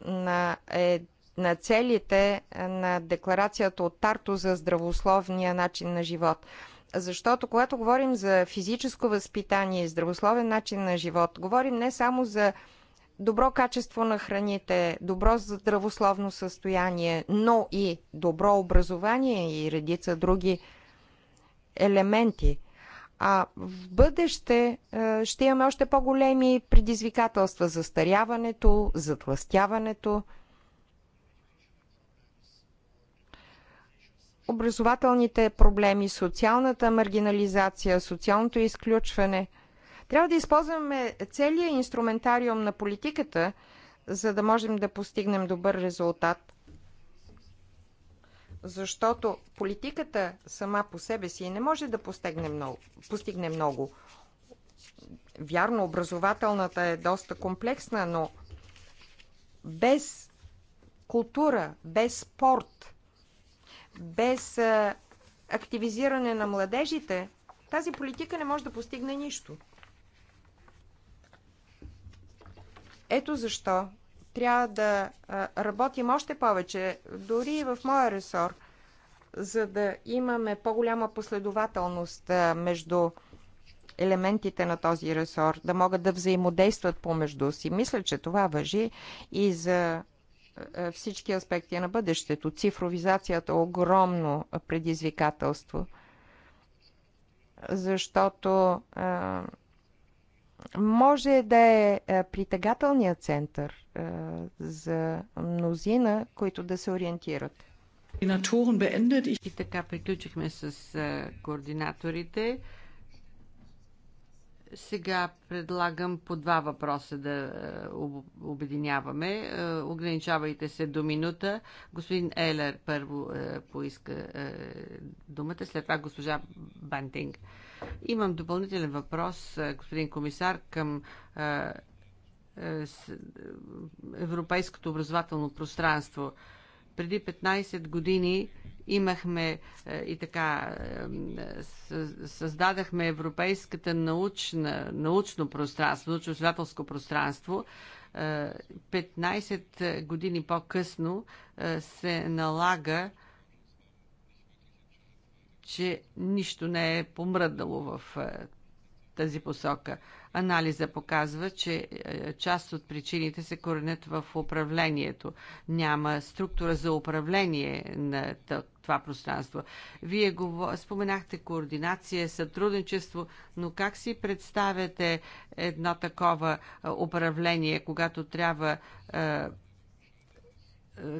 на, е, на целите на декларацията от Тарто за здравословния начин на живот. Защото когато говорим за физическо възпитание и здравословен начин на живот, говорим не само за добро качество на храните, добро здравословно състояние, но и добро образование и редица други елементи – а в бъдеще е, ще имаме още по-големи предизвикателства за старяването, затластяването. Образователните проблеми, социалната маргинализация, социалното изключване. Трябва да използваме целият инструментариум на политиката, за да можем да постигнем добър резултат защото политиката сама по себе си не може да постигне много. Постигне много. Вярно, образователната е доста комплексна, но без култура, без спорт, без а, активизиране на младежите, тази политика не може да постигне нищо. Ето защо трябва да работим още повече, дори и в моя ресор, за да имаме по-голяма последователност между елементите на този ресор, да могат да взаимодействат помежду си. Мисля, че това въжи и за всички аспекти на бъдещето. Цифровизацията е огромно предизвикателство, защото може да е, е притегателният център е, за мнозина, които да се ориентират. И така приключихме с е, координаторите. Сега предлагам по два въпроса да обединяваме. Ограничавайте се до минута. Господин Елер първо поиска думата, след това госпожа Бантинг. Имам допълнителен въпрос, е, господин комисар, към е, е, европейското образователно пространство. Преди 15 години имахме и така създадахме европейската научна, научно пространство, научно-изследователско пространство. 15 години по-късно се налага че нищо не е помръднало в е, тази посока. Анализа показва, че е, част от причините се коренят в управлението. Няма структура за управление на това пространство. Вие споменахте координация, сътрудничество, но как си представяте едно такова е, управление, когато трябва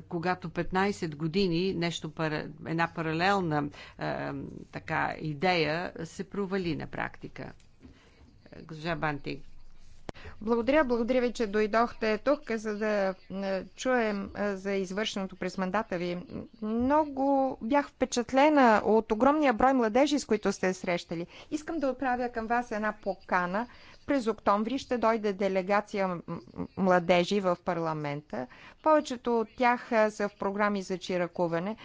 когато 15 години нещо, една паралелна е, така идея се провали на практика. Госпожа Банти. Благодаря, благодаря ви, че дойдохте тук, за да е, чуем е, за извършеното през мандата ви. Много бях впечатлена от огромния брой младежи, с които сте срещали. Искам да отправя към вас една покана – през октомври ще дойде делегация младежи в парламента. Повечето от тях са в програми за чиракуване.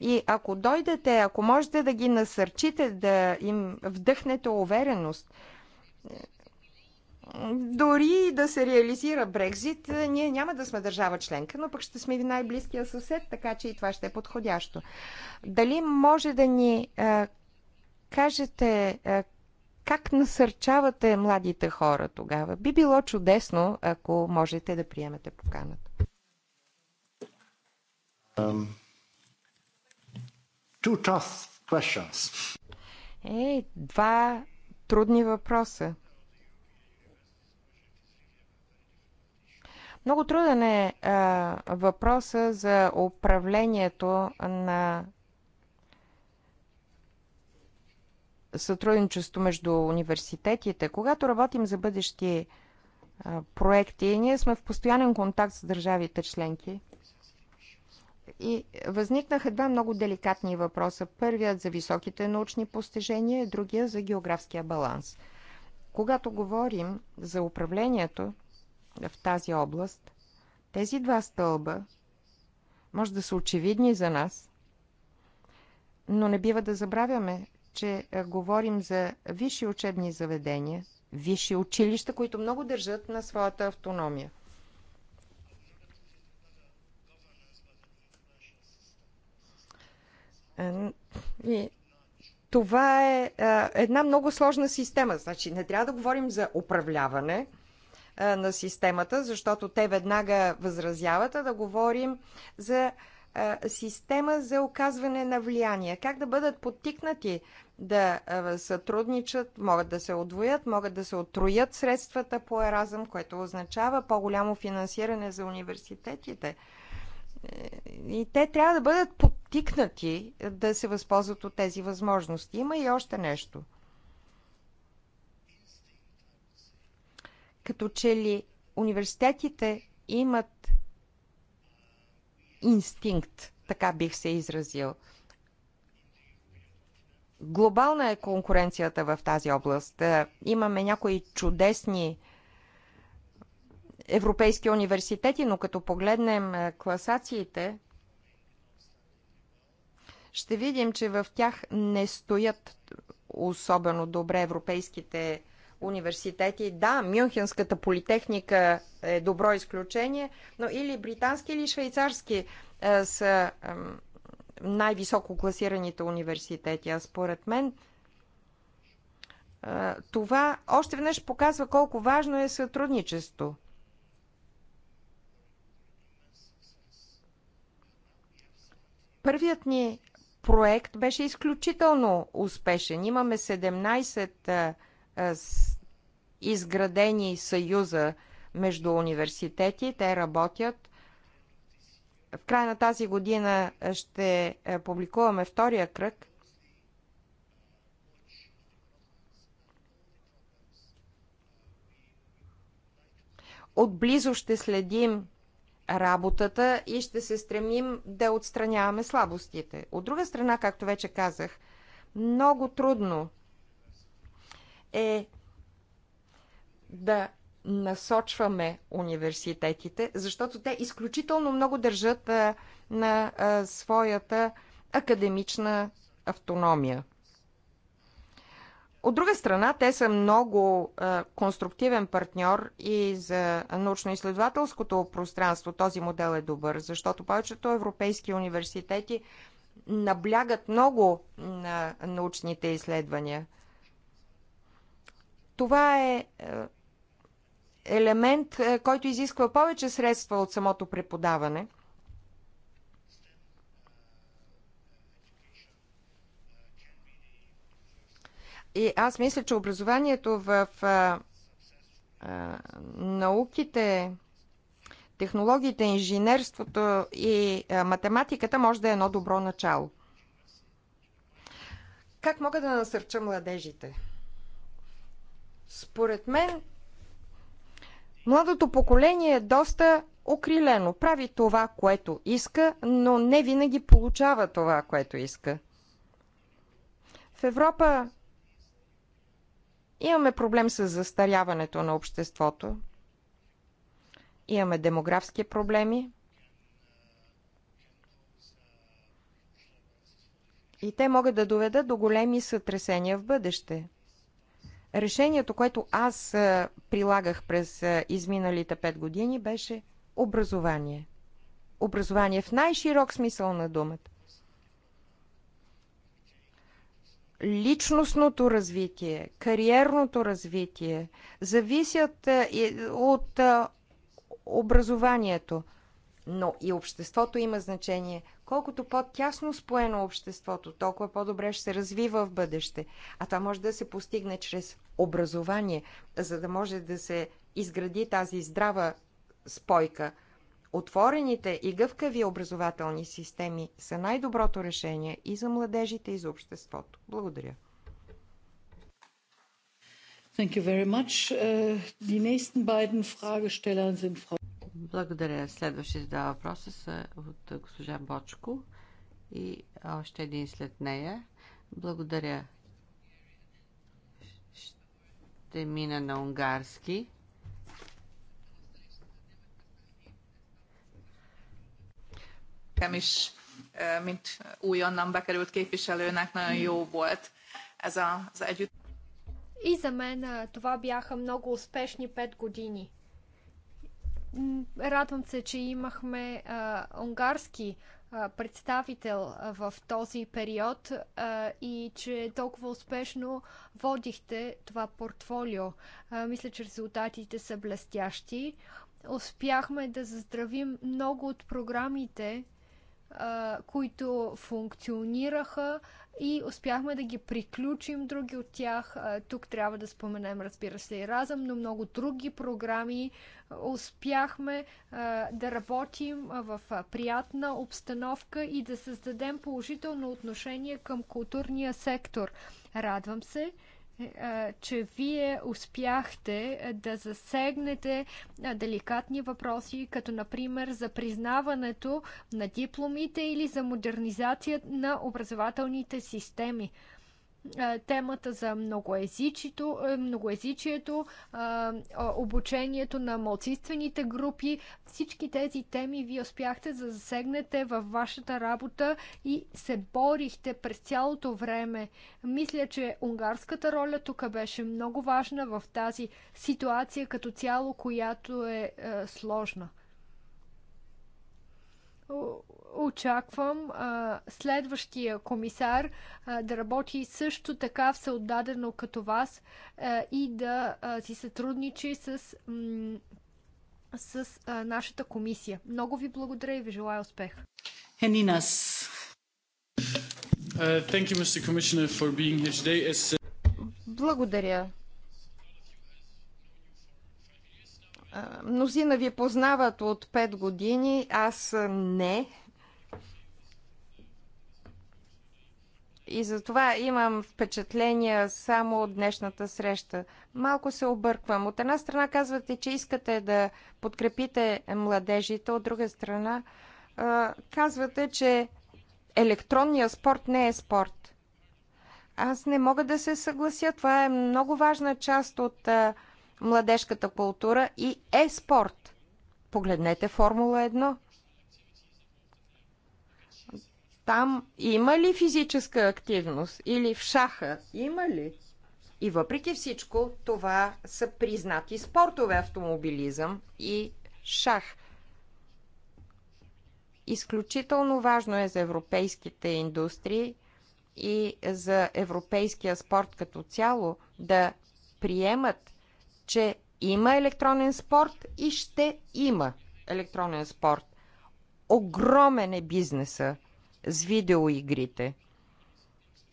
И ако дойдете, ако можете да ги насърчите, да им вдъхнете увереност, дори да се реализира Брекзит, ние няма да сме държава членка, но пък ще сме в най-близкия съсед, така че и това ще е подходящо. Дали може да ни а, кажете а, как насърчавате младите хора тогава? Би било чудесно, ако можете да приемете поканата. Um, two tough questions. Е, два трудни въпроса. Много труден е а, въпроса за управлението на сътрудничество между университетите. Когато работим за бъдещи проекти, ние сме в постоянен контакт с държавите членки. И възникнаха два много деликатни въпроса. Първият за високите научни постижения, другия за географския баланс. Когато говорим за управлението в тази област, тези два стълба може да са очевидни за нас, но не бива да забравяме, че е, говорим за висши учебни заведения, висши училища, които много държат на своята автономия. Е, и това е, е една много сложна система. Значи не трябва да говорим за управляване на системата, защото те веднага възразяват, а да говорим за система за оказване на влияние. Как да бъдат подтикнати да сътрудничат, могат да се отвоят, могат да се отроят средствата по Еразъм, което означава по-голямо финансиране за университетите. Е, и те трябва да бъдат подтикнати да се възползват от тези възможности. Има и още нещо. Като че ли университетите имат инстинкт, така бих се изразил. Глобална е конкуренцията в тази област. Е, имаме някои чудесни европейски университети, но като погледнем е, класациите, ще видим, че в тях не стоят особено добре европейските университети. Да, Мюнхенската политехника е добро изключение, но или британски, или швейцарски е, са най-високо класираните университети. А според мен е, това още веднъж показва колко важно е сътрудничество. Първият ни проект беше изключително успешен. Имаме 17 е, с изградени съюза между университети. Те работят. В края на тази година ще е, публикуваме втория кръг. Отблизо ще следим работата и ще се стремим да отстраняваме слабостите. От друга страна, както вече казах, много трудно е да насочваме университетите, защото те изключително много държат а, на а, своята академична автономия. От друга страна, те са много а, конструктивен партньор и за научно-изследователското пространство този модел е добър, защото повечето европейски университети наблягат много на научните изследвания. Това е елемент, е, който изисква повече средства от самото преподаване. И аз мисля, че образованието в а, е, а, е, науките, технологиите, инженерството и а, математиката може да е едно добро начало. Как мога да насърча младежите? Според мен, Младото поколение е доста окрилено. Прави това, което иска, но не винаги получава това, което иска. В Европа имаме проблем с застаряването на обществото. Имаме демографски проблеми. И те могат да доведат до големи сътресения в бъдеще. Решението, което аз прилагах през изминалите пет години, беше образование. Образование в най-широк смисъл на думата. личностното развитие, кариерното развитие зависят от образованието но и обществото има значение. Колкото по-тясно споено обществото, толкова по-добре ще се развива в бъдеще. А това може да се постигне чрез образование, за да може да се изгради тази здрава спойка. Отворените и гъвкави образователни системи са най-доброто решение и за младежите, и за обществото. Благодаря. Thank you very much. Э, die nächsten beiden Fragesteller sind Frau благодаря. Следващите два въпроса са от госпожа Бочко и още един след нея. Благодаря. Ще мина на унгарски. Камиш, is, е, mint újonnan bekerült képviselőnek, nagyon jó volt ez az együtt. И за мен е, това бяха много успешни 5 години. Радвам се, че имахме а, унгарски а, представител в този период а, и че толкова успешно водихте това портфолио. А, мисля, че резултатите са блестящи. Успяхме да заздравим много от програмите, които функционираха, и успяхме да ги приключим други от тях. Тук трябва да споменем, разбира се, и разъм, но много други програми. Успяхме да работим в приятна обстановка и да създадем положително отношение към културния сектор. Радвам се, че вие успяхте да засегнете деликатни въпроси, като например за признаването на дипломите или за модернизация на образователните системи. Е, темата за многоезичието, е, многоезичието е, обучението на малцинствените групи. Всички тези теми вие успяхте да засегнете във вашата работа и се борихте през цялото време. Мисля, че унгарската роля тук беше много важна в тази ситуация като цяло, която е сложна очаквам а, следващия комисар а, да работи също така всеотдадено като вас а, и да а, си сътрудничи с, с а, нашата комисия. Много ви благодаря и ви желая успех. Хенинас. Uh, uh, благодаря, Мнозина ви познават от 5 години, аз не. И затова имам впечатления само от днешната среща. Малко се обърквам. От една страна казвате, че искате да подкрепите младежите, от друга страна казвате, че електронният спорт не е спорт. Аз не мога да се съглася. Това е много важна част от младежката култура и е-спорт. Погледнете Формула 1. Там има ли физическа активност или в шаха? Има ли? И въпреки всичко, това са признати спортове автомобилизъм и шах. Изключително важно е за европейските индустрии и за европейския спорт като цяло да приемат че има електронен спорт и ще има електронен спорт. Огромен е бизнеса с видеоигрите.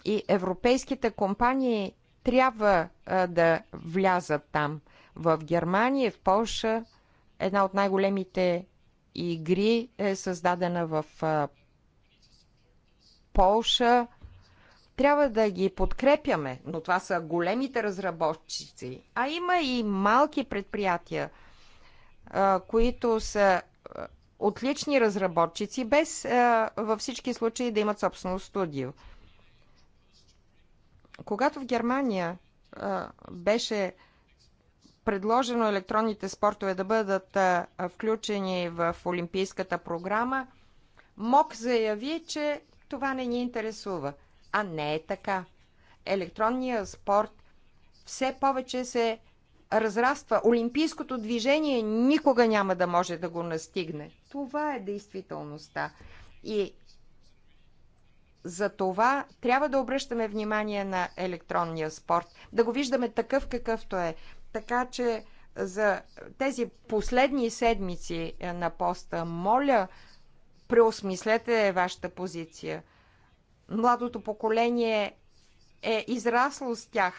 И европейските компании трябва а, да влязат там. В Германия, в Польша, една от най-големите игри е създадена в а, Полша. Трябва да ги подкрепяме, но това са големите разработчици. А има и малки предприятия, които са отлични разработчици, без във всички случаи да имат собствено студио. Когато в Германия беше предложено електронните спортове да бъдат включени в Олимпийската програма, МОК заяви, че това не ни интересува – а не е така. Електронният спорт все повече се разраства. Олимпийското движение никога няма да може да го настигне. Това е действителността. И за това трябва да обръщаме внимание на електронния спорт, да го виждаме такъв какъвто е. Така че за тези последни седмици е, на поста, моля, преосмислете вашата позиция младото поколение е израсло с тях.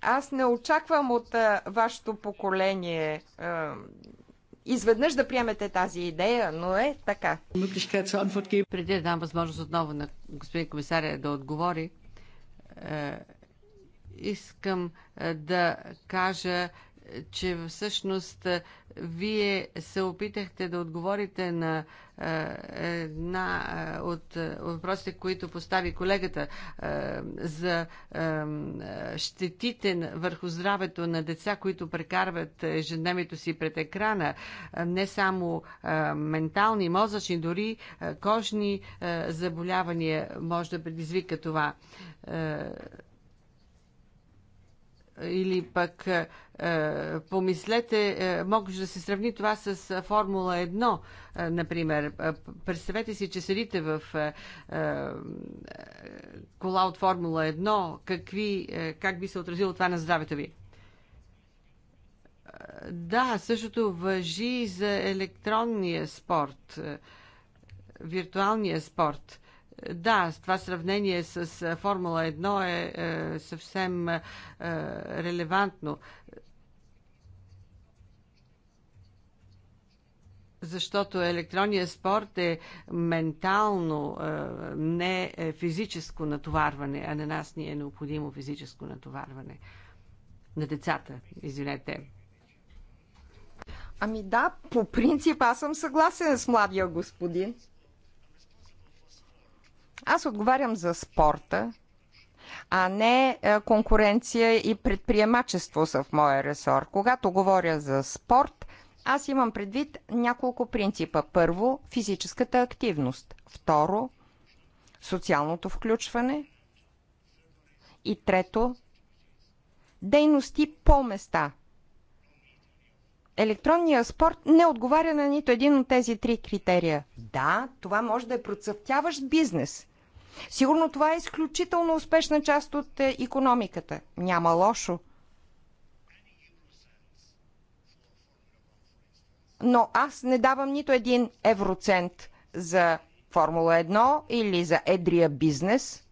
Аз не очаквам от а, вашето поколение а, изведнъж да приемете тази идея, но е така. Преди да дам възможност отново на господин комисаря да отговори, е, искам е, да кажа, че всъщност е, вие се опитахте да отговорите на е, една е, от е, въпросите, които постави колегата за щетите върху здравето на деца, които прекарват ежедневието си пред екрана, не само ментални, мозъчни, дори кожни заболявания може да предизвика това или пък е, е помислете, е, може да се сравни това с е, Формула 1, е, например. Е, представете си, че седите в кола от Формула 1, какви, как би се отразило това на здравето ви? Да, същото въжи за електронния спорт, виртуалния спорт да, това сравнение с Формула 1 е, е съвсем е, релевантно. Защото електронният спорт е ментално, е, не е физическо натоварване, а на нас ни е необходимо физическо натоварване. На децата, извинете. Ами да, по принцип аз съм съгласен с младия господин. Аз отговарям за спорта, а не е, конкуренция и предприемачество са в моя ресор. Когато говоря за спорт, аз имам предвид няколко принципа. Първо, физическата активност. Второ, социалното включване. И трето, дейности по места – електронният спорт не отговаря на нито един от тези три критерия. Да, това може да е процъфтяващ бизнес. Сигурно това е изключително успешна част от економиката. Няма лошо. Но аз не давам нито един евроцент за Формула 1 или за едрия бизнес.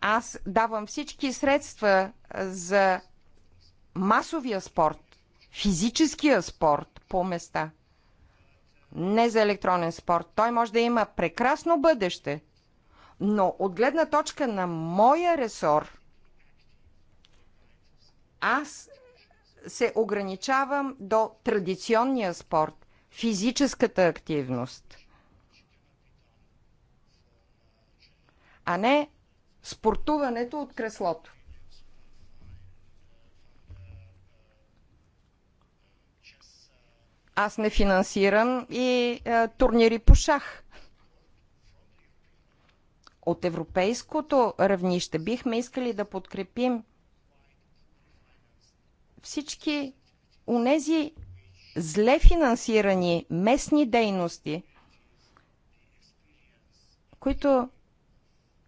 Аз давам всички средства за масовия спорт, физическия спорт по места. Не за електронен спорт. Той може да има прекрасно бъдеще, но от гледна точка на моя ресор, аз се ограничавам до традиционния спорт, физическата активност, а не спортуването от креслото. Аз не финансирам и е, турнири по шах. От европейското равнище бихме искали да подкрепим всички унези зле финансирани местни дейности, които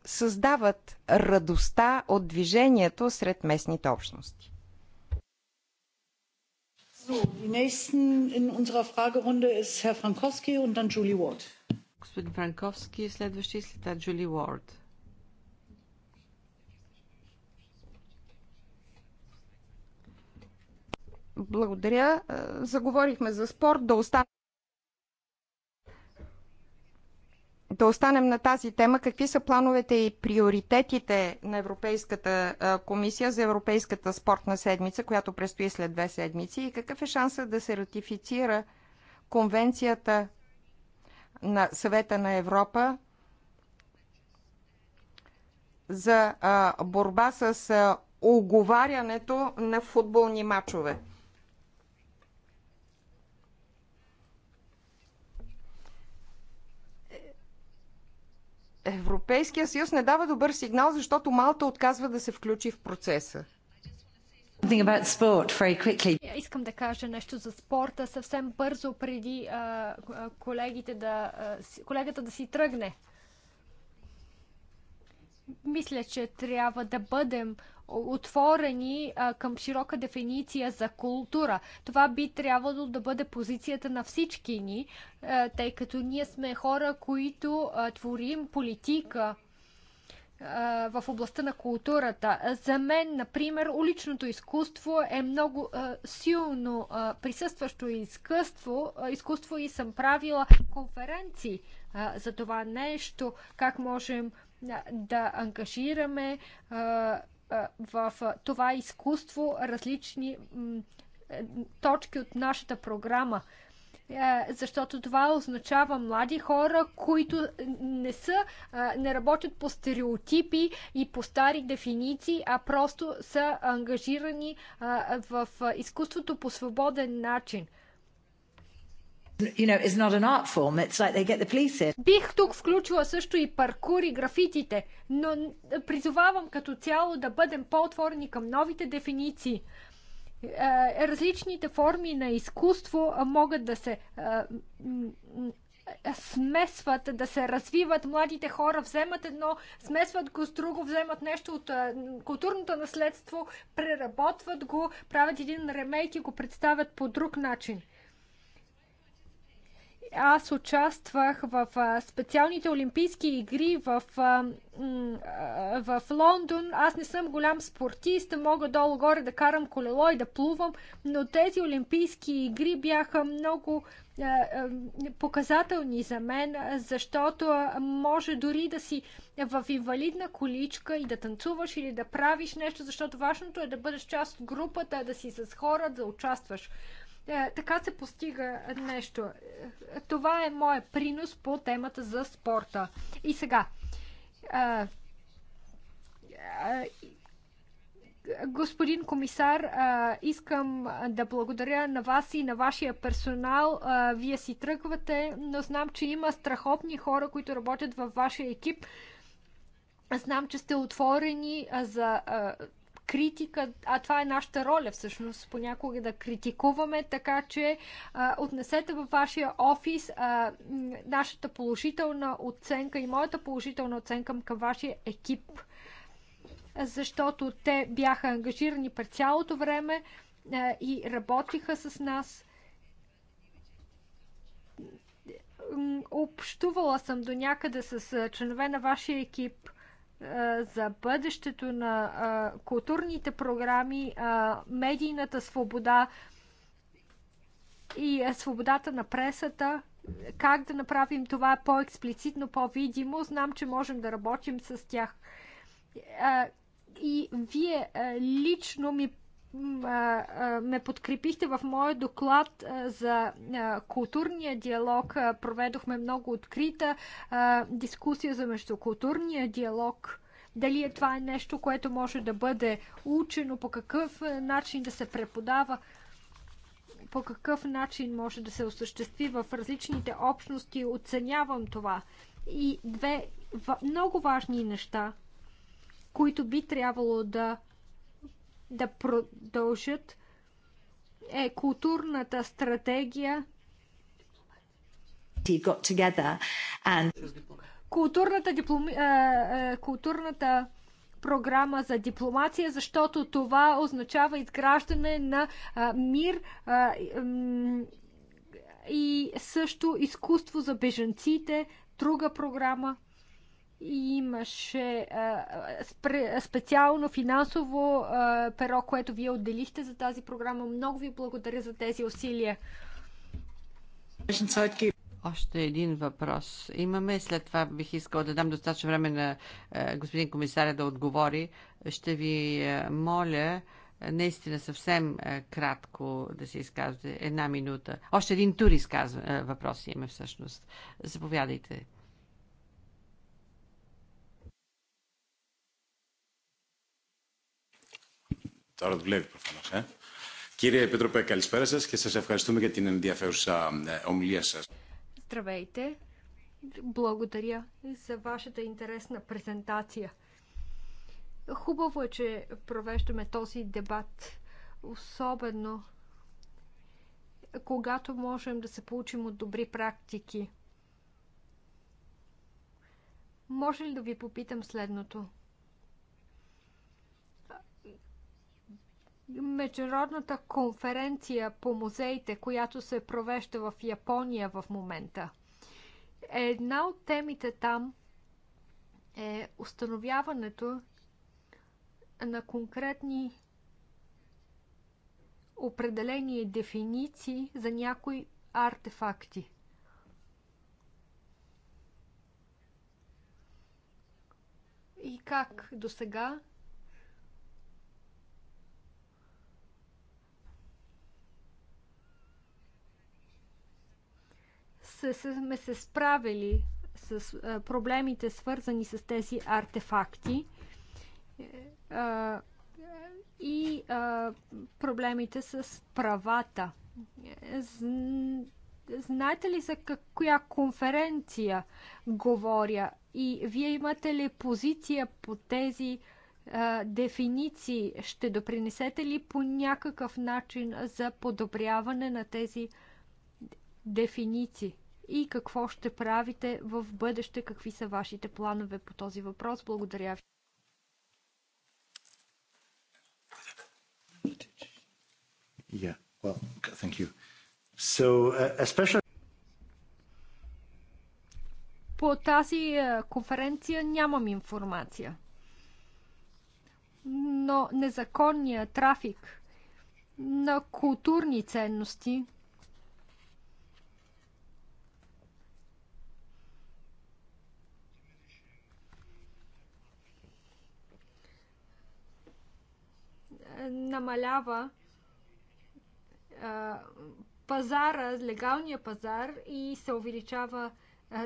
създават радостта от движението сред местните общности. So, die nächsten in unserer Fragerunde ist Herr Frankowski und dann Julie Ward. Господин Франковски, е следващи след това Джули Уорд. Благодаря. Е, заговорихме за спорт. Да оставим да останем на тази тема. Какви са плановете и приоритетите на Европейската комисия за Европейската спортна седмица, която предстои след две седмици? И какъв е шансът да се ратифицира конвенцията на съвета на Европа за борба с оговарянето на футболни матчове? Европейския съюз не дава добър сигнал, защото Малта отказва да се включи в процеса. Искам да кажа нещо за спорта съвсем бързо преди а, колегите да, а, колегата да си тръгне. Мисля, че трябва да бъдем отворени а, към широка дефиниция за култура. Това би трябвало да бъде позицията на всички ни, а, тъй като ние сме хора, които а, творим политика а, в областта на културата. За мен, например, уличното изкуство е много а, силно а, присъстващо изкуство, а, изкуство и съм правила конференции а, за това нещо, как можем да ангажираме а, в това изкуство различни е, точки от нашата програма. Е, защото това означава млади хора, които не са, не работят по стереотипи и по стари дефиниции, а просто са ангажирани в изкуството по свободен начин. Бих тук включила също и паркур и графитите, но призовавам като цяло да бъдем по-отворени към новите дефиниции. Е, различните форми на изкуство могат да се е, смесват, да се развиват младите хора, вземат едно, смесват го с друго, вземат нещо от е, културното наследство, преработват го, правят един ремейк и го представят по друг начин. Аз участвах в специалните Олимпийски игри в, в Лондон. Аз не съм голям спортист, мога долу-горе да карам колело и да плувам, но тези Олимпийски игри бяха много показателни за мен, защото може дори да си в инвалидна количка и да танцуваш или да правиш нещо, защото важното е да бъдеш част от групата, да си с хора, да участваш. Е, така се постига нещо. Е, това е моят принос по темата за спорта. И сега. Е, господин комисар, искам да благодаря на вас и на вашия персонал. Вие си тръгвате, но знам, че има страхотни хора, които работят във вашия екип. Знам, че сте отворени за критика, а това е нашата роля всъщност, понякога да критикуваме, така че а, отнесете във вашия офис а, нашата положителна оценка и моята положителна оценка към вашия екип, защото те бяха ангажирани през цялото време а, и работиха с нас общувала съм до някъде с членове на вашия екип за бъдещето на културните програми, медийната свобода и свободата на пресата, как да направим това по-експлицитно, по-видимо. Знам, че можем да работим с тях. И вие лично ми ме подкрепихте в моя доклад за културния диалог. Проведохме много открита дискусия за междукултурния диалог. Дали е това е нещо, което може да бъде учено, по какъв начин да се преподава, по какъв начин може да се осъществи в различните общности. Оценявам това. И две много важни неща, които би трябвало да да продължат е културната стратегия. And... Културната, диплом... културната програма за дипломация, защото това означава изграждане на а, мир а, и също изкуство за бежанците, друга програма, имаше специално финансово перо, което вие отделихте за тази програма. Много ви благодаря за тези усилия. Още един въпрос имаме. След това бих искал да дам достатъчно време на господин комисаря да отговори. Ще ви моля наистина съвсем кратко да се изказвате. Една минута. Още един тур изказва, въпрос имаме всъщност. Заповядайте. Τώρα δουλεύει προφανώ. Ε. Κύριε Επίτροπε, καλησπέρα σα και σα ευχαριστούμε για την ενδιαφέρουσα ομιλία σα. Здравейте! Благодаря за вашата интересна презентация. Хубаво е, че провеждаме този дебат, особено когато можем да се получим от добри практики. Може ли да ви попитам следното? Международната конференция по музеите, която се провежда в Япония в момента. Една от темите там е установяването на конкретни определени дефиниции за някои артефакти. И как до сега сме се справили с проблемите, свързани с тези артефакти е, и проблемите с правата. Е, знаете ли за коя конференция говоря? И вие имате ли позиция по тези а, дефиниции? Ще допринесете ли по някакъв начин за подобряване на тези дефиниции? и какво ще правите в бъдеще, какви са вашите планове по този въпрос. Благодаря ви. Yeah, well, thank you. So, uh, especially... По тази uh, конференция нямам информация. Но незаконният трафик на културни ценности намалява пазара, легалния пазар и се увеличава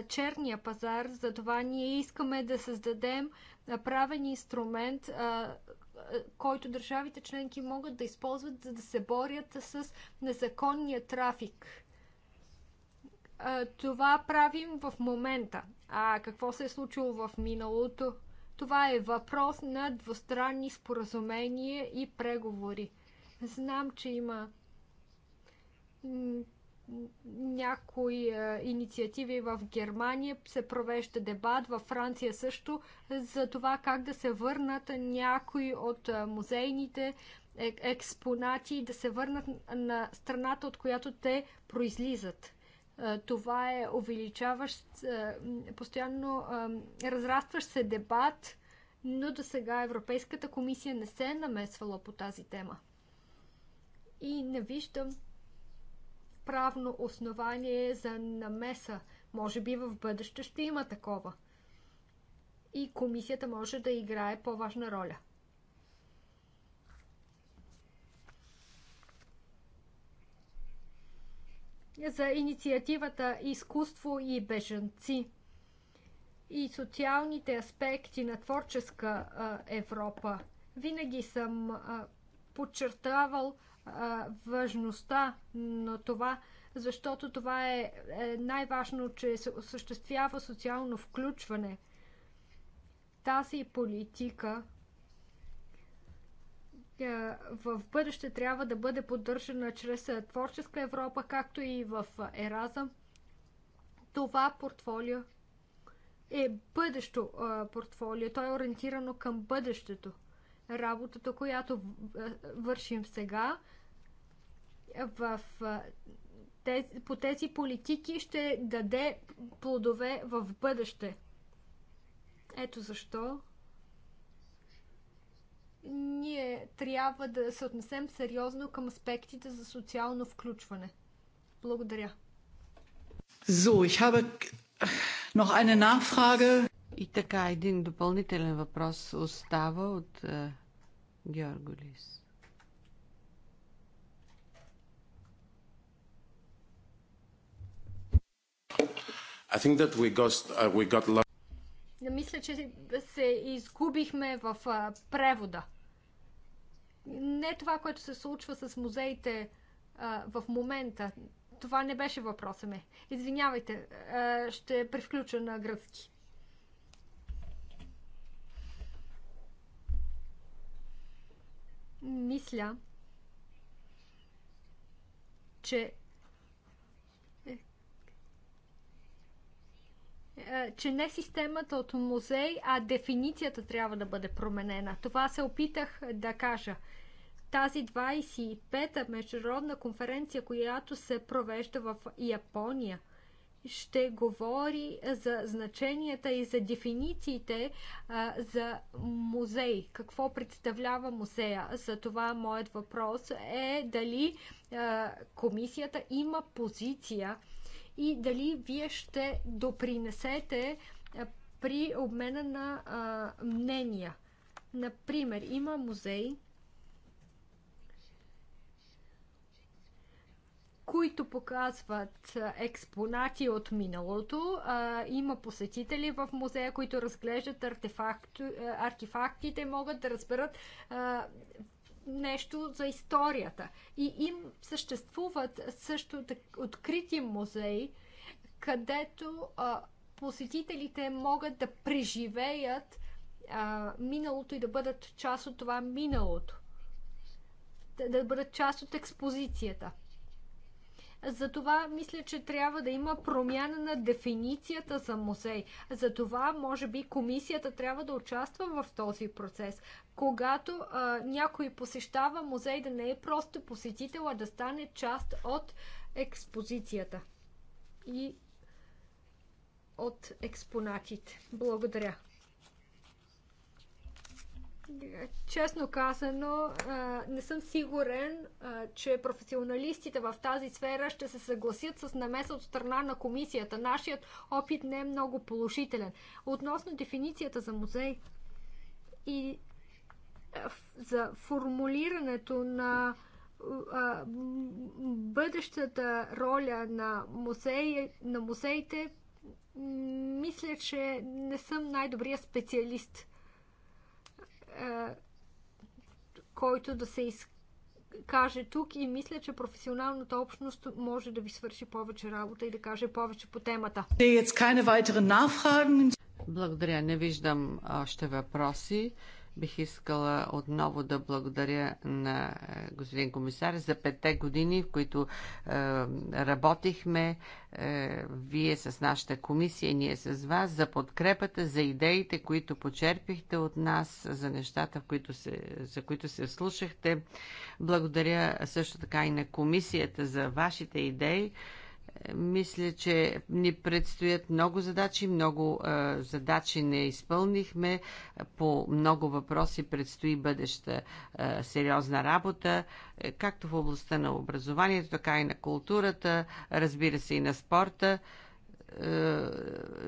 черния пазар. Затова ние искаме да създадем правен инструмент, който държавите членки могат да използват, за да се борят с незаконния трафик. Това правим в момента. А какво се е случило в миналото? Това е въпрос на двустранни споразумения и преговори. Знам, че има някои е, инициативи в Германия, се провежда дебат, във Франция също, за това как да се върнат някои от е, музейните е, експонати и да се върнат на страната, от която те произлизат. Е, това е увеличаващ, е, постоянно е, разрастващ се дебат, но до сега Европейската комисия не се е намесвала по тази тема. И не виждам правно основание за намеса. Може би в бъдеще ще има такова. И комисията може да играе по-важна роля. за инициативата Изкуство и бежанци и социалните аспекти на творческа Европа. Винаги съм подчертавал важността на това, защото това е, е най-важно, че се осъществява социално включване. Тази политика е, в бъдеще трябва да бъде поддържана чрез е, Творческа Европа, както и в е, Еразъм. Това портфолио е бъдещо портфолио. То е ориентирано към бъдещето. Работата, която вършим сега, в тези, по тези политики ще даде плодове в бъдеще. Ето защо ние трябва да се отнесем сериозно към аспектите за социално включване. Благодаря. So, ich habe noch eine Nachfrage. И така, един допълнителен въпрос остава от uh, е, Георголис. I think that we got, uh, we got мисля, че се изгубихме в превода. Не това, което се случва с музеите в момента. Това не беше въпроса ми. Извинявайте, ще превключа на гръцки. Мисля, че Е, че не системата от музей, а дефиницията трябва да бъде променена. Това се опитах да кажа. Тази 25-та международна конференция, която се провежда в Япония, ще говори за значенията и за дефинициите а, е, за музей. Какво представлява музея? За това моят въпрос е дали а, е, комисията има позиция и дали вие ще допринесете при обмена на а, мнения. Например, има музей, които показват експонати от миналото. А, има посетители в музея, които разглеждат артефакти, артефактите, могат да разберат а, нещо за историята. И им съществуват също открити музеи, където посетителите могат да преживеят миналото и да бъдат част от това миналото. да бъдат част от експозицията. Затова мисля, че трябва да има промяна на дефиницията за музей. Затова, може би, комисията трябва да участва в този процес. Когато а, някой посещава музей, да не е просто посетител, а да стане част от експозицията и от експонатите. Благодаря. Честно казано, не съм сигурен, че професионалистите в тази сфера ще се съгласят с намеса от страна на комисията. Нашият опит не е много положителен. Относно дефиницията за музей и за формулирането на бъдещата роля на, музеи, на музеите, мисля, че не съм най-добрият специалист който да се изкаже тук и мисля, че професионалната общност може да ви свърши повече работа и да каже повече по темата. Благодаря, не виждам още въпроси. Бих искала отново да благодаря на е, господин комисар за петте години, в които е, работихме е, вие с нашата комисия, ние с вас, за подкрепата, за идеите, които почерпихте от нас, за нещата, в които се, за които се слушахте. Благодаря също така и на комисията за вашите идеи. Мисля, че ни предстоят много задачи, много е, задачи не изпълнихме, по много въпроси предстои бъдеща е, сериозна работа, е, както в областта на образованието, така и на културата, разбира се и на спорта е,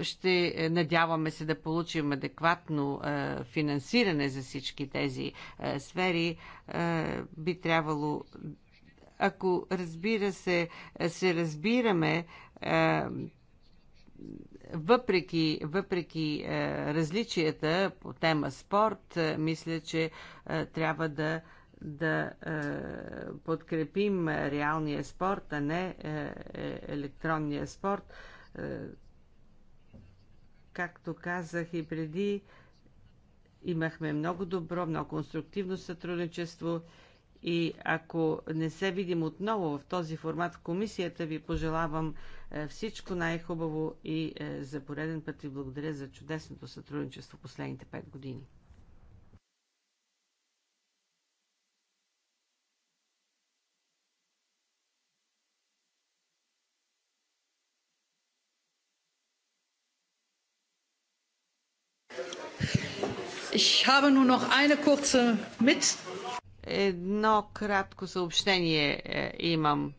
ще е, надяваме се да получим адекватно е, финансиране за всички тези сфери, би трябвало ако разбира се, се разбираме, е, въпреки, въпреки е, различията по тема спорт, е, мисля, че трябва да да подкрепим реалния спорт, а не електронния спорт. както казах и преди, имахме много добро, много конструктивно сътрудничество и ако не се видим отново в този формат в комисията, ви пожелавам е, всичко най-хубаво и е, за пореден път ви благодаря за чудесното сътрудничество последните 5 години. Ich habe nur noch eine kurze Mitteilung. Едно кратко съобщение е, имам.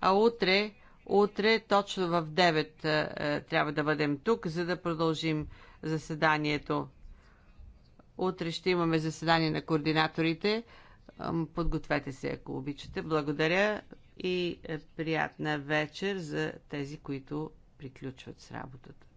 А утре, утре точно в 9 е, е, трябва да бъдем тук, за да продължим заседанието. Утре ще имаме заседание на координаторите. Подгответе се, ако обичате. Благодаря и приятна вечер за тези, които приключват с работата.